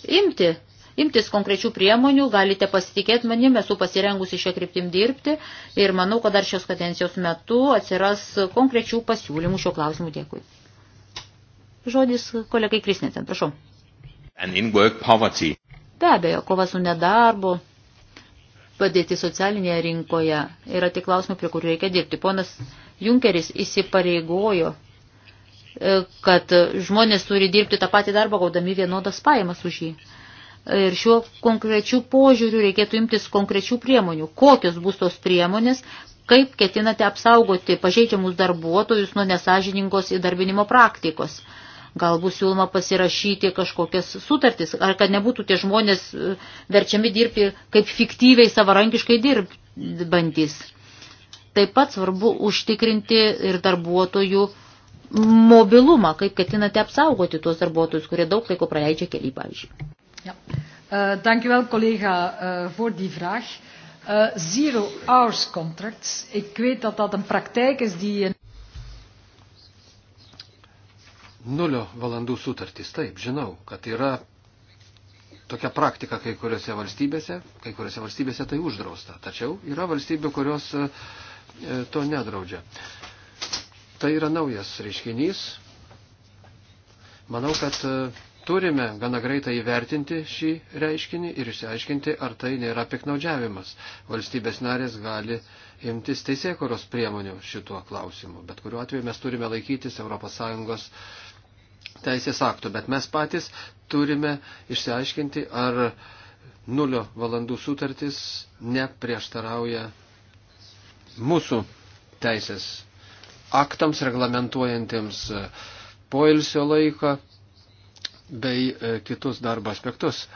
imti imtis konkrečių priemonių, galite pasitikėti manim, esu pasirengusi šią kryptim dirbti ir manau, kad dar šios kadencijos metu atsiras konkrečių pasiūlymų šio klausimu. Dėkui. Žodis kolegai Krisnėten, prašau. Be abejo, kova su nedarbu, padėti socialinėje rinkoje yra tik klausimų, prie kurių reikia dirbti. Ponas Junkeris įsipareigojo e, kad žmonės turi dirbti tą patį darbą, gaudami vienodas pajamas už jį. Ir šiuo konkrečiu požiūriu reikėtų imtis konkrečių priemonių. Kokios bus tos priemonės, kaip ketinate apsaugoti pažeidžiamus darbuotojus nuo nesažiningos įdarbinimo praktikos. Galbūt siūloma pasirašyti kažkokias sutartis, ar kad nebūtų tie žmonės e, verčiami dirbti kaip fiktyviai savarankiškai dirbantys. Taip pat svarbu užtikrinti ir darbuotojų mobilumą, kaip ketinate apsaugoti tuos darbuotojus, kurie daug laiko praleidžia keliai, pavyzdžiui. Ja. Uh, eh, dank u wel, collega, uh, voor die vraag. Uh, zero hours contracts. Ik weet dat dat een praktijk is die. In... Nulio valandų sutartys. Taip, žinau, kad yra tokia praktika kai kuriuose valstybėse, kai kuriuose valstybėse tai uždrausta. Tačiau yra valstybių, kurios to nedraudžia. Tai yra naujas reiškinys. Manau, kad turime gana greitai įvertinti šį reiškinį ir išsiaiškinti, ar tai nėra piknaudžiavimas. Valstybės narės gali imtis teisėkoros priemonių šituo klausimu, bet kuriuo atveju mes turime laikytis ES teisės aktų, bet mes patys turime išsiaiškinti, ar nulio valandų sutartis neprieštarauja mūsų teisės aktams reglamentuojantiems poilsio laiką bei e, kitus darbo aspektus.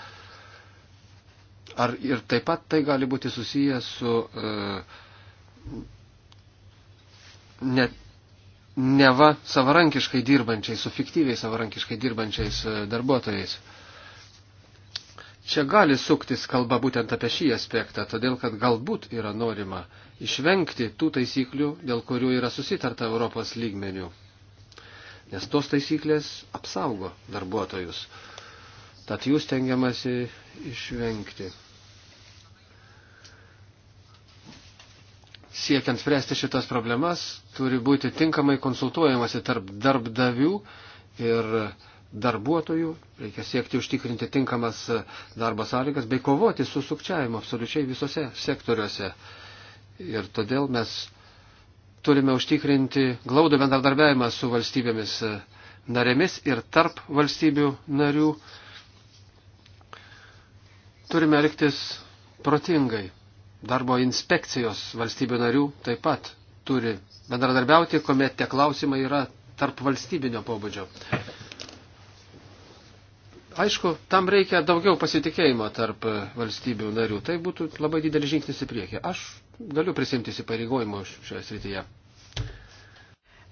Ar ir taip pat tai gali būti susijęs su e, net neva savarankiškai dirbančiais, su fiktyviai savarankiškai dirbančiais e, darbuotojais. Čia gali suktis kalba būtent apie šį aspektą, todėl kad galbūt yra norima išvengti tų taisyklių, dėl kurių yra susitarta Europos lygmenių nes tos taisyklės apsaugo darbuotojus. Tad jūs tengiamasi išvengti. Siekiant spręsti šitas problemas, turi būti tinkamai konsultuojamasi tarp darbdavių ir darbuotojų, reikia siekti užtikrinti tinkamas darbo sąlygas bei kovoti su sukčiavimu absoliučiai visose sektoriuose. Ir todėl mes turime užtikrinti glaudų bendradarbiavimą su valstybėmis e, narėmis ir tarp valstybių narių. Turime elgtis protingai. Darbo inspekcijos valstybių narių taip pat turi bendradarbiauti, kuomet tie klausimai yra tarp valstybinio pobūdžio. Aišku, tam reikia daugiau pasitikėjimo tarp valstybių narių. Tai būtų labai didelis žingsnis į priekį. Aš galiu prisimti įsipareigojimų šioje srityje.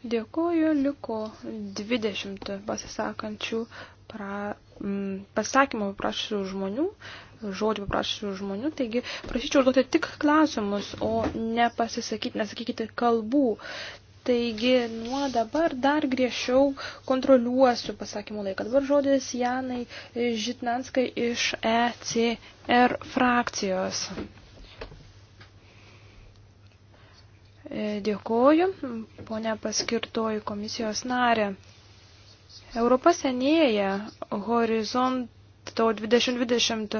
Dėkuoju, liko 20 pasisakančių, pra, m, pasisakymą paprašysiu žmonių, žodžių paprašysiu žmonių, taigi prašyčiau užduoti tik klausimus, o ne pasisakyti, nesakykite kalbų. Taigi nuo dabar dar griežčiau kontroliuosiu pasakymų laiką. Dabar žodis Janai Žitnanskai iš ECR frakcijos. E, dėkoju, ponia paskirtoji komisijos narė. Europa senėja, horizonto 2020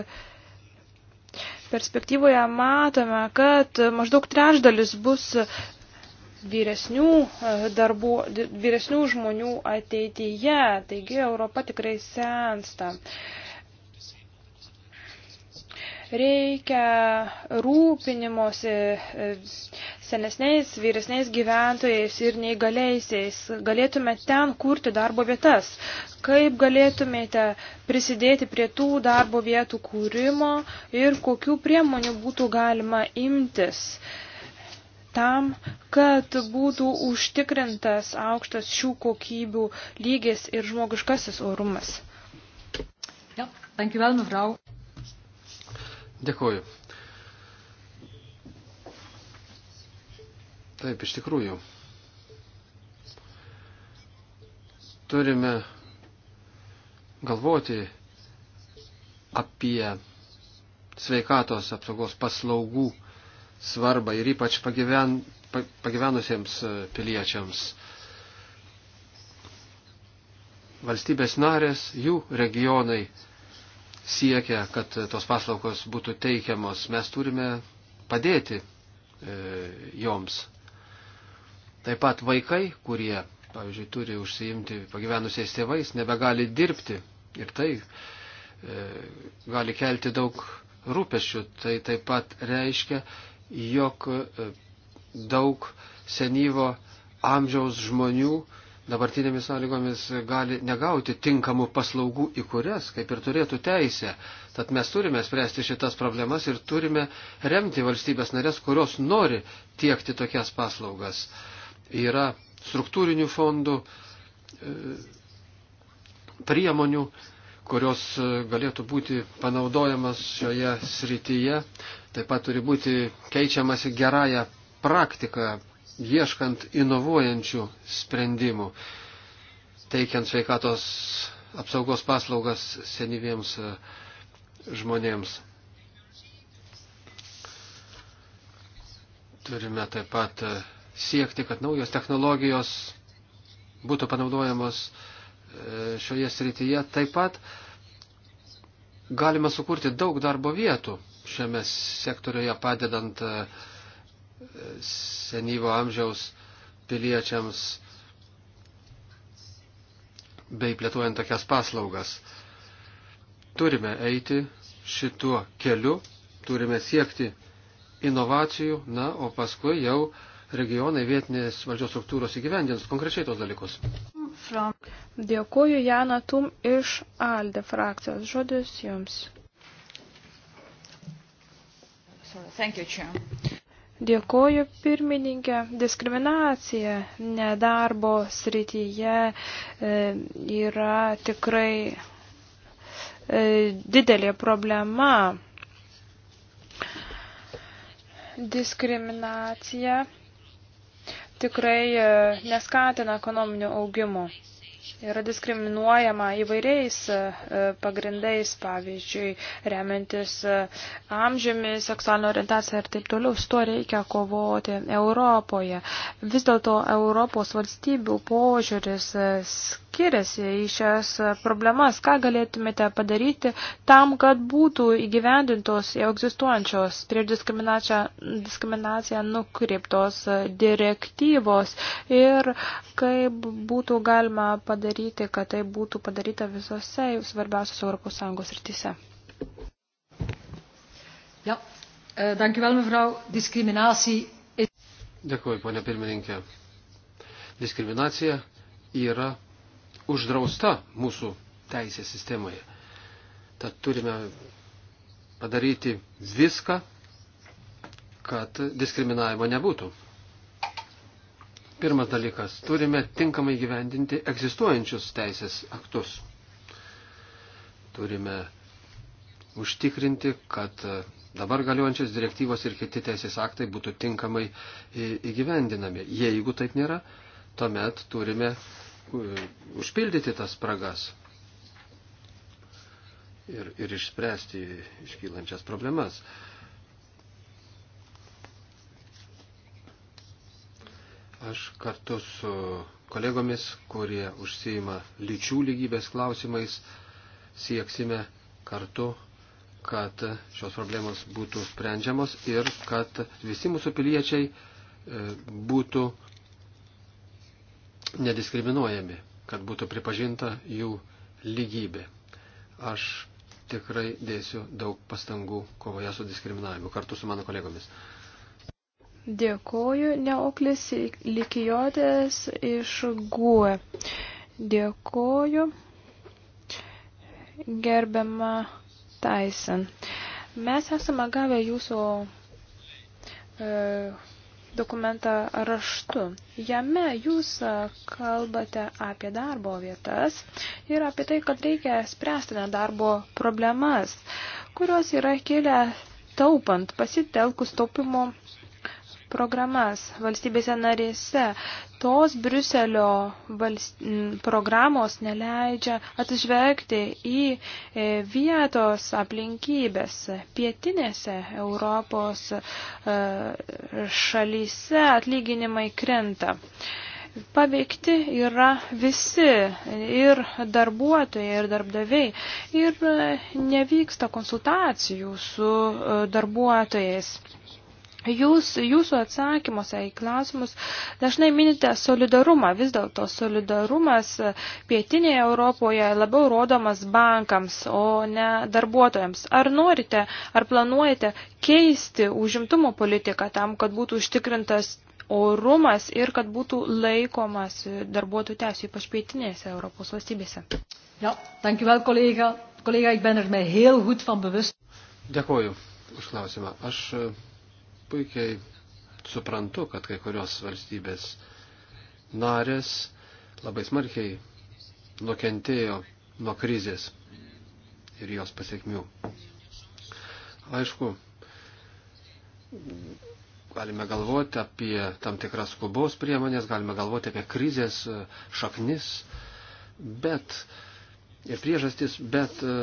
perspektyvoje matome, kad maždaug trečdalis bus vyresnių, e, darbų, vyresnių žmonių ateityje, taigi Europa tikrai sensta. Reikia rūpinimosi e, senesniais, vyresniais gyventojais ir neįgaliaisiais. Galėtume ten kurti darbo vietas. Kaip galėtumėte prisidėti prie tų darbo vietų kūrimo ir kokių priemonių būtų galima imtis? tam, kad būtų užtikrintas aukštas šių kokybių lygis ir žmogiškasis orumas. Ja, dankjewel mevrouw. Dėkuoju. Taip, iš tikrųjų. Turime galvoti apie sveikatos apsaugos paslaugų svarbą ir ypač pagyven, pagyvenusiems e, piliečiams. Valstybės narės, jų regionai siekia, kad tos paslaugos būtų teikiamos. Mes turime padėti e, joms. Taip pat vaikai, kurie, pavyzdžiui, turi užsiimti pagyvenusiais tėvais, nebegali dirbti ir tai e, gali kelti daug rūpešių. Tai taip pat reiškia, jog e, daug senyvo amžiaus žmonių dabartinėmis sąlygomis gali negauti tinkamų paslaugų į kurias, kaip ir turėtų teisę. Tad mes turime spręsti šitas problemas ir turime remti valstybės narės, kurios nori tiekti tokias paslaugas. Yra struktūrinių fondų, e, priemonių, kurios e, galėtų būti panaudojamas šioje srityje. Taip pat turi būti keičiamasi gerąją praktiką ieškant inovuojančių sprendimų, teikiant sveikatos apsaugos paslaugas senyviems e, žmonėms. Turime taip pat e, siekti, kad naujos technologijos būtų panaudojamos e, šioje srityje. Taip pat galima sukurti daug darbo vietų šiame sektoriuje padedant uh, senyvo amžiaus piliečiams bei plėtuojant tokias paslaugas. Turime eiti šituo keliu, turime siekti inovacijų, na, o paskui jau regionai vietinės valdžios struktūros įgyvendins konkrečiai tos dalykus. Dėkuoju Jana Tum iš ALDE frakcijos. Žodis jums. Thank you, Chair. Dėkoju pirmininkė. Diskriminacija nedarbo srityje e, yra tikrai e, didelė problema. Diskriminacija tikrai e, neskatina ekonominio augimo yra diskriminuojama įvairiais e, pagrindais, pavyzdžiui, remiantis e, amžiumi, seksualinio orientaciją ir taip toliau. Su tuo reikia kovoti Europoje. Vis dėlto Europos valstybių požiūris e, skiriasi į šias problemas. Ką galėtumėte padaryti tam, kad būtų įgyvendintos jau egzistuojančios prieš diskriminaciją, diskriminaciją nukreiptos direktyvos ir kaip būtų galima padaryti padaryti, kad tai būtų padaryta visose svarbiausios ES rytise. Ja, eh, dankjewel mevrouw. Diskriminatie is... Dėkuoju, ponia pirmininkė. Diskriminacija yra uždrausta mūsų teisės sistemoje. Tad turime padaryti viską, kad diskriminavimo nebūtų. Pirmas dalykas - turime tinkamai gyvendinti egzistuojančius teisės aktus. Turime užtikrinti, kad dabar galiuojančios direktyvos ir kiti teisės aktai būtų tinkamai įgyvendinami. Jeigu taip nėra, tuomet turime užpildyti tas spragas ir, ir išspręsti iškylančias problemas. Aš kartu su kolegomis, kurie užsijima lyčių lygybės klausimais, sieksime kartu, kad šios problemos būtų sprendžiamos ir kad visi mūsų piliečiai e, būtų nediskriminuojami, kad būtų pripažinta jų lygybė. Aš tikrai dėsiu daug pastangų kovoje su diskriminavimu kartu su mano kolegomis. Dėkoju, Neoklis Likijotės iš GUE. Dėkoju, gerbiama Tyson. Mes esame gavę jūsų e, dokumentą raštu. Jame jūs kalbate apie darbo vietas ir apie tai, kad reikia spręsti nedarbo problemas, kurios yra kilę taupant, pasitelkus taupimo programas valstybėse narėse. Tos Briuselio valst... programos neleidžia atsižvelgti į e, vietos aplinkybės. Pietinėse Europos e, šalyse atlyginimai krenta. Paveikti yra visi ir darbuotojai, ir darbdaviai. Ir e, nevyksta konsultacijų su darbuotojais. Jūs, jūsų atsakymuose į klausimus dažnai minite solidarumą. Vis dėlto solidarumas pietinėje Europoje labiau rodomas bankams, o ne darbuotojams. Ar norite, ar planuojate keisti užimtumo politiką tam, kad būtų užtikrintas orumas ir kad būtų laikomas darbuotojų teisų, ypač pietinėse Europos valstybėse? Ja, dankjewel, kolega. Kolega, ik ben er mij heel goed van bewust. Dėkoju už klausimą. Aš puikiai suprantu, kad kai kurios valstybės narės labai smarkiai nukentėjo nuo krizės ir jos pasiekmių. Aišku, galime galvoti apie tam tikras skubos priemonės, galime galvoti apie krizės e, šaknis, bet ir priežastis, bet e,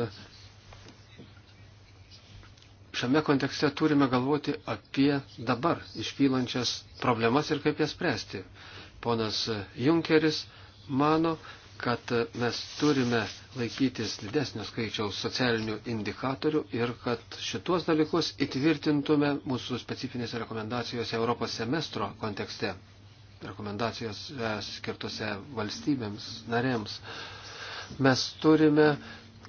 šiame kontekste turime galvoti apie dabar iškylančias problemas ir kaip jas spręsti. Ponas Junkeris mano, kad mes turime laikytis didesnio skaičiaus socialinių indikatorių ir kad šitos dalykus įtvirtintume mūsų specifinėse rekomendacijose Europos semestro kontekste, rekomendacijose skirtose valstybėms, narėms. Mes turime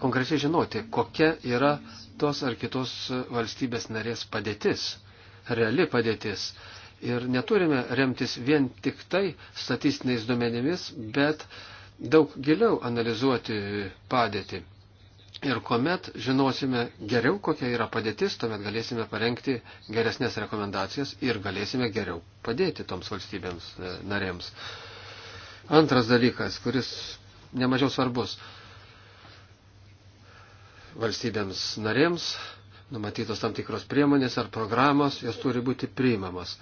konkrečiai žinoti, kokia yra tos ar kitos valstybės narės padėtis, reali padėtis. Ir neturime remtis vien tik tai statistiniais duomenimis, bet daug giliau analizuoti padėtį. Ir kuomet žinosime geriau, kokia yra padėtis, tuomet galėsime parengti geresnės rekomendacijas ir galėsime geriau padėti toms valstybėms e, narėms. Antras dalykas, kuris nemažiau svarbus valstybėms narėms numatytos tam tikros priemonės ar programos, jos turi būti priimamos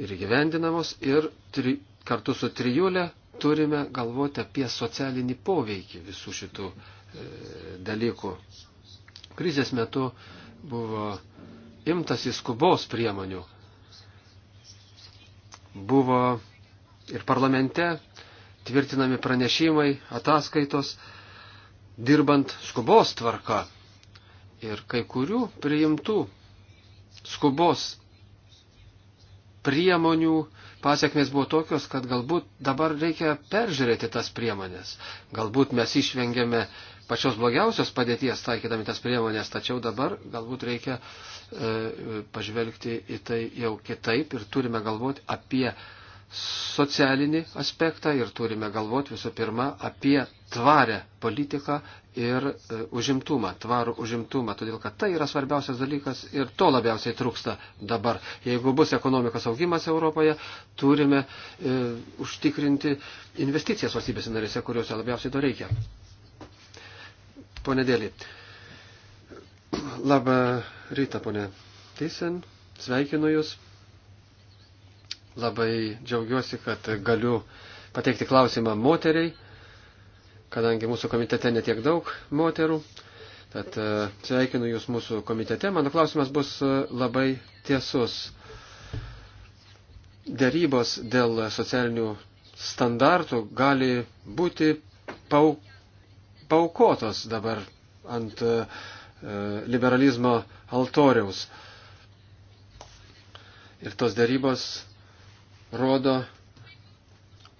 ir gyvendinamos ir tri, kartu su trijulė turime galvoti apie socialinį poveikį visų šitų e, dalykų. Krizės metu buvo imtas į skubos priemonių. Buvo ir parlamente tvirtinami pranešimai, ataskaitos, e, dirbant skubos tvarka. Ir kai kurių priimtų skubos priemonių pasiekmes buvo tokios, kad galbūt dabar reikia peržiūrėti tas priemonės. Galbūt mes išvengėme pačios blogiausios padėties taikydami tas priemonės, tačiau dabar galbūt reikia e, pažvelgti į tai jau kitaip ir turime galvoti apie socialinį aspektą ir turime galvoti visų pirma apie tvarę politiką ir e, užimtumą, tvarų užimtumą, todėl kad tai yra svarbiausias dalykas ir to labiausiai trūksta dabar. Jeigu bus ekonomikos augimas Europoje, turime e, užtikrinti investicijas valstybės narėse, kuriuose labiausiai to reikia. Pone Dėlį. Labą rytą, pone Tysen. Sveikinu Jūs. Labai džiaugiuosi, kad galiu pateikti klausimą moteriai, kadangi mūsų komitete netiek daug moterų. Tad e, sveikinu Jūs mūsų komitete. Mano klausimas bus e, labai tiesus. Dėrybos dėl socialinių standartų gali būti pau, paukotos dabar ant e, liberalizmo altoriaus. Ir tos dėrybos rodo,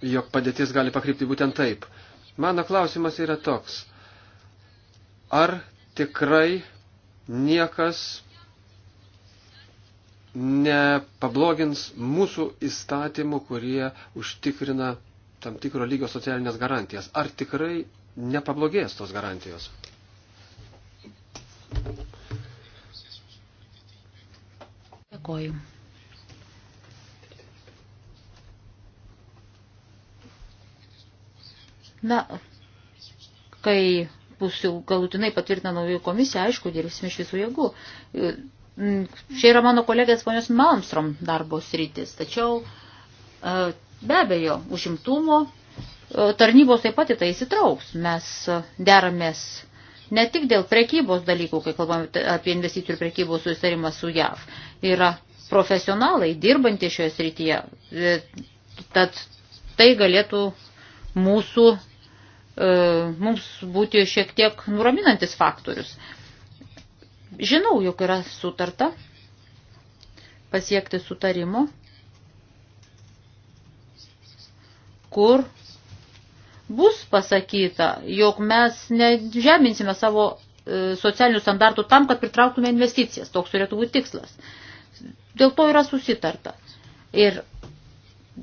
jog padėtis gali pakrypti būtent taip. Mano klausimas yra toks. Ar tikrai niekas nepablogins mūsų įstatymų, kurie užtikrina tam tikro lygio socialinės garantijas? Ar tikrai nepablogės tos garantijos? Dėkoju. Na, kai bus jau galutinai patvirtina naujoji komisija, aišku, dirbsime iš visų jėgų. Čia yra mano kolegės ponios Malmstrom darbos rytis, tačiau e, be abejo, užimtumo e, tarnybos taip pat į tai įsitrauks. Mes e, deramės ne tik dėl prekybos dalykų, kai kalbame apie investicijų ir prekybos susitarimą su JAV. Yra profesionalai dirbantys šioje srityje, tad tai galėtų mūsų E, mums būti šiek tiek nuraminantis faktorius. Žinau, jog yra sutarta pasiekti sutarimo, kur bus pasakyta, jog mes nežeminsime savo e, socialinių standartų tam, kad pritrauktume investicijas. Toks turėtų būti tikslas. Dėl to yra susitarta. Ir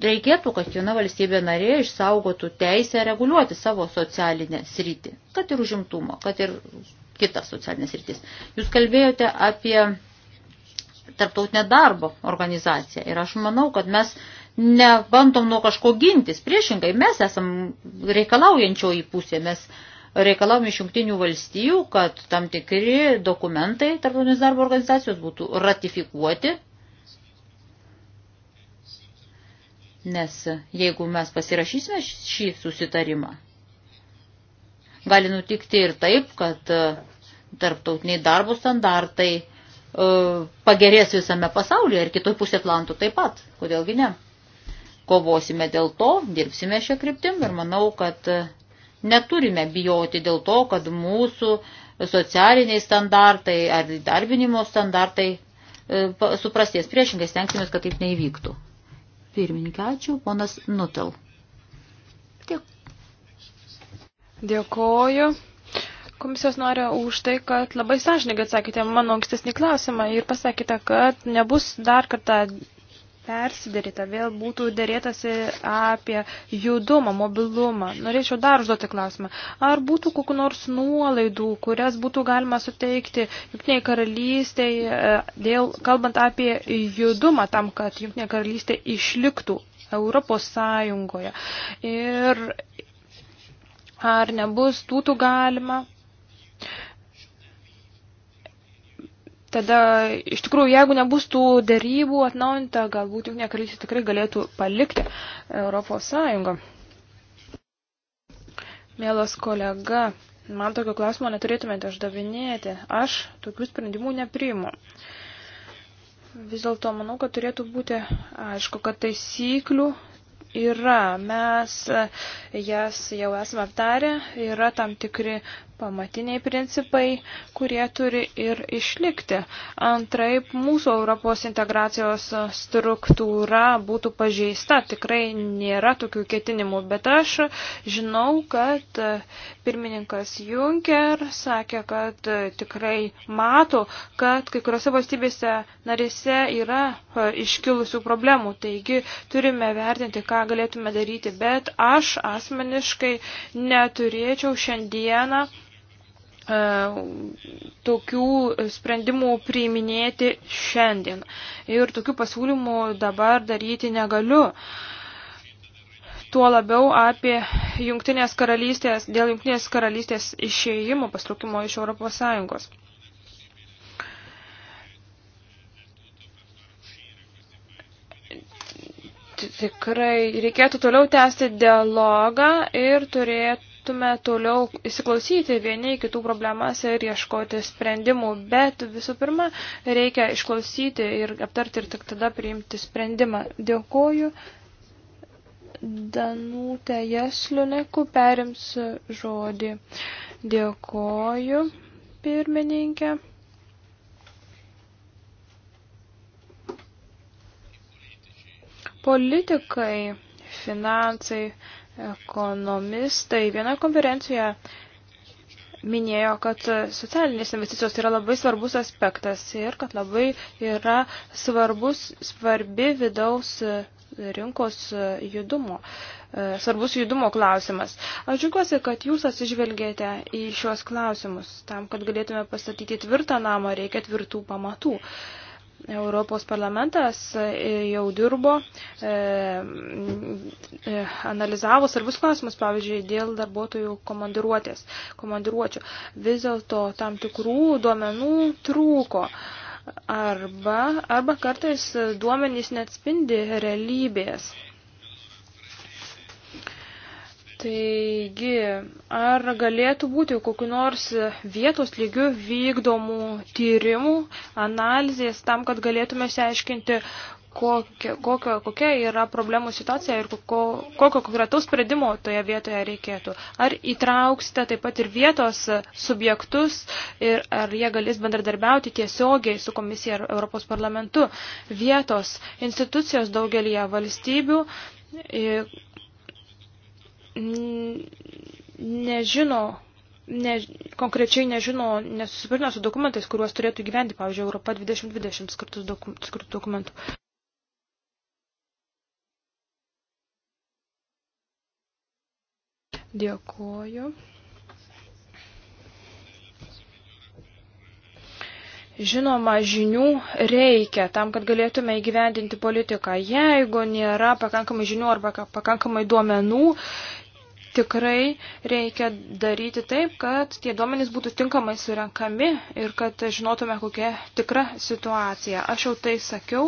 reikėtų, kad viena valstybė narė išsaugotų teisę reguliuoti savo socialinę sritį, kad ir užimtumo, kad ir kitas socialinės sritis. Jūs kalbėjote apie tarptautinę darbo organizaciją ir aš manau, kad mes nebandom nuo kažko gintis. Priešingai, mes esam reikalaujančioji pusė, mes reikalavom iš jungtinių valstijų, kad tam tikri dokumentai tarptautinės darbo organizacijos būtų ratifikuoti Nes jeigu mes pasirašysime šį susitarimą, gali nutikti ir taip, kad e, tarptautiniai darbo standartai e, pagerės visame pasaulyje ir kitoj pusė Atlanto taip pat. Kodėlgi ne? Kovosime dėl to, dirbsime šią kryptim ir manau, kad e, neturime bijoti dėl to, kad mūsų socialiniai standartai ar darbinimo standartai suprasties priešingai stengsimės, kad taip neįvyktų. Pirmininkė, ačiū, ponas Nutel. Tiek. Dėkoju. Komisijos norė už tai, kad labai sąžininkai atsakėte mano ankstesnį klausimą ir pasakėte, kad nebus dar kartą persidaryta, vėl būtų dėrėtasi apie judumą, mobilumą. Norėčiau dar užduoti klausimą. Ar būtų kokiu nors nuolaidų, kurias būtų galima suteikti Junktinėje karalystėje, e, dėl, kalbant apie judumą, tam, kad Junktinė karalystė išliktų Europos Sąjungoje? Ir ar nebus būtų galima tada iš tikrųjų, jeigu nebus tų dėrybų atnaujinta, galbūt jungtinė karalystė tikrai galėtų palikti Europos Sąjungą. Mielas kolega, man tokio klausimo neturėtumėte uždavinėti. Aš tokių sprendimų nepriimu. Vis dėlto manau, kad turėtų būti aišku, kad taisyklių yra. Mes jas jau esame aptarę, yra tam tikri pamatiniai principai, kurie turi ir išlikti. Antraip, mūsų Europos integracijos struktūra būtų pažeista. Tikrai nėra tokių ketinimų, bet aš žinau, kad pirmininkas Juncker sakė, kad tikrai mato, kad kai kuriuose valstybėse narėse yra e, iškilusių problemų. Taigi turime vertinti, ką galėtume daryti. Bet aš asmeniškai neturėčiau šiandieną E, tokių sprendimų priiminėti šiandien. Ir tokių pasiūlymų dabar daryti negaliu. Tuo labiau apie jungtinės karalystės, dėl jungtinės karalystės išėjimo pastraukimo iš Europos Sąjungos. tikrai reikėtų toliau tęsti dialogą ir turėt, galėtume toliau įsiklausyti vieni kitų problemas ir ieškoti sprendimų, bet visų pirma reikia išklausyti ir aptarti ir tik tada priimti sprendimą. Dėkoju. Danutė Jesliuneku perims žodį. Dėkoju, pirmininkė. Politikai, finansai, ekonomistai vienoje konferencijoje minėjo, kad socialinės investicijos yra labai svarbus aspektas ir kad labai yra svarbus, svarbi vidaus rinkos judumo, svarbus judumo klausimas. Aš džiugiuosi, kad jūs atsižvelgėte į šios klausimus. Tam, kad galėtume pastatyti tvirtą namą, reikia tvirtų pamatų. Uh, Europos parlamentas e, jau dirbo, e, e, analizavo svarbus klausimus, pavyzdžiui, dėl darbuotojų komandiruotės, komandiruočių. Vis dėlto tam tikrų duomenų trūko. Arba, arba kartais duomenys neatspindi realybės. Taigi, ar galėtų būti kokiu nors vietos lygių vykdomų tyrimų, analizės tam, kad galėtume išsiaiškinti, kokia, kokia, kokia yra problemų situacija ir kokio, kokio konkretaus sprendimo toje vietoje reikėtų. Ar įtrauksite taip pat ir vietos subjektus ir ar jie galės bendradarbiauti tiesiogiai su komisija ir Europos parlamentu. Vietos institucijos daugelie valstybių nežino, ne, konkrečiai nežino, nesusipažino su dokumentais, kuriuos turėtų gyventi, pavyzdžiui, Europa 2020 skirtus dokum, skirtų dokumentų. Dėkuoju. Žinoma, žinių reikia tam, kad galėtume įgyvendinti politiką. Jeigu nėra pakankamai žinių arba pakankamai duomenų, tikrai reikia daryti taip, kad tie duomenys būtų tinkamai surenkami ir kad žinotume, kokia tikra situacija. Aš jau tai sakiau,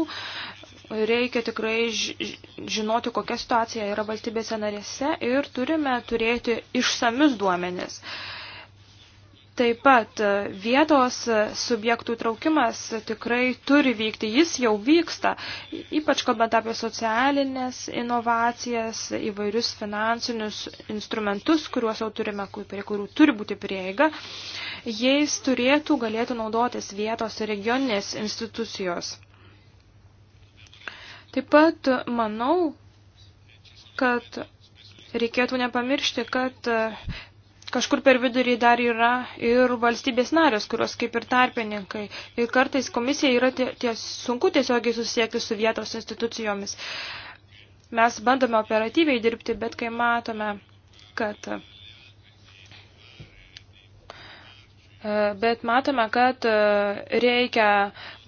reikia tikrai žinoti, kokia situacija yra valstybėse narėse ir turime turėti išsamius duomenis. Uh, Taip pat e, vietos e, subjektų traukimas tikrai turi vykti, jis jau vyksta, ypač kalbant apie socialinės inovacijas, įvairius finansinius instrumentus, kuriuos jau turime, prie kurių turi būti prieiga, jais turėtų galėtų naudotis vietos ir regioninės institucijos. Taip pat manau, kad reikėtų nepamiršti, kad kažkur per vidurį dar yra ir valstybės narės, kurios kaip ir tarpininkai. Ir kartais komisija yra ties, sunku tiesiogiai susiekti su vietos institucijomis. Mes bandome operatyviai dirbti, bet kai matome, kad. E, bet matome, kad e, reikia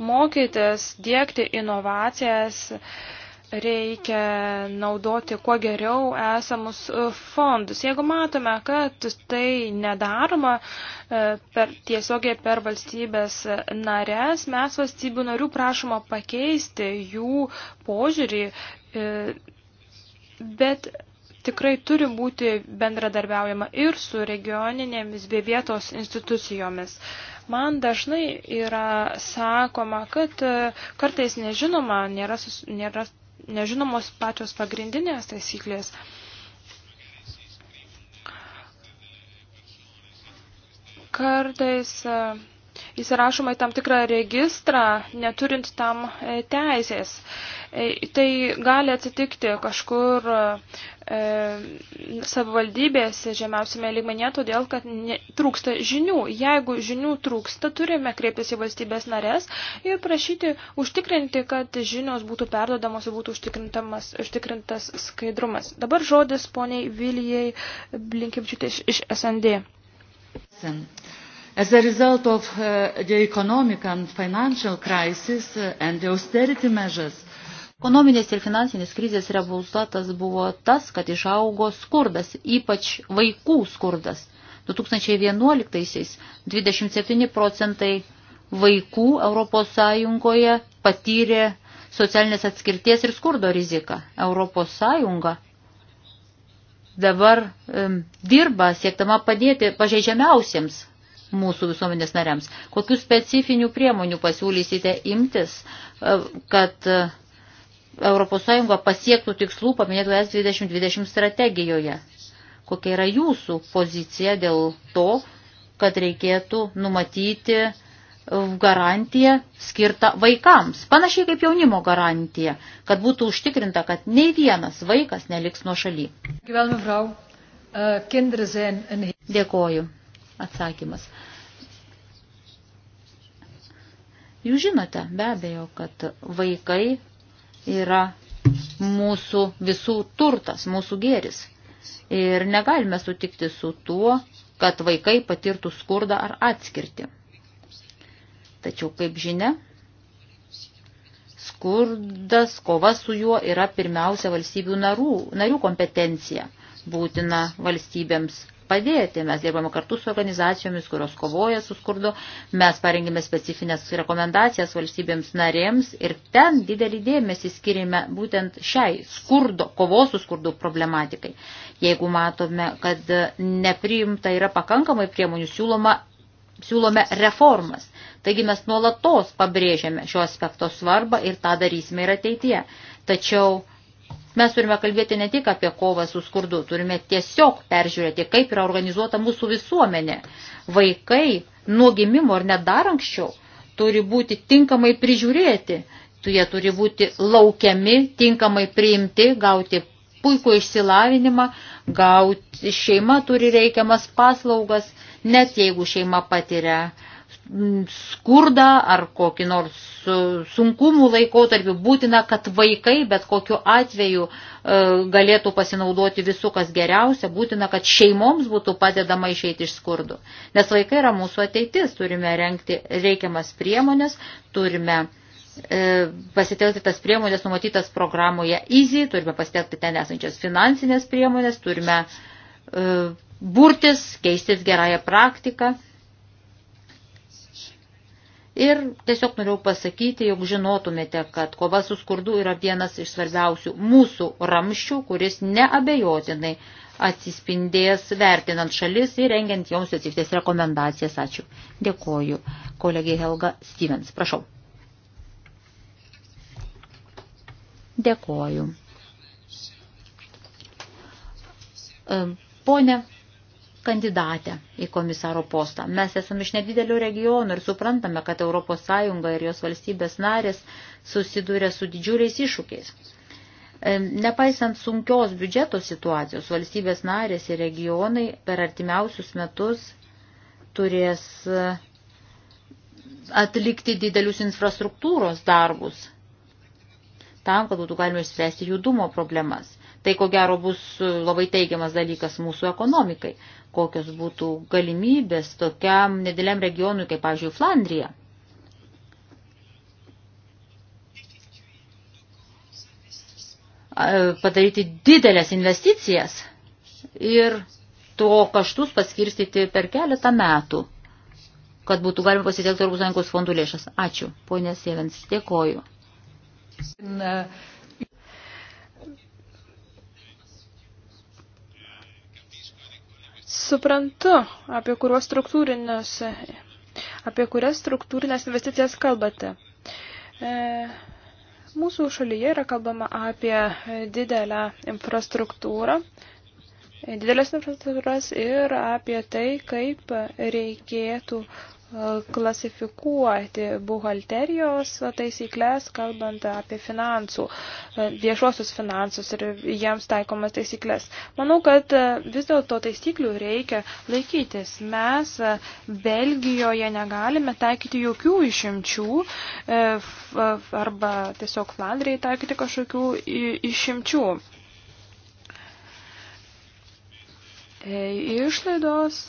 mokytis, dėkti inovacijas, reikia naudoti kuo geriau esamus e, fondus. Jeigu matome, kad tai nedaroma e, per, tiesiogiai per valstybės narės, mes valstybių narių prašoma pakeisti jų požiūrį, e, bet tikrai turi būti bendradarbiaujama ir su regioninėmis bei vietos institucijomis. Man dažnai yra sakoma, kad kartais nežinoma, nėra, nėra nežinomos pačios pagrindinės taisyklės. Kartais įsirašoma į tam tikrą registrą, neturint tam e, teisės. E, tai gali atsitikti kažkur e, savivaldybės žemiausiame lygmenyje, todėl kad ne, trūksta žinių. Jeigu žinių trūksta, turime kreiptis į valstybės narės ir prašyti užtikrinti, kad žinios būtų perdodamos ir būtų užtikrintas skaidrumas. Dabar žodis poniai Vilijai Blinkimčiutės iš SND. Sen as a result of uh, the economic and financial crisis uh, and the austerity measures, Ekonominės ir finansinės krizės rezultatas buvo tas, kad išaugo skurdas, ypač vaikų skurdas. 2011-aisiais 27 procentai vaikų Europos Sąjungoje patyrė socialinės atskirties ir skurdo riziką. Europos Sąjunga dabar um, dirba siektama padėti pažeidžiamiausiems mūsų visuomenės nariams. Kokių specifinių priemonių pasiūlysite imtis, e, kad ES pasiektų tikslų paminėtų S2020 strategijoje? Kokia yra jūsų pozicija dėl to, kad reikėtų numatyti e, garantiją skirtą vaikams, panašiai kaip jaunimo garantija, kad būtų užtikrinta, kad nei vienas vaikas neliks nuo šaly. Eh, Dėkoju. Atsakymas. Jūs žinote be abejo, kad vaikai yra mūsų visų turtas, mūsų gėris. Ir negalime sutikti su tuo, kad vaikai patirtų skurdą ar atskirti. Tačiau, kaip žinia, skurdas, kova su juo yra pirmiausia valstybių narų, narių kompetencija. Būtina valstybėms padėti. Mes dirbame kartu su organizacijomis, kurios kovoja su skurdu, mes parengėme specifines rekomendacijas valstybėms narėms ir ten didelį dėmesį skirime būtent šiai skurdo, kovos su skurdu problematikai. Jeigu matome, kad nepriimta yra pakankamai priemonių siūloma siūlome reformas. Taigi mes nuolatos pabrėžiame šio aspekto svarbą ir tą darysime ir ateityje. Tačiau Mes turime kalbėti ne tik apie kovą su skurdu, turime tiesiog peržiūrėti, kaip yra organizuota mūsų visuomenė. Vaikai nuo gimimo ar net dar anksčiau turi būti tinkamai prižiūrėti, jie turi būti laukiami, tinkamai priimti, gauti puikų išsilavinimą, gauti šeima turi reikiamas paslaugas, net jeigu šeima patiria Mm, skurdą ar kokį nors sunkumų laikotarpį būtina, kad vaikai bet kokiu atveju e, galėtų pasinaudoti visų, kas geriausia, būtina, kad šeimoms būtų padedama išeiti iš skurdų. Nes vaikai yra mūsų ateitis, turime renkti reikiamas priemonės, turime e, pasitelkti tas priemonės numatytas programoje EASY, turime pasitelkti ten esančias finansinės priemonės, turime e, burtis, keistis gerąją praktiką Ir tiesiog norėjau pasakyti, jog žinotumėte, kad kova su skurdu yra vienas iš svarbiausių mūsų ramščių, kuris neabejotinai atsispindės vertinant šalis ir rengiant joms atsiktės rekomendacijas. Ačiū. Dėkoju. Kolegė Helga Stevens, prašau. Dėkoju. Pone kandidatę į komisaro postą. Mes esame iš nedidelio regiono ir suprantame, kad ES ir jos valstybės narės susiduria su didžiuliais iššūkiais. Nepaisant sunkios biudžeto situacijos, valstybės narės ir regionai per artimiausius metus turės e, atlikti didelius infrastruktūros darbus tam, kad būtų galima išspręsti judumo problemas. Tai ko gero bus labai teigiamas dalykas mūsų ekonomikai. Kokios būtų galimybės tokiam nedėliam regionui, kaip, pavyzdžiui, Flandrija. Padaryti didelės investicijas ir to kaštus paskirstyti per keletą metų, kad būtų galima pasitelkti Europos Sąjungos fondų lėšas. Ačiū, ponė Sievens, dėkoju. Na, suprantu, apie, apie kurias struktūrinės investicijas kalbate. E, mūsų šalyje yra kalbama apie didelę infrastruktūrą, didelės infrastruktūras ir apie tai, kaip reikėtų klasifikuoti buhalterijos taisyklės, kalbant apie finansų, viešuosius finansus ir jiems taikomas taisyklės. Manau, kad vis dėlto taisyklių reikia laikytis. Mes Belgijoje negalime taikyti jokių išimčių e, arba tiesiog Flandrijai taikyti kažkokių išimčių. E, išlaidos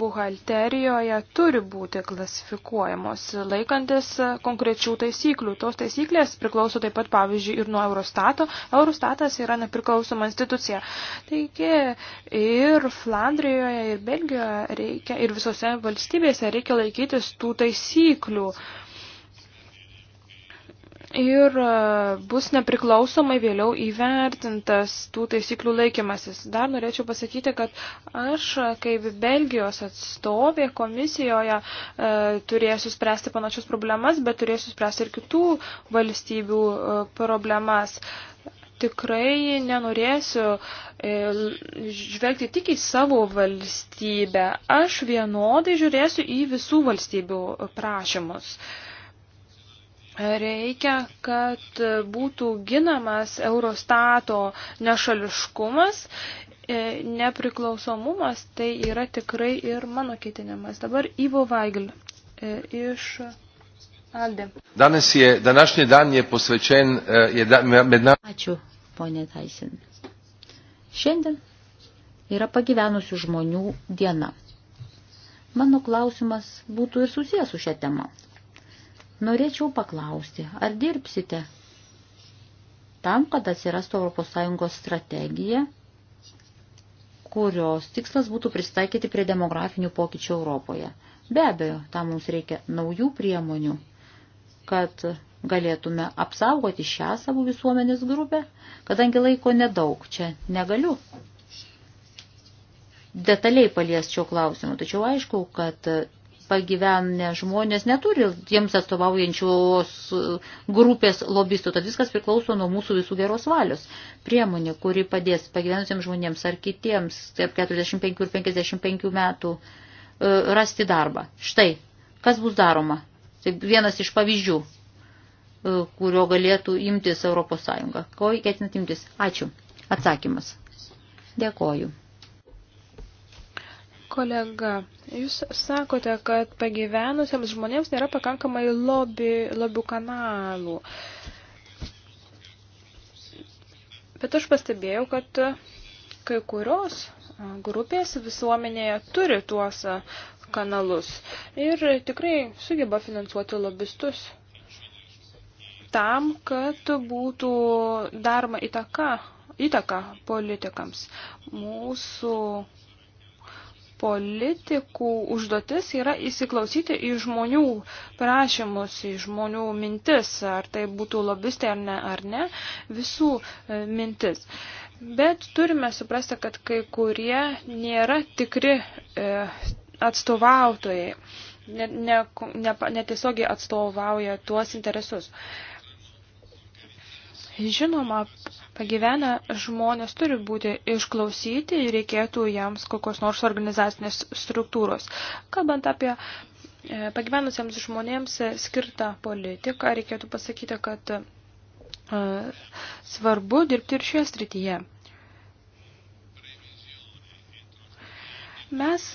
buhalterijoje turi būti klasifikuojamos laikantis konkrečių taisyklių. Tos taisyklės priklauso taip pat, pavyzdžiui, ir nuo Eurostato. Eurostatas yra nepriklausoma institucija. Taigi ir Flandrijoje, ir Belgijoje reikia, ir visose valstybėse reikia laikytis tų taisyklių. Uh, ir e, bus nepriklausomai vėliau įvertintas tų taisyklių laikymasis. Dar norėčiau pasakyti, kad aš kaip Belgijos atstovė komisijoje e, turėsiu spręsti panašias problemas, bet turėsiu spręsti ir kitų valstybių e, problemas. Tikrai nenorėsiu e, žvelgti tik į savo valstybę. Aš vienodai žiūrėsiu į visų valstybių prašymus. E, reikia, kad būtų ginamas Eurostato nešališkumas, e, nepriklausomumas, tai yra tikrai ir mano ketinimas. Dabar Ivo Vaigl e, iš Alde. Danas je, današnji dan je posvečen e, je da, med nami. Ačiū, ponė Taisin. Šiandien yra pagyvenusių žmonių diena. Mano klausimas būtų ir susijęs su šią temą. Norėčiau paklausti, ar dirbsite tam, kad atsirastų ES strategija, kurios tikslas būtų pristaikyti prie demografinių pokyčių Europoje. Be abejo, tam mums reikia naujų priemonių, kad galėtume apsaugoti šią savo visuomenės grupę, kadangi laiko nedaug, čia negaliu detaliai palies šio klausimo. Tačiau aišku, kad pagyvenę žmonės neturi jiems atstovaujančios uh, grupės lobistų, tad viskas priklauso nuo mūsų visų geros valios. Priemonė, kuri padės pagyvenusiems žmonėms ar kitiems, taip 45 ir 55 metų, uh, rasti darbą. Štai, kas bus daroma. Tai vienas iš pavyzdžių, uh, kurio galėtų imtis Europos Sąjunga. Ko ketinat imtis? Ačiū. Atsakymas. Dėkoju kolega, jūs sakote, kad pagyvenusiems žmonėms nėra pakankamai lobby, lobių kanalų. Bet aš pastebėjau, kad kai kurios grupės visuomenėje turi tuos kanalus ir tikrai sugeba finansuoti lobistus tam, kad būtų daroma įtaka, įtaka politikams. Mūsų politikų užduotis yra įsiklausyti į žmonių prašymus, į žmonių mintis, ar tai būtų lobistai ar ne, ar ne, visų e, mintis. Bet turime suprasti, kad kai kurie nėra tikri e, atstovautojai, netiesiogiai ne, ne, ne atstovauja tuos interesus. Žinoma, pagyvenę žmonės turi būti išklausyti ir reikėtų jiems kokios nors organizacinės struktūros. Kalbant apie e, pagyvenusiems žmonėms skirtą politiką, reikėtų pasakyti, kad e, svarbu dirbti ir šioje srityje. Mes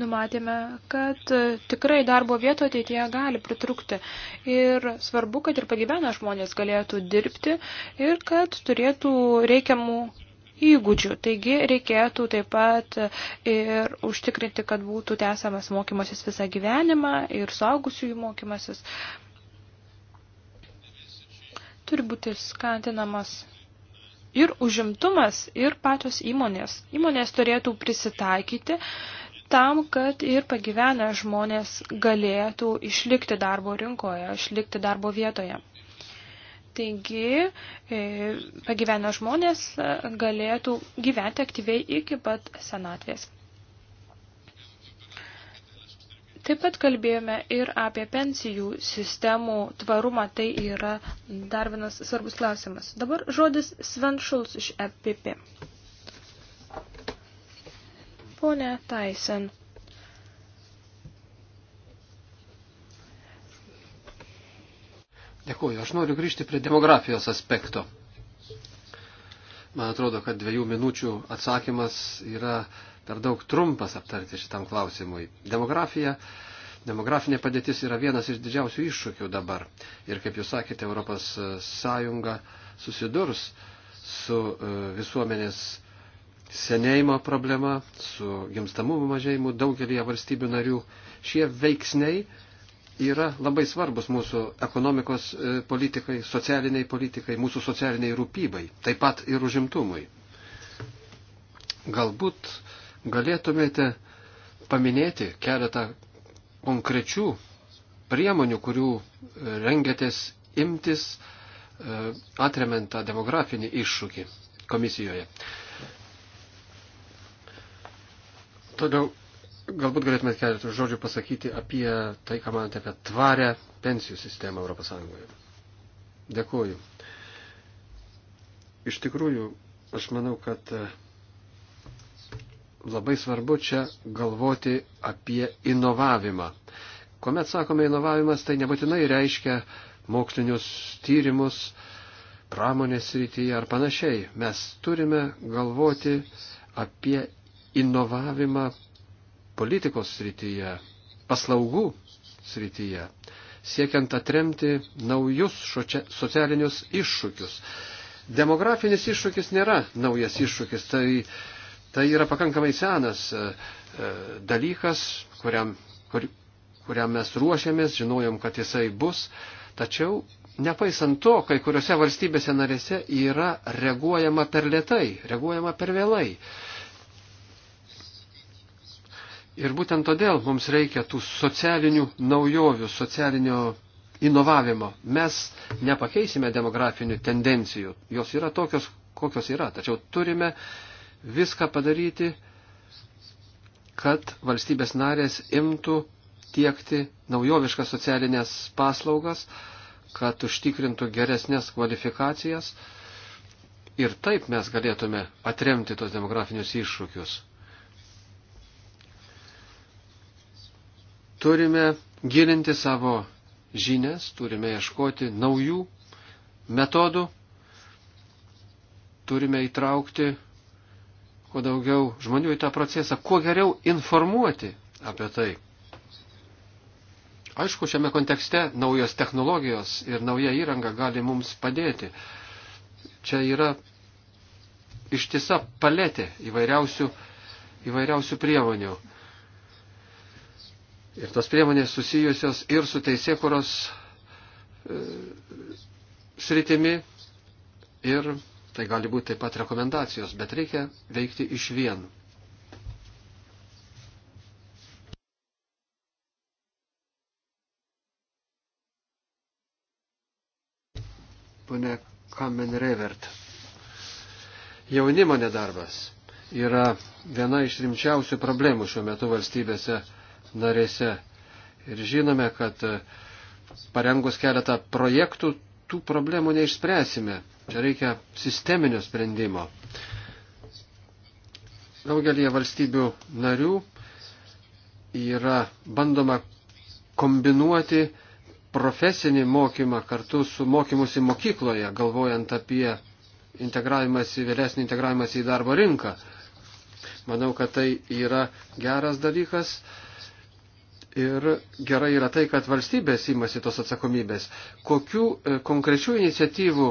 numatėme, kad e, tikrai darbo vietų ateityje gali pritrūkti. Ir svarbu, kad ir pagyvenę žmonės galėtų dirbti ir kad turėtų reikiamų įgūdžių. Taigi reikėtų taip pat ir užtikrinti, kad būtų tęsiamas mokymasis visą gyvenimą ir suaugusiųjų mokymasis. Turi būti skantinamas ir užimtumas, ir pačios įmonės. Įmonės turėtų prisitaikyti tam, kad ir pagyvenę žmonės galėtų išlikti darbo rinkoje, išlikti darbo vietoje. Taigi, e, pagyvenę žmonės e, galėtų gyventi aktyviai iki pat senatvės. Taip pat kalbėjome ir apie pensijų sistemų tvarumą, tai yra dar vienas svarbus klausimas. Dabar žodis Sven Schulz iš EPP. Pone Taisen. Dėkuoju, aš noriu grįžti prie demografijos aspekto. Man atrodo, kad dviejų minučių atsakymas yra per daug trumpas aptarti šitam klausimui. Demografija, demografinė padėtis yra vienas iš didžiausių iššūkių dabar. Ir kaip jūs sakėte, Europos Sąjunga susidurs su e, visuomenės senėjimo problema, su gimstamumo mažėjimu daugelį valstybių narių. Šie veiksniai yra labai svarbus mūsų ekonomikos e, politikai, socialiniai politikai, mūsų socialiniai rūpybai, taip pat ir užimtumui. Galbūt galėtumėte paminėti keletą konkrečių priemonių, kurių rengiatės imtis e, atremiant tą demografinį iššūkį komisijoje. Toliau galbūt galėtumėt keletą žodžių pasakyti apie tai, ką manote apie tvarę pensijų sistemą Europos Sąjungoje. Dėkuoju. Iš tikrųjų, aš manau, kad e, labai svarbu čia galvoti apie inovavimą. Komet sakome inovavimas, tai nebūtinai reiškia mokslinius tyrimus, pramonės rytyje ar panašiai. Mes turime galvoti apie inovavimą politikos srityje, paslaugų srityje, siekiant atremti naujus socialinius iššūkius. Demografinis iššūkis nėra naujas iššūkis, tai, tai yra pakankamai senas e, e, dalykas, kuriam, kur, kuriam mes ruošiamės, žinojom, kad jisai bus, tačiau nepaisant to, kai kuriuose valstybėse narėse yra reaguojama per lietai, reaguojama per vėlai. Ir būtent todėl mums reikia tų socialinių naujovių, socialinio inovavimo. Mes nepakeisime demografinių tendencijų. Jos yra tokios, kokios yra. Tačiau turime viską padaryti, kad valstybės narės imtų tiekti naujoviškas socialinės paslaugas, kad užtikrintų geresnės kvalifikacijas. Ir taip mes galėtume atremti tos demografinius iššūkius. Turime gilinti savo žinias, turime ieškoti naujų metodų, turime įtraukti kuo daugiau žmonių į tą procesą, kuo geriau informuoti apie tai. Aišku, šiame kontekste naujos technologijos ir nauja įranga gali mums padėti. Čia yra ištisa paletė įvairiausių, įvairiausių priemonių. Ir tos priemonės susijusios ir su teisėkuros e, sritimi, ir tai gali būti taip pat rekomendacijos, bet reikia veikti iš vien. Pone Kamenrevert. Jaunimo nedarbas yra viena iš rimčiausių problemų šiuo metu valstybėse narėse. Ir žinome, kad e, parengus keletą projektų tų problemų neišspręsime. Čia reikia sisteminio sprendimo. Daugelie valstybių narių yra bandoma kombinuoti profesinį mokymą kartu su mokymusi mokykloje, galvojant apie integravimąsi, vėlesnį integravimąsi į darbo rinką. Manau, kad tai yra geras dalykas. Ir gerai yra tai, kad valstybės imasi tos atsakomybės. Kokių e, konkrečių iniciatyvų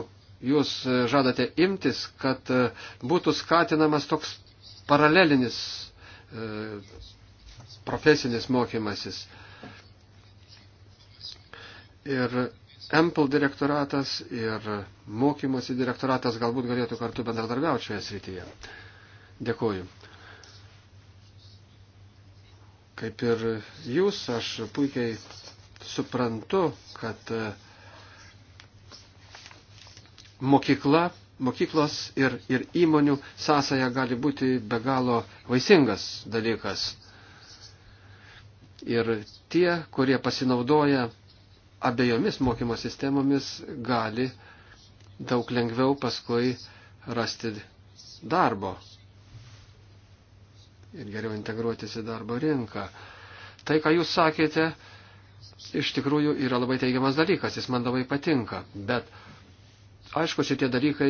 jūs e, žadate imtis, kad e, būtų skatinamas toks paralelinis profesinis mokymasis? Ir Ample direktoratas ir mokymosi direktoratas galbūt galėtų kartu bendradarbiauti šioje srityje. Dėkuoju kaip ir jūs, aš puikiai suprantu, kad e, mokykla, mokyklos ir, ir įmonių sąsaja gali būti be galo vaisingas dalykas. Ir tie, kurie pasinaudoja abiejomis mokymo sistemomis, gali daug lengviau paskui rasti darbo ir geriau integruotis į darbo rinką. Tai, ką jūs sakėte, iš tikrųjų yra labai teigiamas dalykas, jis man labai patinka, bet aišku, šitie dalykai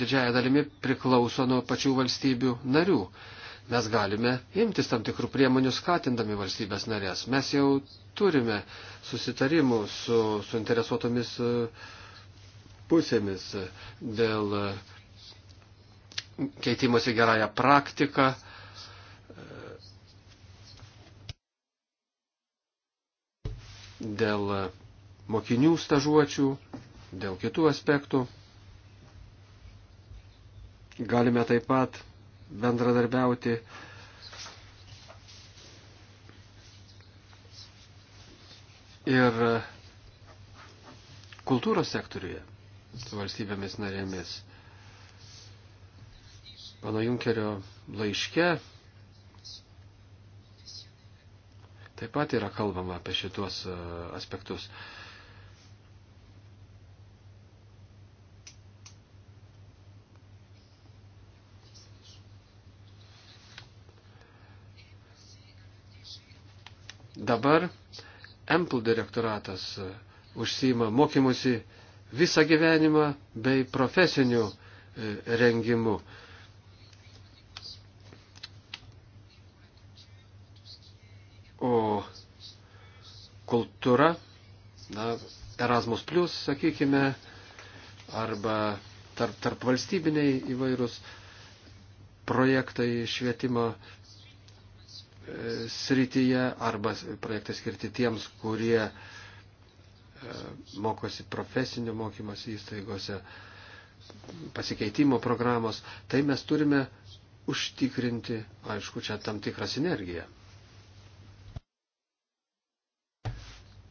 didžiaja dalimi priklauso nuo pačių valstybių narių. Mes galime imtis tam tikrų priemonių skatindami valstybės narės. Mes jau turime susitarimų su suinteresuotomis e, pusėmis e, dėl e, keitimosi gerąją praktiką, dėl mokinių stažuočių, dėl kitų aspektų. Galime taip pat bendradarbiauti ir kultūros sektoriuje su valstybėmis narėmis. Pano Junkerio laiške Taip pat yra kalbama apie šitos e, aspektus. Dabar Ample direktoratas e, užsima mokymusi visą gyvenimą bei profesinių e, rengimų. kultūra, na, Erasmus, sakykime, arba tarp, tarp valstybiniai įvairūs projektai švietimo e, srityje arba projektai skirti tiems, kurie e, mokosi profesinio mokymas įstaigose, pasikeitimo programos, tai mes turime užtikrinti, aišku, čia tam tikrą sinergiją.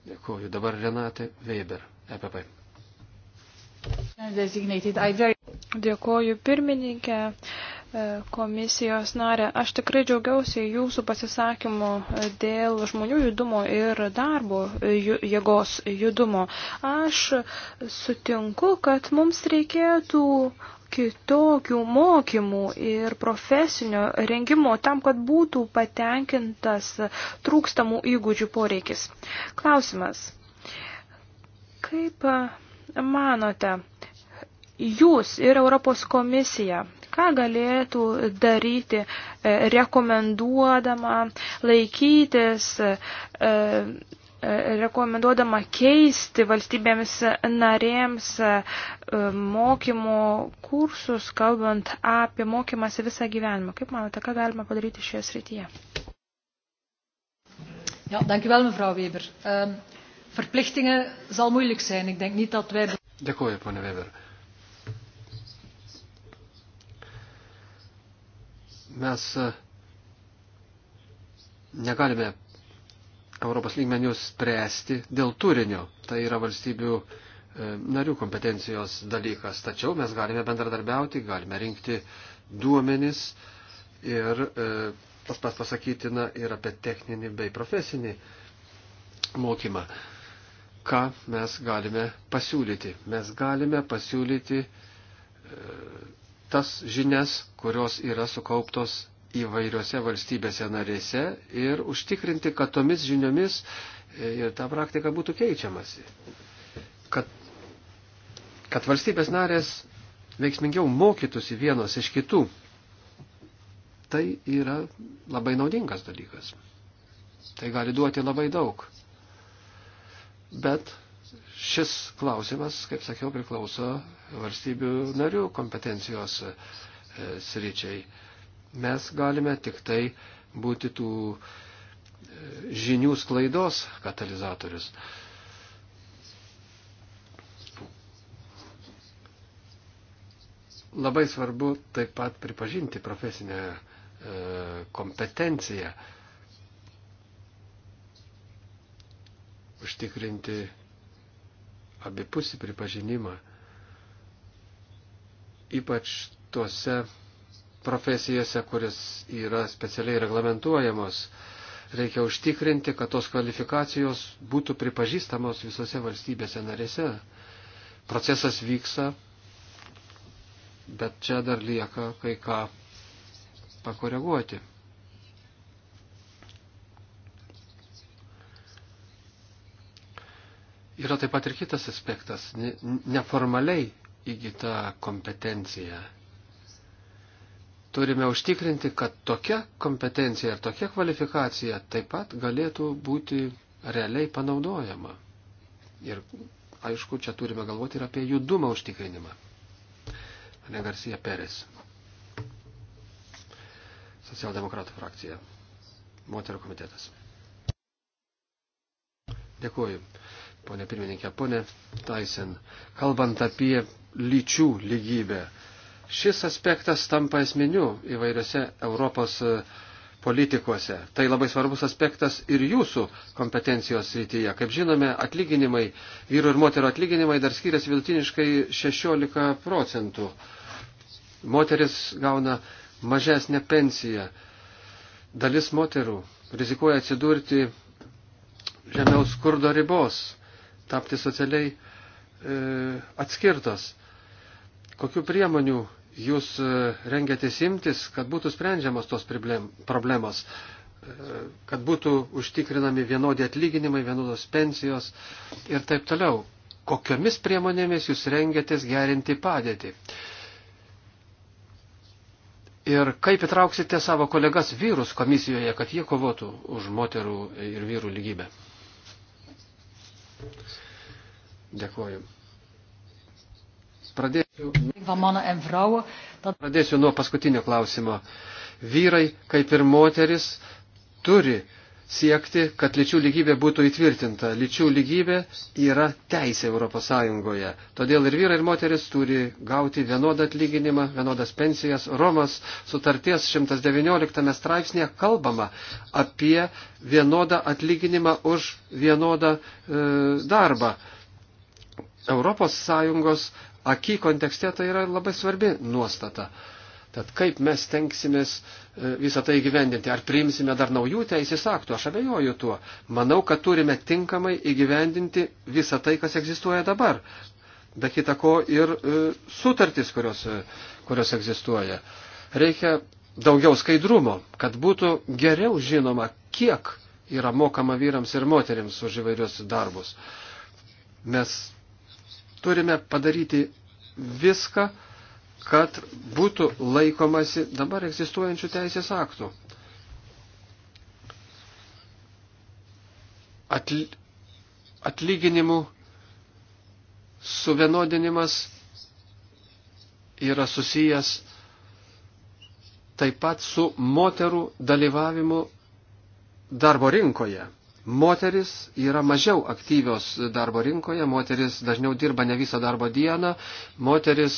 Dėkuoju. Dabar Renate Weber, EPP. Dėkuoju pirmininkė e, komisijos narė. Aš tikrai džiaugiausi jūsų pasisakymu e, dėl žmonių judumo ir darbo e, jėgos judumo. Aš sutinku, kad mums reikėtų kitokių mokymų ir profesinio rengimo tam, kad būtų patenkintas trūkstamų įgūdžių poreikis. Klausimas. Kaip manote, jūs ir Europos komisija, ką galėtų daryti e, rekomenduodama laikytis e, rekomenduodama keisti valstybėms narėms e, mokymų kursus, kalbant apie mokymąsi visą gyvenimą. Kaip manote, ką galima padaryti šioje srityje? Ja, dankjewel mevrouw Weber. Um, verplichtingen zal moeilijk zijn. Ik denk niet dat wij... Dėkuoju, ponia Weber. Mes eh, negalime Europos lygmenių spręsti dėl turinio. Tai yra valstybių e, narių kompetencijos dalykas. Tačiau mes galime bendradarbiauti, galime rinkti duomenis ir e, tas pats pasakytina ir apie techninį bei profesinį mokymą. Ką mes galime pasiūlyti? Mes galime pasiūlyti e, tas žinias, kurios yra sukauptos įvairiose valstybėse narėse ir užtikrinti, kad tomis žiniomis e, ir ta praktika būtų keičiamasi. Kad, kad valstybės narės veiksmingiau mokytųsi vienos iš kitų. Tai yra labai naudingas dalykas. Tai gali duoti labai daug. Bet šis klausimas, kaip sakiau, priklauso valstybių narių kompetencijos e, sričiai. E, Mes galime tik tai būti tų e, žinių sklaidos katalizatorius. Labai svarbu taip pat pripažinti profesinę e, kompetenciją, užtikrinti abipusį pripažinimą, ypač tuose profesijose, kuris yra specialiai reglamentuojamos. Reikia užtikrinti, kad tos kvalifikacijos būtų pripažįstamos visose valstybėse narėse. Procesas vyksta, bet čia dar lieka kai ką pakoreguoti. Yra taip pat ir kitas aspektas - neformaliai įgyta kompetencija turime užtikrinti, kad tokia kompetencija ir tokia kvalifikacija taip pat galėtų būti realiai panaudojama. Ir aišku, čia turime galvoti ir apie judumą užtikrinimą. Ane Garcia Peres. Socialdemokratų frakcija. Moterų komitetas. Dėkuoju, ponė pirmininkė, ponė Taisen. Kalbant apie lyčių lygybę, Šis aspektas tampa esminiu įvairiose Europos e, politikuose. Tai labai svarbus aspektas ir jūsų kompetencijos srityje. Kaip žinome, atlyginimai, vyru ir moterų atlyginimai dar skiriasi vidutiniškai 16 procentų. Moteris gauna mažesnę pensiją. Dalis moterų rizikuoja atsidurti žemiau skurdo ribos, tapti socialiai e, atskirtos. Kokiu priemonių jūs e, rengiatės imtis, kad būtų sprendžiamos tos problemos, e, kad būtų užtikrinami vienodi atlyginimai, vienodos pensijos ir taip toliau. Kokiomis priemonėmis jūs rengiatės gerinti padėtį? Ir kaip įtrauksite savo kolegas vyrus komisijoje, kad jie kovotų už moterų ir vyrų lygybę? Dėkuoju. Pradėsiu, pradėsiu nuo paskutinio klausimo. Vyrai, kaip ir moteris, turi siekti, kad lyčių lygybė būtų įtvirtinta. Lyčių lygybė yra teisė Europos Sąjungoje. Todėl ir vyrai, ir moteris turi gauti vienodą atlyginimą, vienodas pensijas. Romos sutarties 119 straipsnėje kalbama apie vienodą atlyginimą už vienodą e, darbą. Europos Sąjungos Aki kontekste tai yra labai svarbi nuostata. Tad kaip mes tenksimės e, visą tai gyvendinti? Ar priimsime dar naujų teisės aktų? Aš abejoju tuo. Manau, kad turime tinkamai įgyvendinti visą tai, kas egzistuoja dabar. Be kita ko ir e, sutartys, kurios, e, kurios egzistuoja. Reikia daugiau skaidrumo, kad būtų geriau žinoma, kiek yra mokama vyrams ir moteriams už įvairius darbus. Mes turime padaryti viską, kad būtų laikomasi dabar egzistuojančių teisės aktų. Atli, atlyginimų suvienodinimas yra susijęs taip pat su moterų dalyvavimu darbo rinkoje. Moteris yra mažiau aktyvios darbo rinkoje, moteris dažniau dirba ne visą darbo dieną, moteris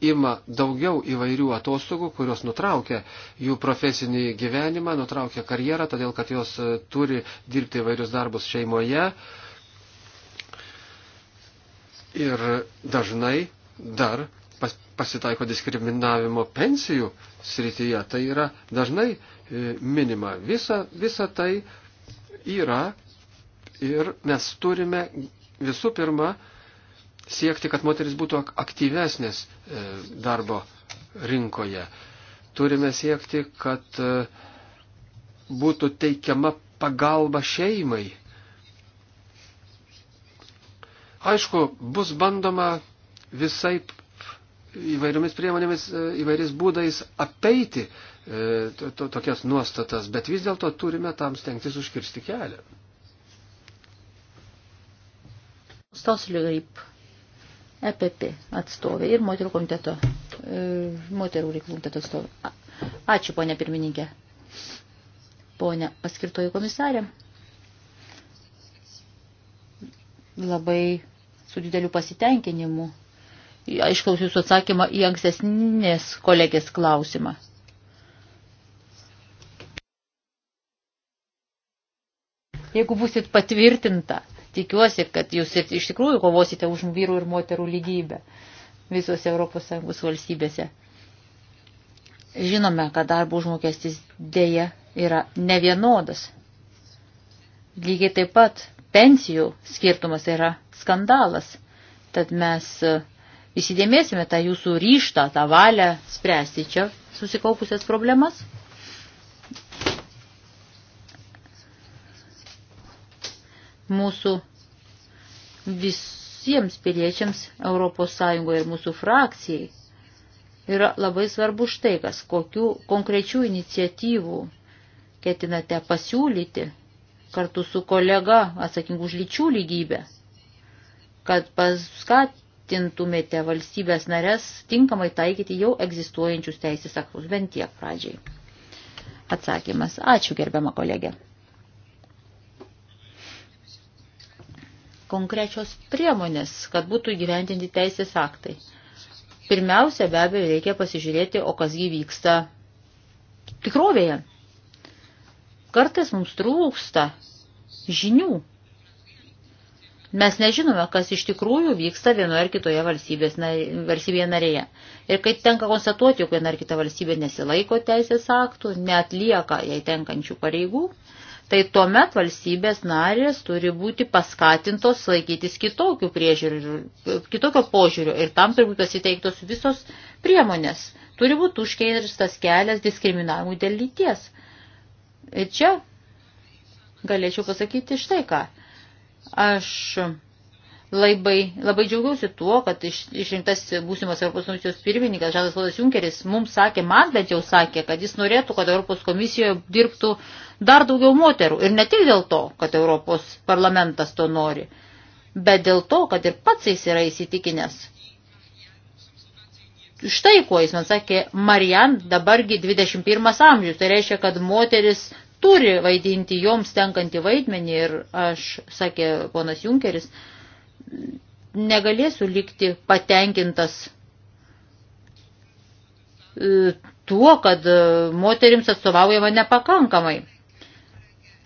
ima daugiau įvairių atostogų, kurios nutraukia jų profesinį gyvenimą, nutraukia karjerą, todėl kad jos e, turi dirbti įvairius darbus šeimoje. Ir dažnai dar pas, pasitaiko diskriminavimo pensijų srityje. Tai yra dažnai e, minima. Visa, visa tai yra ir mes turime visų pirma siekti, kad moteris būtų aktyvesnės e, darbo rinkoje. Turime siekti, kad e, būtų teikiama pagalba šeimai. Aišku, bus bandoma visai įvairiomis priemonėmis, e, įvairiais būdais apeiti e, to, to, tokias nuostatas, bet vis dėlto turime tam stengtis užkirsti kelią. Stoslių Grip, EPP atstovė ir moterų komiteto, e, moterų reikalų komiteto atstovė. Ačiū, ponė pirmininkė. Ponė paskirtoji komisarė. Labai su dideliu pasitenkinimu aiškaus jūsų atsakymą į ankstesnės kolegės klausimą. Jeigu busit patvirtinta, tikiuosi, kad jūs ir iš tikrųjų kovosite už vyrų ir moterų lygybę visose ES valstybėse. Žinome, kad darbo užmokestis dėja yra nevienodas. Lygiai taip pat pensijų skirtumas yra skandalas. Tad mes įsidėmėsime tą jūsų ryštą, tą valią spręsti čia susikaupusias problemas. Mūsų visiems piliečiams Europos Sąjungoje ir mūsų frakcijai yra labai svarbu štai kas, kokių konkrečių iniciatyvų ketinate pasiūlyti kartu su kolega atsakingu už lyčių lygybę, kad paskat skatintumėte valstybės narės tinkamai taikyti jau egzistuojančius teisės aktus, bent tiek pradžiai. Atsakymas. Ačiū, gerbiama kolegė. Konkrečios priemonės, kad būtų įgyvendinti teisės aktai. Pirmiausia, be abejo, reikia pasižiūrėti, o kas gyvyksta tikrovėje. Kartais mums trūksta žinių Mes nežinome, kas iš tikrųjų vyksta vienoje ar kitoje valstybėje narėje. Ir kai tenka konstatuoti, jog viena ar kita valstybė nesilaiko teisės aktų, netlieka jai tenkančių pareigų, tai tuomet valstybės narės turi būti paskatintos laikytis kitokio, kitokio požiūrio ir tam turi būti pasiteiktos visos priemonės. Turi būti užkeirstas kelias diskriminavimui dėl lyties. Ir čia galėčiau pasakyti štai ką Aš labai, labai džiaugiausi tuo, kad iš, išrinktas būsimas Europos komisijos pirmininkas Žadas Lodas Junkeris mums sakė, man bent jau sakė, kad jis norėtų, kad Europos komisijoje dirbtų dar daugiau moterų. Ir ne tik dėl to, kad Europos parlamentas to nori, bet dėl to, kad ir pats jis yra įsitikinęs. Štai kuo jis man sakė, Marian, dabargi 21 amžius, tai reiškia, kad moteris turi vaidinti joms tenkantį vaidmenį ir aš, sakė ponas Junkeris, negalėsiu likti patenkintas e, tuo, kad e, moterims atstovaujama nepakankamai.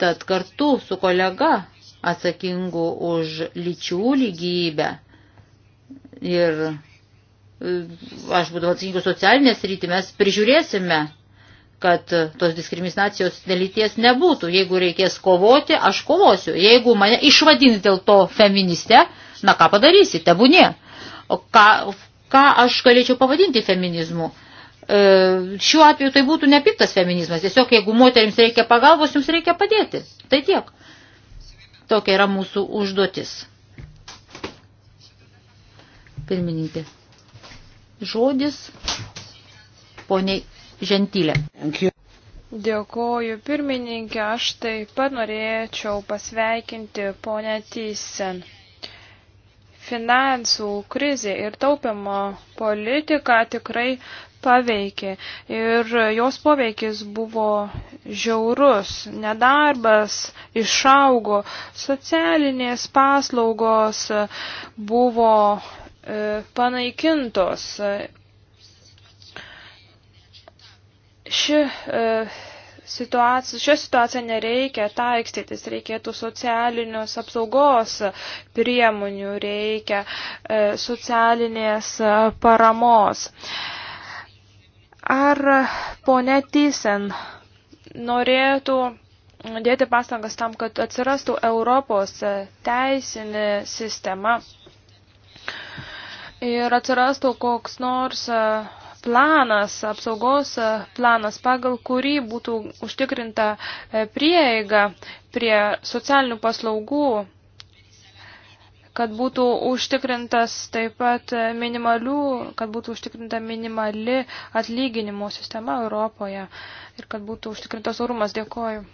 Tad kartu su kolega atsakingu už lyčių lygybę ir e, aš būdavau atsakingu socialinės rytį, mes prižiūrėsime kad tos diskriminacijos dėlyties nebūtų. Jeigu reikės kovoti, aš kovosiu. Jeigu mane išvadins dėl to feministė, na ką padarysi, tebūnie. O ką, ką aš galėčiau pavadinti feminizmu? E, šiuo atveju tai būtų nepiktas feminizmas. Tiesiog jeigu moterims reikia pagalbos, jums reikia padėti. Tai tiek. Tokia yra mūsų užduotis. Pirmininkė. Žodis poniai Žentylė. Dėkoju pirmininkė, aš taip pat norėčiau pasveikinti ponę Tysen. Finansų krizė ir taupimo politika tikrai paveikė ir jos poveikis buvo žiaurus. Nedarbas išaugo, socialinės paslaugos buvo e, panaikintos, Ši e, situacija, šią situaciją nereikia taikstytis, reikėtų socialinius apsaugos priemonių, reikia e, socialinės paramos. Ar ponė Tysen norėtų dėti pastangas tam, kad atsirastų Europos teisinė sistema ir atsirastų koks nors planas, apsaugos planas, pagal kurį būtų užtikrinta e, prieiga prie socialinių paslaugų, kad būtų užtikrintas taip pat e, minimalių, kad būtų užtikrinta minimali atlyginimo sistema Europoje ir kad būtų užtikrintas orumas. Dėkoju.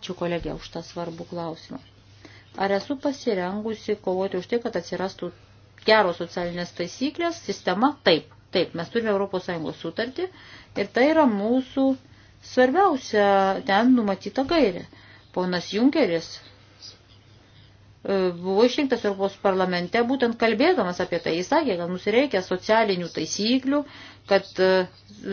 Ačiū kolegė už tą svarbų klausimą ar esu pasirengusi kovoti už tai, kad atsirastų geros socialinės taisyklės, sistema taip. Taip, mes turime ES sutartį ir tai yra mūsų svarbiausia ten numatyta gairė. Ponas Junkeris E, buvo išrinktas Europos parlamente, būtent kalbėdamas apie tai, jis sakė, kad mums reikia socialinių taisyklių, kad e,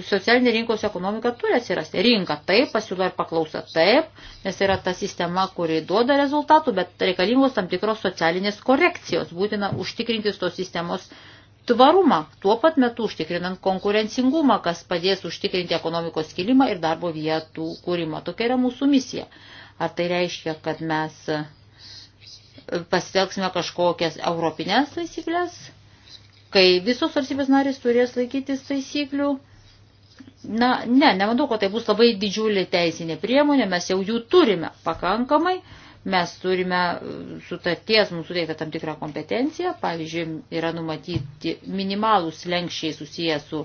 socialinė rinkos ekonomika turi atsirasti. Rinka taip, pasiūla ir paklausa taip, nes yra ta sistema, kuri duoda rezultatų, bet reikalingos tam tikros socialinės korekcijos, būtina užtikrinti tos sistemos tvarumą, tuo pat metu užtikrinant konkurencingumą, kas padės užtikrinti ekonomikos kilimą ir darbo vietų kūrimą. Tokia yra mūsų misija. Ar tai reiškia, kad mes pasitelksime kažkokias europinės taisyklės, kai visos valstybės narės turės laikytis taisyklių. Na, ne, nemanau, kad tai bus labai didžiulė teisinė priemonė, mes jau jų turime pakankamai, mes turime e, sutarties mums suteiktą tam tikrą kompetenciją, pavyzdžiui, yra numatyti minimalūs lenkščiai susiję su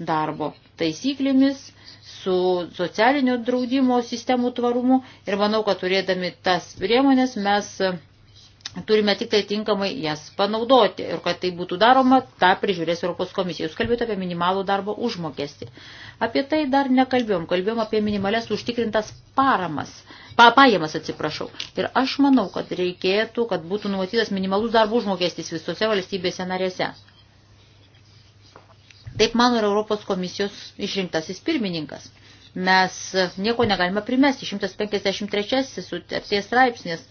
darbo taisyklėmis, su socialinio draudimo sistemų tvarumu ir manau, kad turėdami tas priemonės mes turime tik tai tinkamai jas panaudoti. Ir kad tai būtų daroma, tą prižiūrės Europos komisija. Jūs kalbėjote apie minimalų darbo užmokestį. Apie tai dar nekalbėjom. Kalbėjom apie minimales užtikrintas paramas. Pa, pajamas atsiprašau. Ir aš manau, kad reikėtų, kad būtų numatytas minimalus darbo užmokestis visose valstybėse narėse. Taip mano ir Europos komisijos išrinktasis pirmininkas. Mes nieko negalime primesti. 153 sutarties straipsnis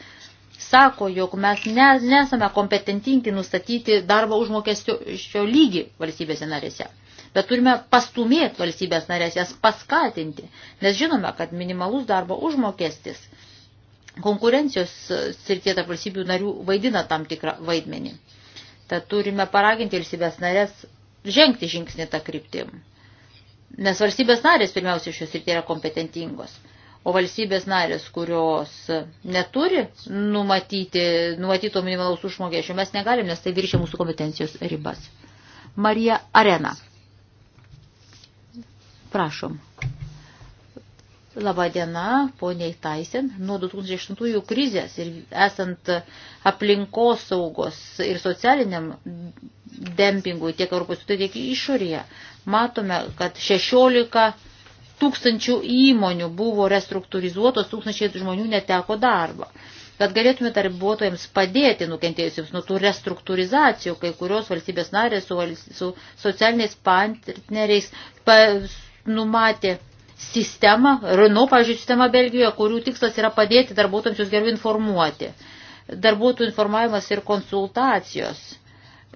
sako, jog mes ne, nesame kompetentingi nustatyti darbo užmokesčio šio lygį valstybėse narėse. Bet turime pastumėti valstybės narės, jas paskatinti, nes žinome, kad minimalus darbo užmokestis konkurencijos srityje tarp valstybių narių vaidina tam tikrą vaidmenį. Tad turime paraginti valstybės narės žengti žingsnį tą kryptim. Nes valstybės narės pirmiausia šios srityje yra kompetentingos. O valstybės narės, kurios neturi numatyti, numatyto minimalaus užmokesčio, mes negalim, nes tai viršia mūsų kompetencijos ribas. Marija Arena. Prašom. Labą dieną, poniai Taisen. Nuo 2008 krizės ir esant aplinkos saugos ir socialiniam dempingui tiek Europos, tiek išorėje, matome, kad 16 tūkstančių įmonių buvo restruktūrizuotos, tūkstančiai žmonių neteko darbą. Kad galėtume darbuotojams padėti nukentėjusiems nuo tų restruktūrizacijų, kai kurios valstybės narės su, su socialiniais partneriais pa, numatė sistemą, Renault, pavyzdžiui, sistema Belgijoje, kurių tikslas yra padėti darbuotojams jūs geriau informuoti. Darbuotojų informavimas ir konsultacijos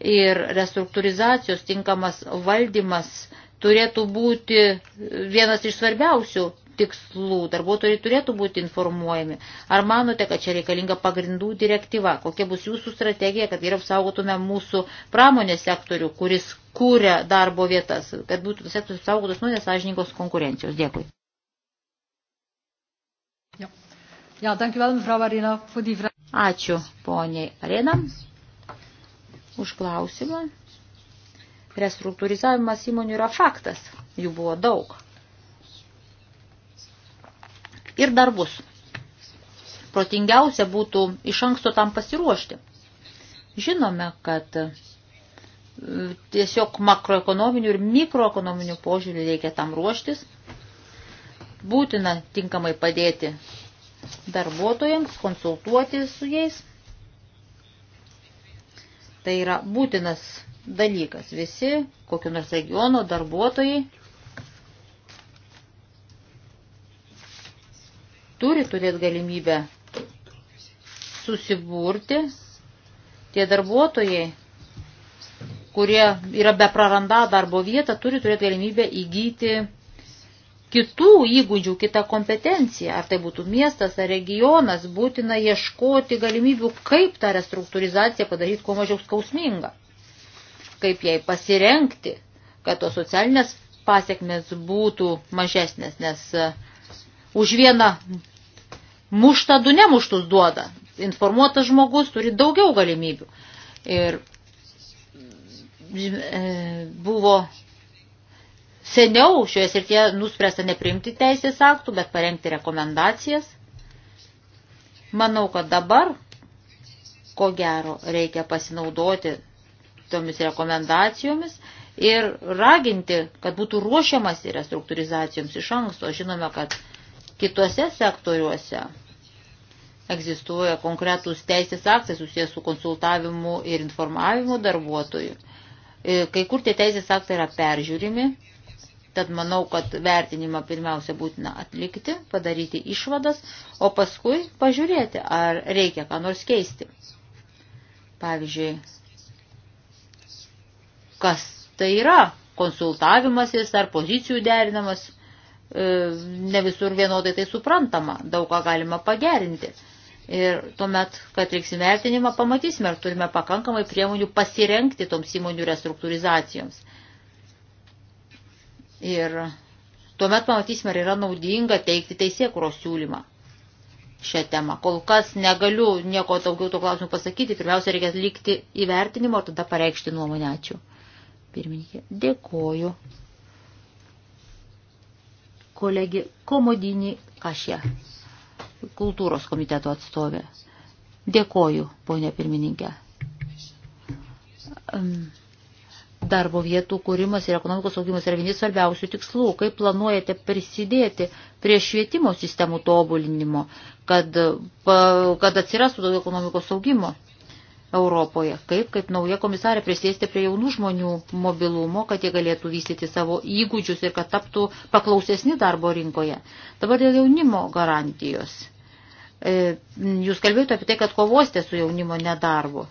ir restruktūrizacijos tinkamas valdymas turėtų būti vienas iš svarbiausių tikslų. Darbuotojai turėtų būti informuojami. Ar manote, kad čia reikalinga pagrindų direktyva? Kokia bus jūsų strategija, kad geriau apsaugotume mūsų pramonės sektorių, kuris kūrė darbo vietas, kad būtų sektorius apsaugotas nuo nesažininkos konkurencijos? Dėkui. Ja. Ja, dankjewel, mevrouw Arena, voor die vraag. Ačiū poniai Arena už klausimą. Restruktūrizavimas įmonių yra faktas, jų buvo daug. Ir dar bus. Protingiausia būtų iš anksto tam pasiruošti. Žinome, kad e, tiesiog makroekonominių ir mikroekonominių požiūrių reikia tam ruoštis. Būtina tinkamai padėti darbuotojams, konsultuoti su jais. Tai yra būtinas dalykas. Visi kokio nors regiono darbuotojai turi turėti galimybę susiburti. Tie darbuotojai, kurie yra be prarandą darbo vietą, turi turėti galimybę įgyti kitų įgūdžių, kitą kompetenciją. Ar tai būtų miestas ar regionas, būtina ieškoti galimybių, kaip tą restruktūrizaciją padaryti kuo mažiau skausmingą kaip jai pasirenkti, kad tos socialinės pasiekmes būtų mažesnės, nes e, už vieną muštą du nemuštus duoda. Informuotas žmogus turi daugiau galimybių. Ir e, buvo seniau šioje srityje nuspręsta neprimti teisės aktų, bet parengti rekomendacijas. Manau, kad dabar, ko gero, reikia pasinaudoti tomis rekomendacijomis ir raginti, kad būtų ruošiamas restruktūrizacijoms iš anksto. Žinome, kad kitose sektoriuose egzistuoja konkretūs teisės aktai susijęs su konsultavimu ir informavimu darbuotojų. E, kai kur tie teisės aktai yra peržiūrimi, tad manau, kad vertinimą pirmiausia būtina atlikti, padaryti išvadas, o paskui pažiūrėti, ar reikia ką nors keisti. Pavyzdžiui, kas tai yra konsultavimasis ar pozicijų derinamas, e, ne visur vienodai tai suprantama, daug ką galima pagerinti. Ir tuomet, kad reiks įvertinimą, pamatysime, ar turime pakankamai priemonių pasirenkti toms įmonių restruktūrizacijoms. Ir tuomet pamatysime, ar yra naudinga teikti teisėkuros siūlymą šią temą. Kol kas negaliu nieko daugiau to klausimų pasakyti, pirmiausia, reikia atlikti įvertinimą, o tada pareikšti nuomonę. Ačiū. Pirmininkė, dėkoju. Kolegė Komodinį Kašė, kultūros komiteto atstovė. Dėkoju, ponė pirmininkė. Darbo vietų kūrimas ir ekonomikos augimas yra vienis svarbiausių tikslų. Kaip planuojate prisidėti prie švietimo sistemų tobulinimo, kad, kad atsirastų daugiau ekonomikos augimo? Europoje. Kaip, kaip nauja komisarė prisėsti prie jaunų žmonių mobilumo, kad jie galėtų vystyti savo įgūdžius ir kad taptų paklausesni darbo rinkoje. Dabar dėl jaunimo garantijos. E, jūs kalbėjote apie tai, kad kovosite su jaunimo nedarbu.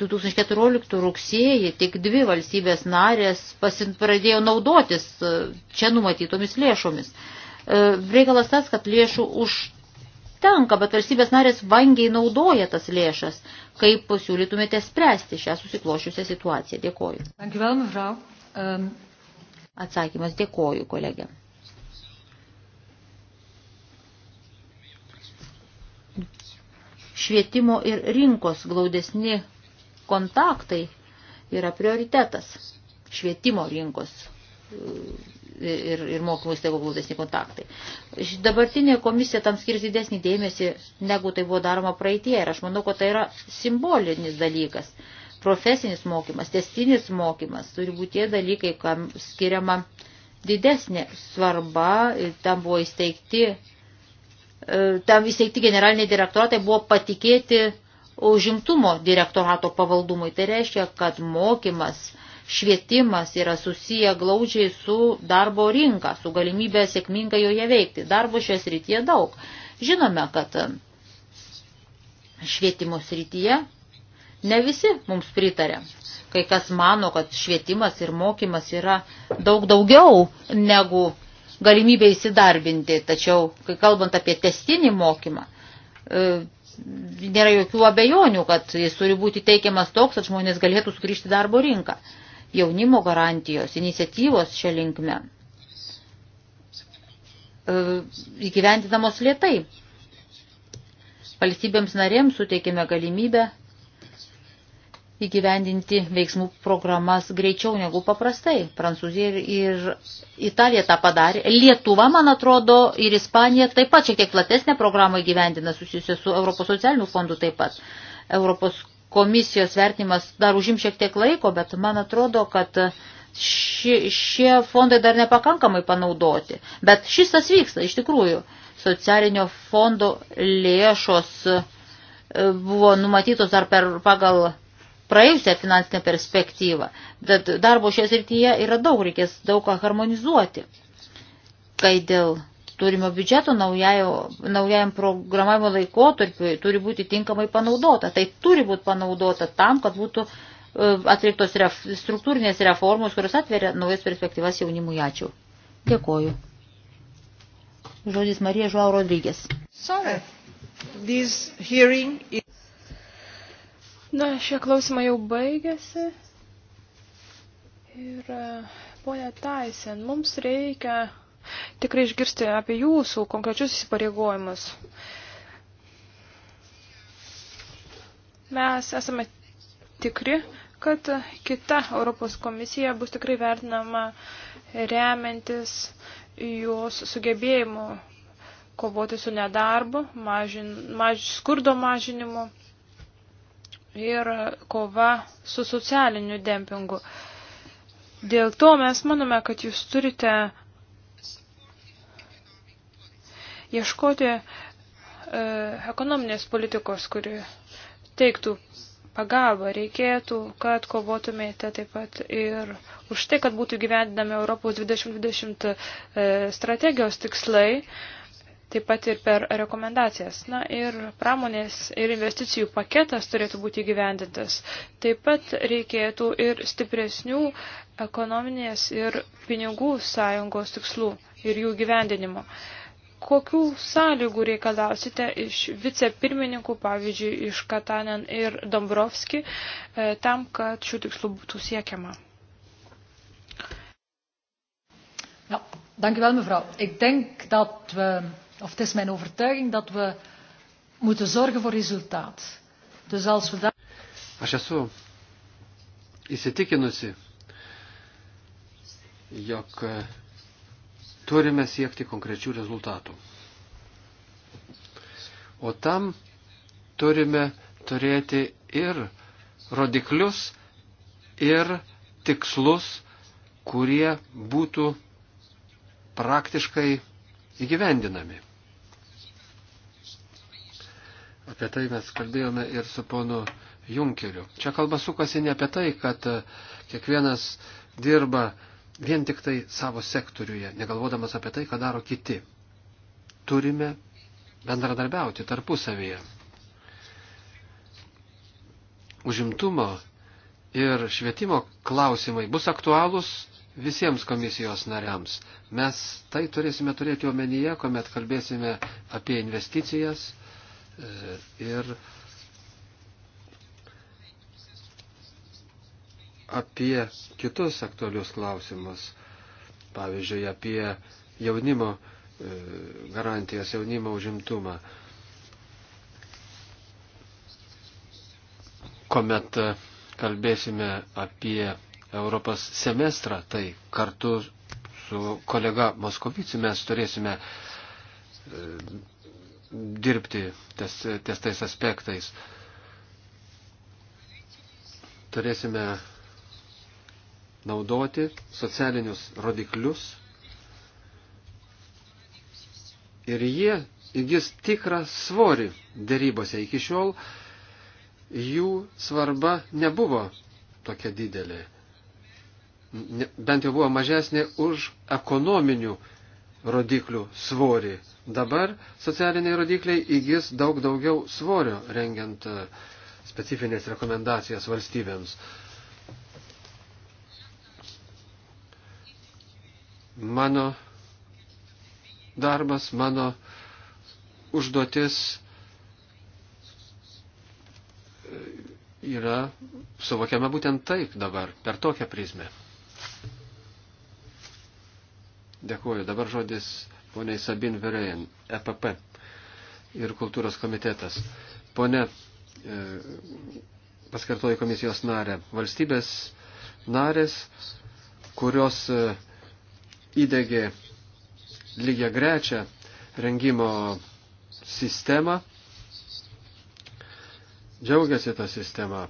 2014 rugsėjį tik dvi valstybės narės pradėjo naudotis e, čia numatytomis lėšomis. E, reikalas tas, kad lėšų už tenka, bet valstybės narės vangiai naudoja tas lėšas. Kaip pasiūlytumėte spręsti šią susiklošiusią situaciją? Dėkoju. Um, Atsakymas dėkoju, kolegė. Švietimo ir rinkos glaudesni kontaktai yra prioritetas švietimo rinkos ir, ir mokymų įstaigų glaudesni kontaktai. Dabartinė komisija tam skirs didesnį dėmesį, negu tai buvo daroma praeitie. Ir aš manau, kad tai yra simbolinis dalykas. Profesinis mokymas, testinis mokymas turi būti tie dalykai, kam skiriama didesnė svarba. Tam buvo įsteigti, e, tam įsteigti generaliniai direktoratai buvo patikėti užimtumo direktorato pavaldumui. Tai reiškia, kad mokymas švietimas yra susiję glaudžiai su darbo rinka, su galimybė sėkmingai joje veikti. Darbo šioje srityje daug. Žinome, kad e, švietimo srityje ne visi mums pritarė. Kai kas mano, kad švietimas ir mokymas yra daug daugiau negu galimybė įsidarbinti. Tačiau, kai kalbant apie testinį mokymą, e, nėra jokių abejonių, kad jis turi būti teikiamas toks, kad žmonės galėtų sugrįžti darbo rinką jaunimo garantijos, iniciatyvos šią linkme e, įgyvendinamos lietai. Valstybėms narėms suteikime galimybę įgyvendinti veiksmų programas greičiau negu paprastai. Prancūzija ir, ir Italija tą padarė. Lietuva, man atrodo, ir Ispanija taip pat šiek tiek platesnę programą įgyvendina susijusią su Europos socialiniu fondu taip pat. Europos komisijos vertinimas dar užim šiek tiek laiko, bet man atrodo, kad ši, šie fondai dar nepakankamai panaudoti. Bet šis tas vyksta, iš tikrųjų. Socialinio fondo lėšos e, buvo numatytos dar per, pagal praėjusią finansinę perspektyvą. Tad darbo šioje srityje yra daug, reikės daug ką harmonizuoti. Kai dėl turimo biudžeto naujajo, naujajam programavimo laikotarpiui turi būti tinkamai panaudota. Tai turi būti panaudota tam, kad būtų e, atliktos ref, struktūrinės reformos, kurios atveria naujas perspektyvas jaunimui. Ačiū. Dėkoju. Žodis Marija Žuau Rodrygės. Sorry. This hearing is... Na, šie klausimai jau baigėsi. Ir, e, ponia Taisen, mums reikia tikrai išgirsti apie jūsų konkrečius įsipareigojimus. Mes esame tikri, kad kita Europos komisija bus tikrai vertinama remiantis jos sugebėjimu kovoti su nedarbu, mažin, maž, skurdo mažinimu ir kova su socialiniu dempingu. Dėl to mes manome, kad jūs turite ieškoti e, ekonominės politikos, kuri teiktų pagalbą. Reikėtų, kad kovotumėte taip pat ir už tai, kad būtų gyvendinami Europos 2020 e, strategijos tikslai, taip pat ir per rekomendacijas. Na ir pramonės ir investicijų paketas turėtų būti gyvendintas. Taip pat reikėtų ir stipresnių ekonominės ir pinigų sąjungos tikslų ir jų gyvendinimo. E, kokių sąlygų reikalausite iš vicepirmininkų, pavyzdžiui, iš Katanen ir Dombrovski, e, tam, kad šių tikslų būtų siekiama? Ja, dank u wel mevrouw. Ik denk dat we, of het is mijn overtuiging, dat we moeten zorgen voor resultaat. Dus als we daar... Aš esu įsitikinusi, jog turime siekti konkrečių rezultatų. O tam turime turėti ir rodiklius, ir tikslus, kurie būtų praktiškai įgyvendinami. Apie tai mes kalbėjome ir su ponu Junkeriu. Čia kalba sukasi ne apie tai, kad kiekvienas dirba vien tik tai savo sektoriuje, negalvodamas apie tai, ką daro kiti. Turime bendradarbiauti tarpusavėje. Užimtumo ir švietimo klausimai bus aktualūs visiems komisijos nariams. Mes tai turėsime turėti omenyje, kuomet kalbėsime apie investicijas e, ir apie kitus aktualius klausimus, pavyzdžiui, apie jaunimo e, garantijas, jaunimo užimtumą. Komet e, kalbėsime apie Europos semestrą, tai kartu su kolega Moskovici mes turėsime e, dirbti ties, ties tais aspektais. Turėsime naudoti socialinius rodiklius ir jie įgis tikrą svorį dėrybose. Iki šiol jų svarba nebuvo tokia didelė. Bent jau buvo mažesnė už ekonominių rodiklių svorį. Dabar socialiniai rodikliai įgis daug daugiau svorio rengiant e, specifinės rekomendacijas valstybėms. Mano darbas, mano užduotis yra suvokiama būtent taip dabar, per tokią prizmę. Dėkuoju. Dabar žodis poniai Sabin Verėjan, EPP ir kultūros komitetas. Pone, e, paskartoju komisijos narę, valstybės narės, kurios e, įdėgė lygia grečią rengimo sistemą, džiaugiasi tą sistemą.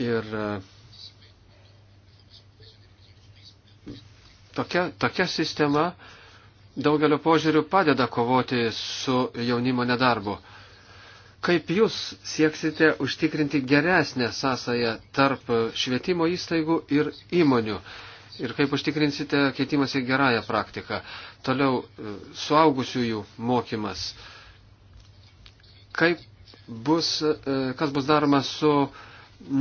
Ir e, tokia, tokia sistema daugelio požiūrių padeda kovoti su jaunimo nedarbu. Kaip jūs sieksite užtikrinti geresnę sąsąją tarp švietimo įstaigų ir įmonių? ir kaip užtikrinsite keitimąsi gerąją praktiką. Toliau e, suaugusiųjų mokymas. Kaip bus, e, kas bus daroma su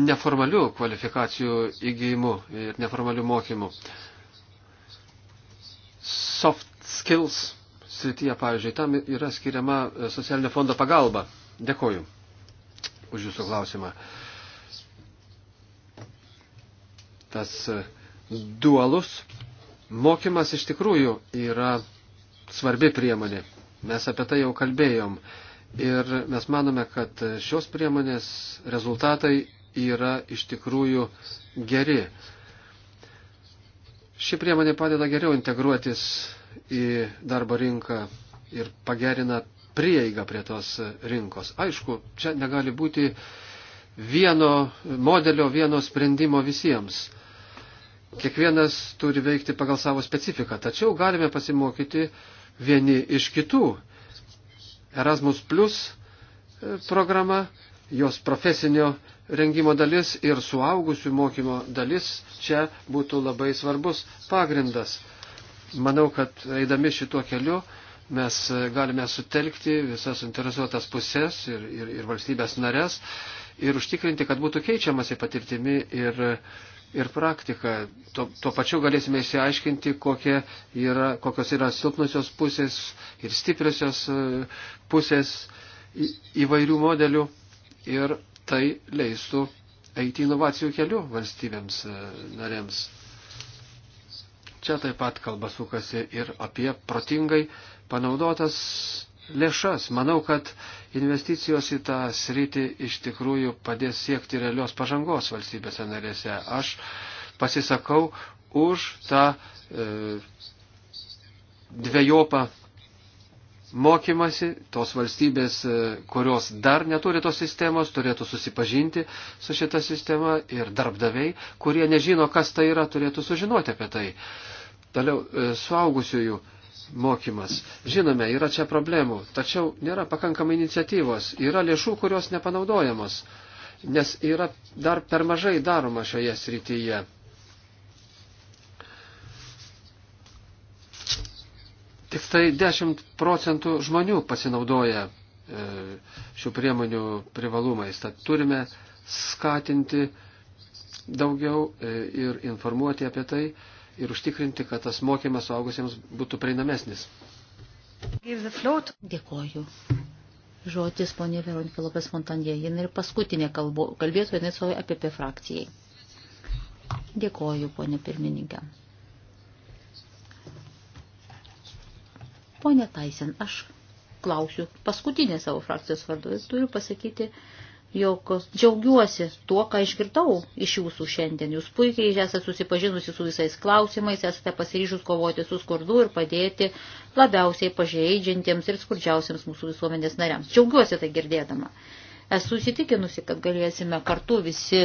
neformaliu kvalifikacijų įgyjimu ir neformaliu mokymu. Soft skills srityje, pavyzdžiui, tam yra skiriama e, socialinio fondo pagalba. Dėkoju už Jūsų klausimą. Tas uh, dualus, mokymas iš tikrųjų yra svarbi priemonė. Mes apie tai jau kalbėjom. Ir mes manome, kad šios priemonės rezultatai yra iš tikrųjų geri. Ši priemonė padeda geriau integruotis į darbo rinką ir pagerina prieigą prie tos rinkos. Aišku, čia negali būti vieno modelio, vieno sprendimo visiems. Kiekvienas turi veikti pagal savo specifiką, tačiau galime pasimokyti vieni iš kitų. Erasmus Plus e, programa, jos profesinio rengimo dalis ir suaugusių mokymo dalis čia būtų labai svarbus pagrindas. Manau, kad eidami šituo keliu mes e, galime sutelkti visas interesuotas pusės ir, ir, ir valstybės narės ir užtikrinti, kad būtų keičiamasi patirtimi ir ir praktiką. Tuo, tuo pačiu galėsime išsiaiškinti, kokie yra, kokios yra silpnusios pusės ir stipriosios e, pusės į, įvairių modelių ir tai leistų eiti inovacijų keliu valstybėms e, narėms. Čia taip pat kalba sukasi ir apie protingai panaudotas lėšas. Manau, kad investicijos į tą sritį iš tikrųjų padės siekti realios pažangos valstybėse narėse. Aš pasisakau už tą e, dviejopą mokymasi, tos valstybės, e, kurios dar neturi tos sistemos, turėtų susipažinti su šita sistema ir darbdaviai, kurie nežino, kas tai yra, turėtų sužinoti apie tai. Toliau, e, suaugusiųjų mokymas. Žinome, yra čia problemų, tačiau nėra pakankamai iniciatyvos, yra lėšų, kurios nepanaudojamos, nes yra dar per mažai daroma šioje srityje. Tik tai 10 procentų žmonių pasinaudoja e, šių priemonių privalumais. Tad turime skatinti daugiau e, ir informuoti apie tai, ir užtikrinti, kad tas mokymas suaugusiems būtų prieinamesnis. Dėkoju. Žodis ponė Veronika Lopes Montanė. Jin ir paskutinė kalbo, kalbėtoja, jinai savo apie P frakcijai. Dėkoju, ponė pirmininkė. Pone Taisen, aš klausiu paskutinę savo frakcijos vardu ir turiu pasakyti, jog džiaugiuosi tuo, ką išgirdau iš jūsų šiandien. Jūs puikiai esate susipažinusi su visais klausimais, esate pasiryžus kovoti su skurdu ir padėti labiausiai pažeidžiantiems ir skurdžiausiams mūsų visuomenės nariams. Džiaugiuosi tai girdėdama. Esu įsitikinusi, kad galėsime kartu visi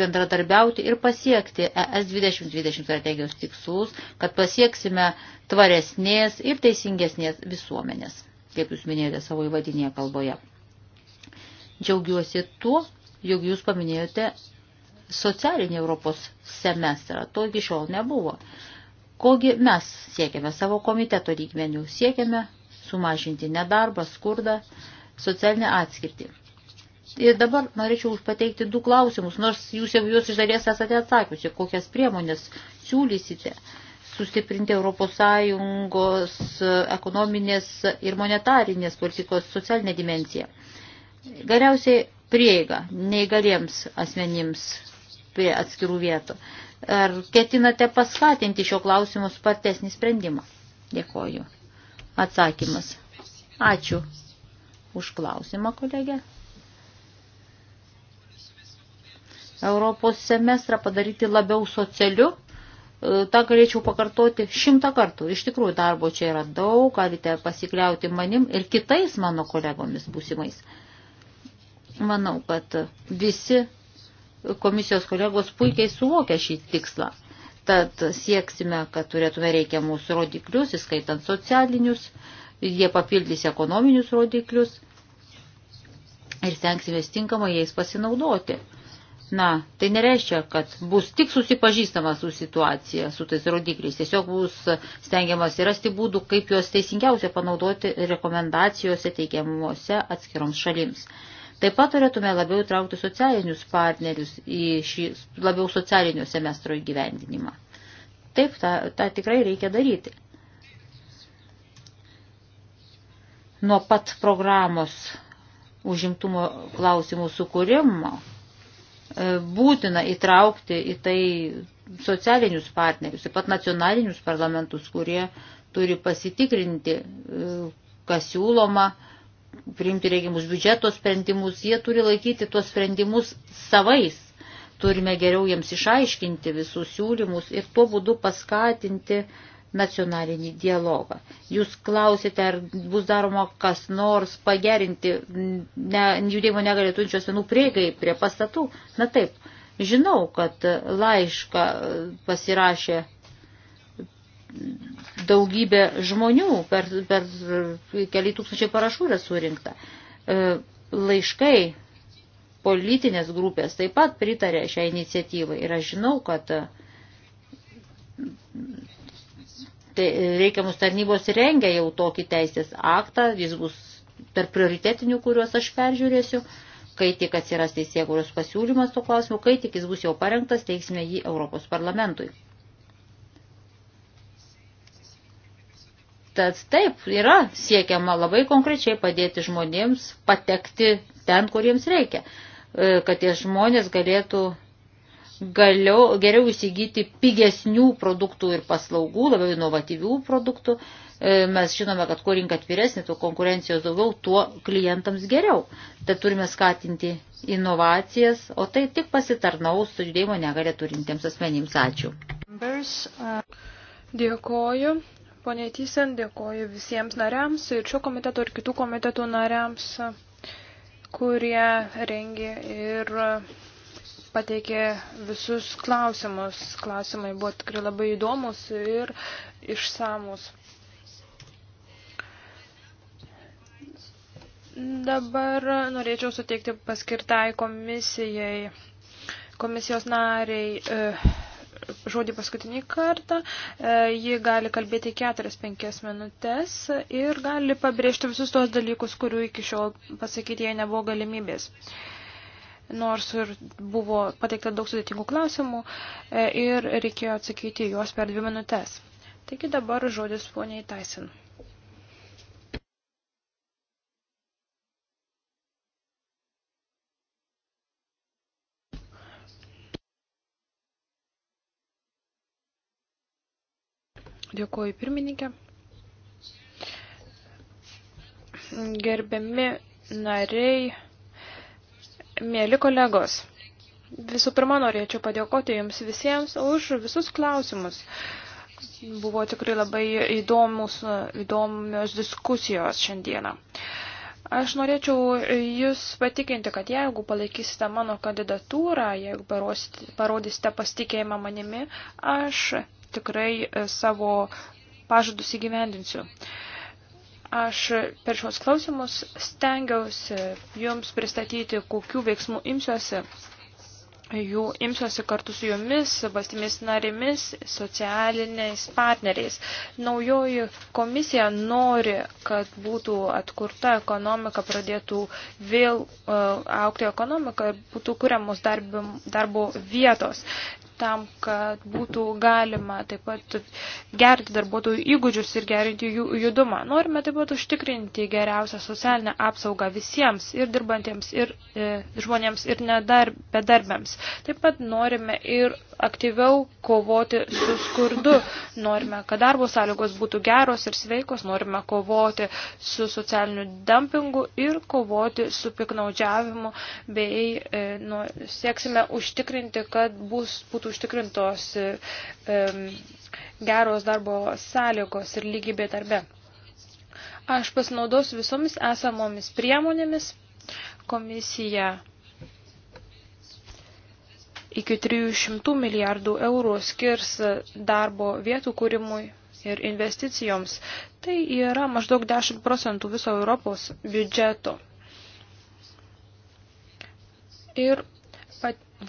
bendradarbiauti ir pasiekti ES 2020 strategijos tikslus, kad pasieksime tvaresnės ir teisingesnės visuomenės, kaip jūs minėjote savo įvadinėje kalboje. Džiaugiuosi tuo, jog jūs paminėjote socialinį Europos semestrą. To iki šiol nebuvo. Kogi mes siekiame savo komiteto lygmenių? Siekiame sumažinti nedarbą, skurdą, socialinę atskirtį. Ir dabar norėčiau pateikti du klausimus, nors jūs jau juos iš dalies esate atsakiusi, kokias priemonės siūlysite sustiprinti ES ekonominės ir monetarinės politikos socialinę dimenciją. Galiausiai prieiga neįgaliems asmenims prie atskirų vietų. Ar ketinate paskatinti šio klausimo spartesnį sprendimą? Dėkoju. Atsakymas. Ačiū už klausimą, kolegė. Europos semestrą padaryti labiau socialiu, e, tą galėčiau pakartoti šimtą kartų. Iš tikrųjų, darbo čia yra daug, galite pasikliauti manim ir kitais mano kolegomis būsimais. Manau, kad visi komisijos kolegos puikiai suvokia šį tikslą. Tad sieksime, kad turėtume reikiamus rodiklius, įskaitant socialinius, jie papildys ekonominius rodiklius ir stengsimės tinkamai jais pasinaudoti. Na, tai nereiškia, kad bus tik susipažįstama su situacija, su tais rodikliais. Tiesiog bus stengiamas rasti būdų, kaip juos teisingiausia panaudoti rekomendacijose teikiamuose atskiroms šalims. Taip pat turėtume labiau traukti socialinius partnerius į šį labiau socialinio semestro įgyvendinimą. Taip, tą, tą tikrai reikia daryti. Nuo pat programos užimtumo klausimų sukūrimo e, būtina įtraukti į tai socialinius partnerius, taip pat nacionalinius parlamentus, kurie turi pasitikrinti, e, kas siūloma, priimti reikiamus biudžeto sprendimus, jie turi laikyti tuos sprendimus savais. Turime geriau jiems išaiškinti visus siūlymus ir tuo būdu paskatinti nacionalinį dialogą. Jūs klausite, ar bus daroma kas nors pagerinti ne, judėjimo negalėtųjų asmenų prieigai prie pastatų. Na taip, žinau, kad laišką pasirašė daugybė žmonių, per, per keli tūkstančiai parašų yra surinkta. E, laiškai politinės grupės taip pat pritarė šią iniciatyvą ir aš žinau, kad e, tai reikiamus tarnybos rengia jau tokį teisės aktą, jis bus tarp prioritetinių, kuriuos aš peržiūrėsiu, kai tik atsiras teisėkurios pasiūlymas to klausimu, kai tik jis bus jau parengtas, teiksime jį Europos parlamentui. Tad taip, yra siekiama labai konkrečiai padėti žmonėms patekti ten, kuriems reikia, e, kad tie žmonės galėtų galiau, geriau įsigyti pigesnių produktų ir paslaugų, labiau inovatyvių produktų. E, mes žinome, kad kuo rinka atviresnė, tuo konkurencijos daugiau, tuo klientams geriau. Tad turime skatinti inovacijas, o tai tik pasitarnaus su judėjimo negalė turintiems asmenims. Ačiū. Dėkoju. Pone Tysen, dėkoju visiems nariams ir šio komiteto ir kitų komitetų nariams, kurie rengė ir pateikė visus klausimus. Klausimai buvo tikrai labai įdomus ir išsamus. Dabar norėčiau suteikti paskirtai komisijai, komisijos nariai. E, žodį paskutinį kartą. E, ji gali kalbėti 4-5 minutės ir gali pabrėžti visus tos dalykus, kurių iki šiol pasakyti jai nebuvo galimybės. Nors ir buvo pateikta daug sudėtingų klausimų e, ir reikėjo atsakyti juos per dvi minutės. Taigi dabar žodis poniai Tyson. Dėkuoju pirmininkė. Gerbiami nariai, mėly kolegos. Visų pirma, norėčiau padėkoti Jums visiems už visus klausimus. Buvo tikrai labai įdomus, įdomios diskusijos šiandieną. Aš norėčiau Jūs patikinti, kad jeigu palaikysite mano kandidatūrą, jeigu parodysite pasitikėjimą manimi, aš tikrai e, savo pažadus įgyvendinsiu. Aš per šios klausimus stengiausi jums pristatyti, kokių veiksmų imsiuosi. Jų imsiuosi kartu su jumis, valstybės narimis, socialiniais partneriais. Naujoji komisija nori, kad būtų atkurta ekonomika, pradėtų vėl uh, aukti ekonomika ir būtų kuriamos darbo vietos tam, kad būtų galima taip pat gerinti darbuotojų įgūdžius ir gerinti jų judumą. Norime taip pat užtikrinti geriausią socialinę apsaugą visiems ir dirbantiems, ir e, žmonėms, ir nedar, bedarbiams. Taip pat norime ir aktyviau kovoti su skurdu. Norime, kad darbo sąlygos būtų geros ir sveikos. Norime kovoti su socialiniu dumpingu ir kovoti su piknaudžiavimu bei e, nu, sieksime užtikrinti, kad bus, būtų būtų užtikrintos geros darbo sąlygos ir lygybė darbe. Aš pasinaudosiu visomis esamomis priemonėmis. Komisija iki 300 milijardų eurų skirs darbo vietų kūrimui ir investicijoms. Tai yra maždaug 10 procentų viso Europos biudžeto. Ir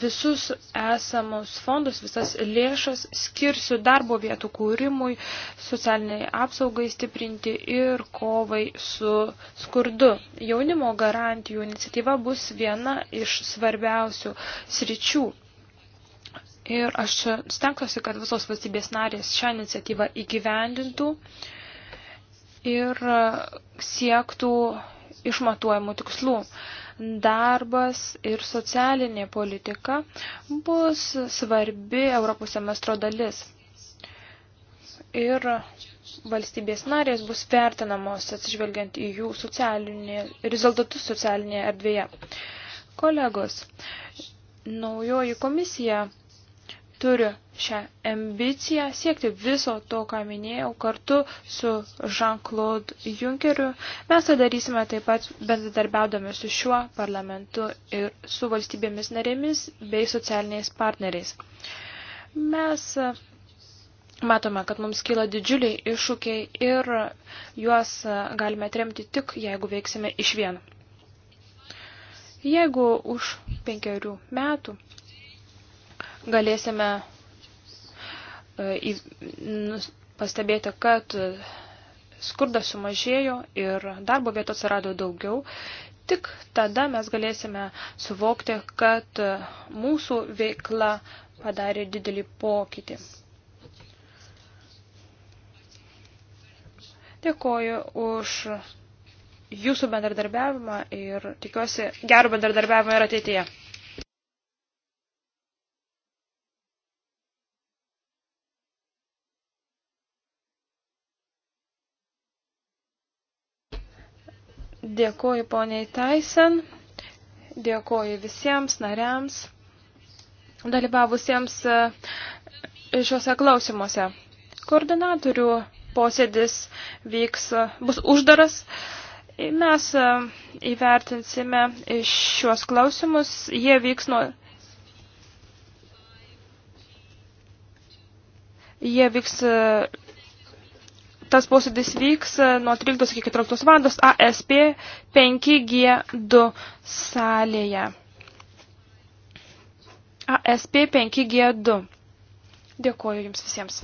visus esamus fondus, visas lėšas skirsiu darbo vietų kūrimui, socialiniai apsaugai stiprinti ir kovai su skurdu. Jaunimo garantijų iniciatyva bus viena iš svarbiausių sričių. Ir aš stengsiuosi, kad visos valstybės narės šią iniciatyvą įgyvendintų ir siektų išmatuojamų tikslų darbas ir socialinė politika bus svarbi Europos semestro dalis. Ir valstybės narės bus vertinamos atsižvelgiant į jų socialinį, rezultatus socialinėje erdvėje. Kolegos, naujoji komisija turi šią ambiciją siekti viso to, ką minėjau, kartu su Jean-Claude Junckeriu. Mes tai darysime taip pat bendradarbiaudami su šiuo parlamentu ir su valstybėmis narėmis bei socialiniais partneriais. Mes e, matome, kad mums kyla didžiuliai iššūkiai ir juos e, galime atremti tik, jeigu veiksime iš vien. Jeigu už penkerių metų galėsime e, pastebėti, kad skurdas sumažėjo ir darbo vietų atsirado daugiau. Tik tada mes galėsime suvokti, kad mūsų veikla padarė didelį pokytį. Dėkoju už jūsų bendradarbiavimą ir tikiuosi gerų bendradarbiavimą ir ateityje. Dėkoju poniai Taisen, dėkoju visiems nariams, dalyvavusiems e, šiuose klausimuose. Koordinatorių posėdis vyks, bus uždaras. Mes e, įvertinsime šiuos klausimus. Jie vyks nuo. Jie vyks e, Tas posėdis vyks e, nuo 13 iki 14 valandos ASP 5G2 salėje. ASP 5G2. Dėkuoju Jums visiems.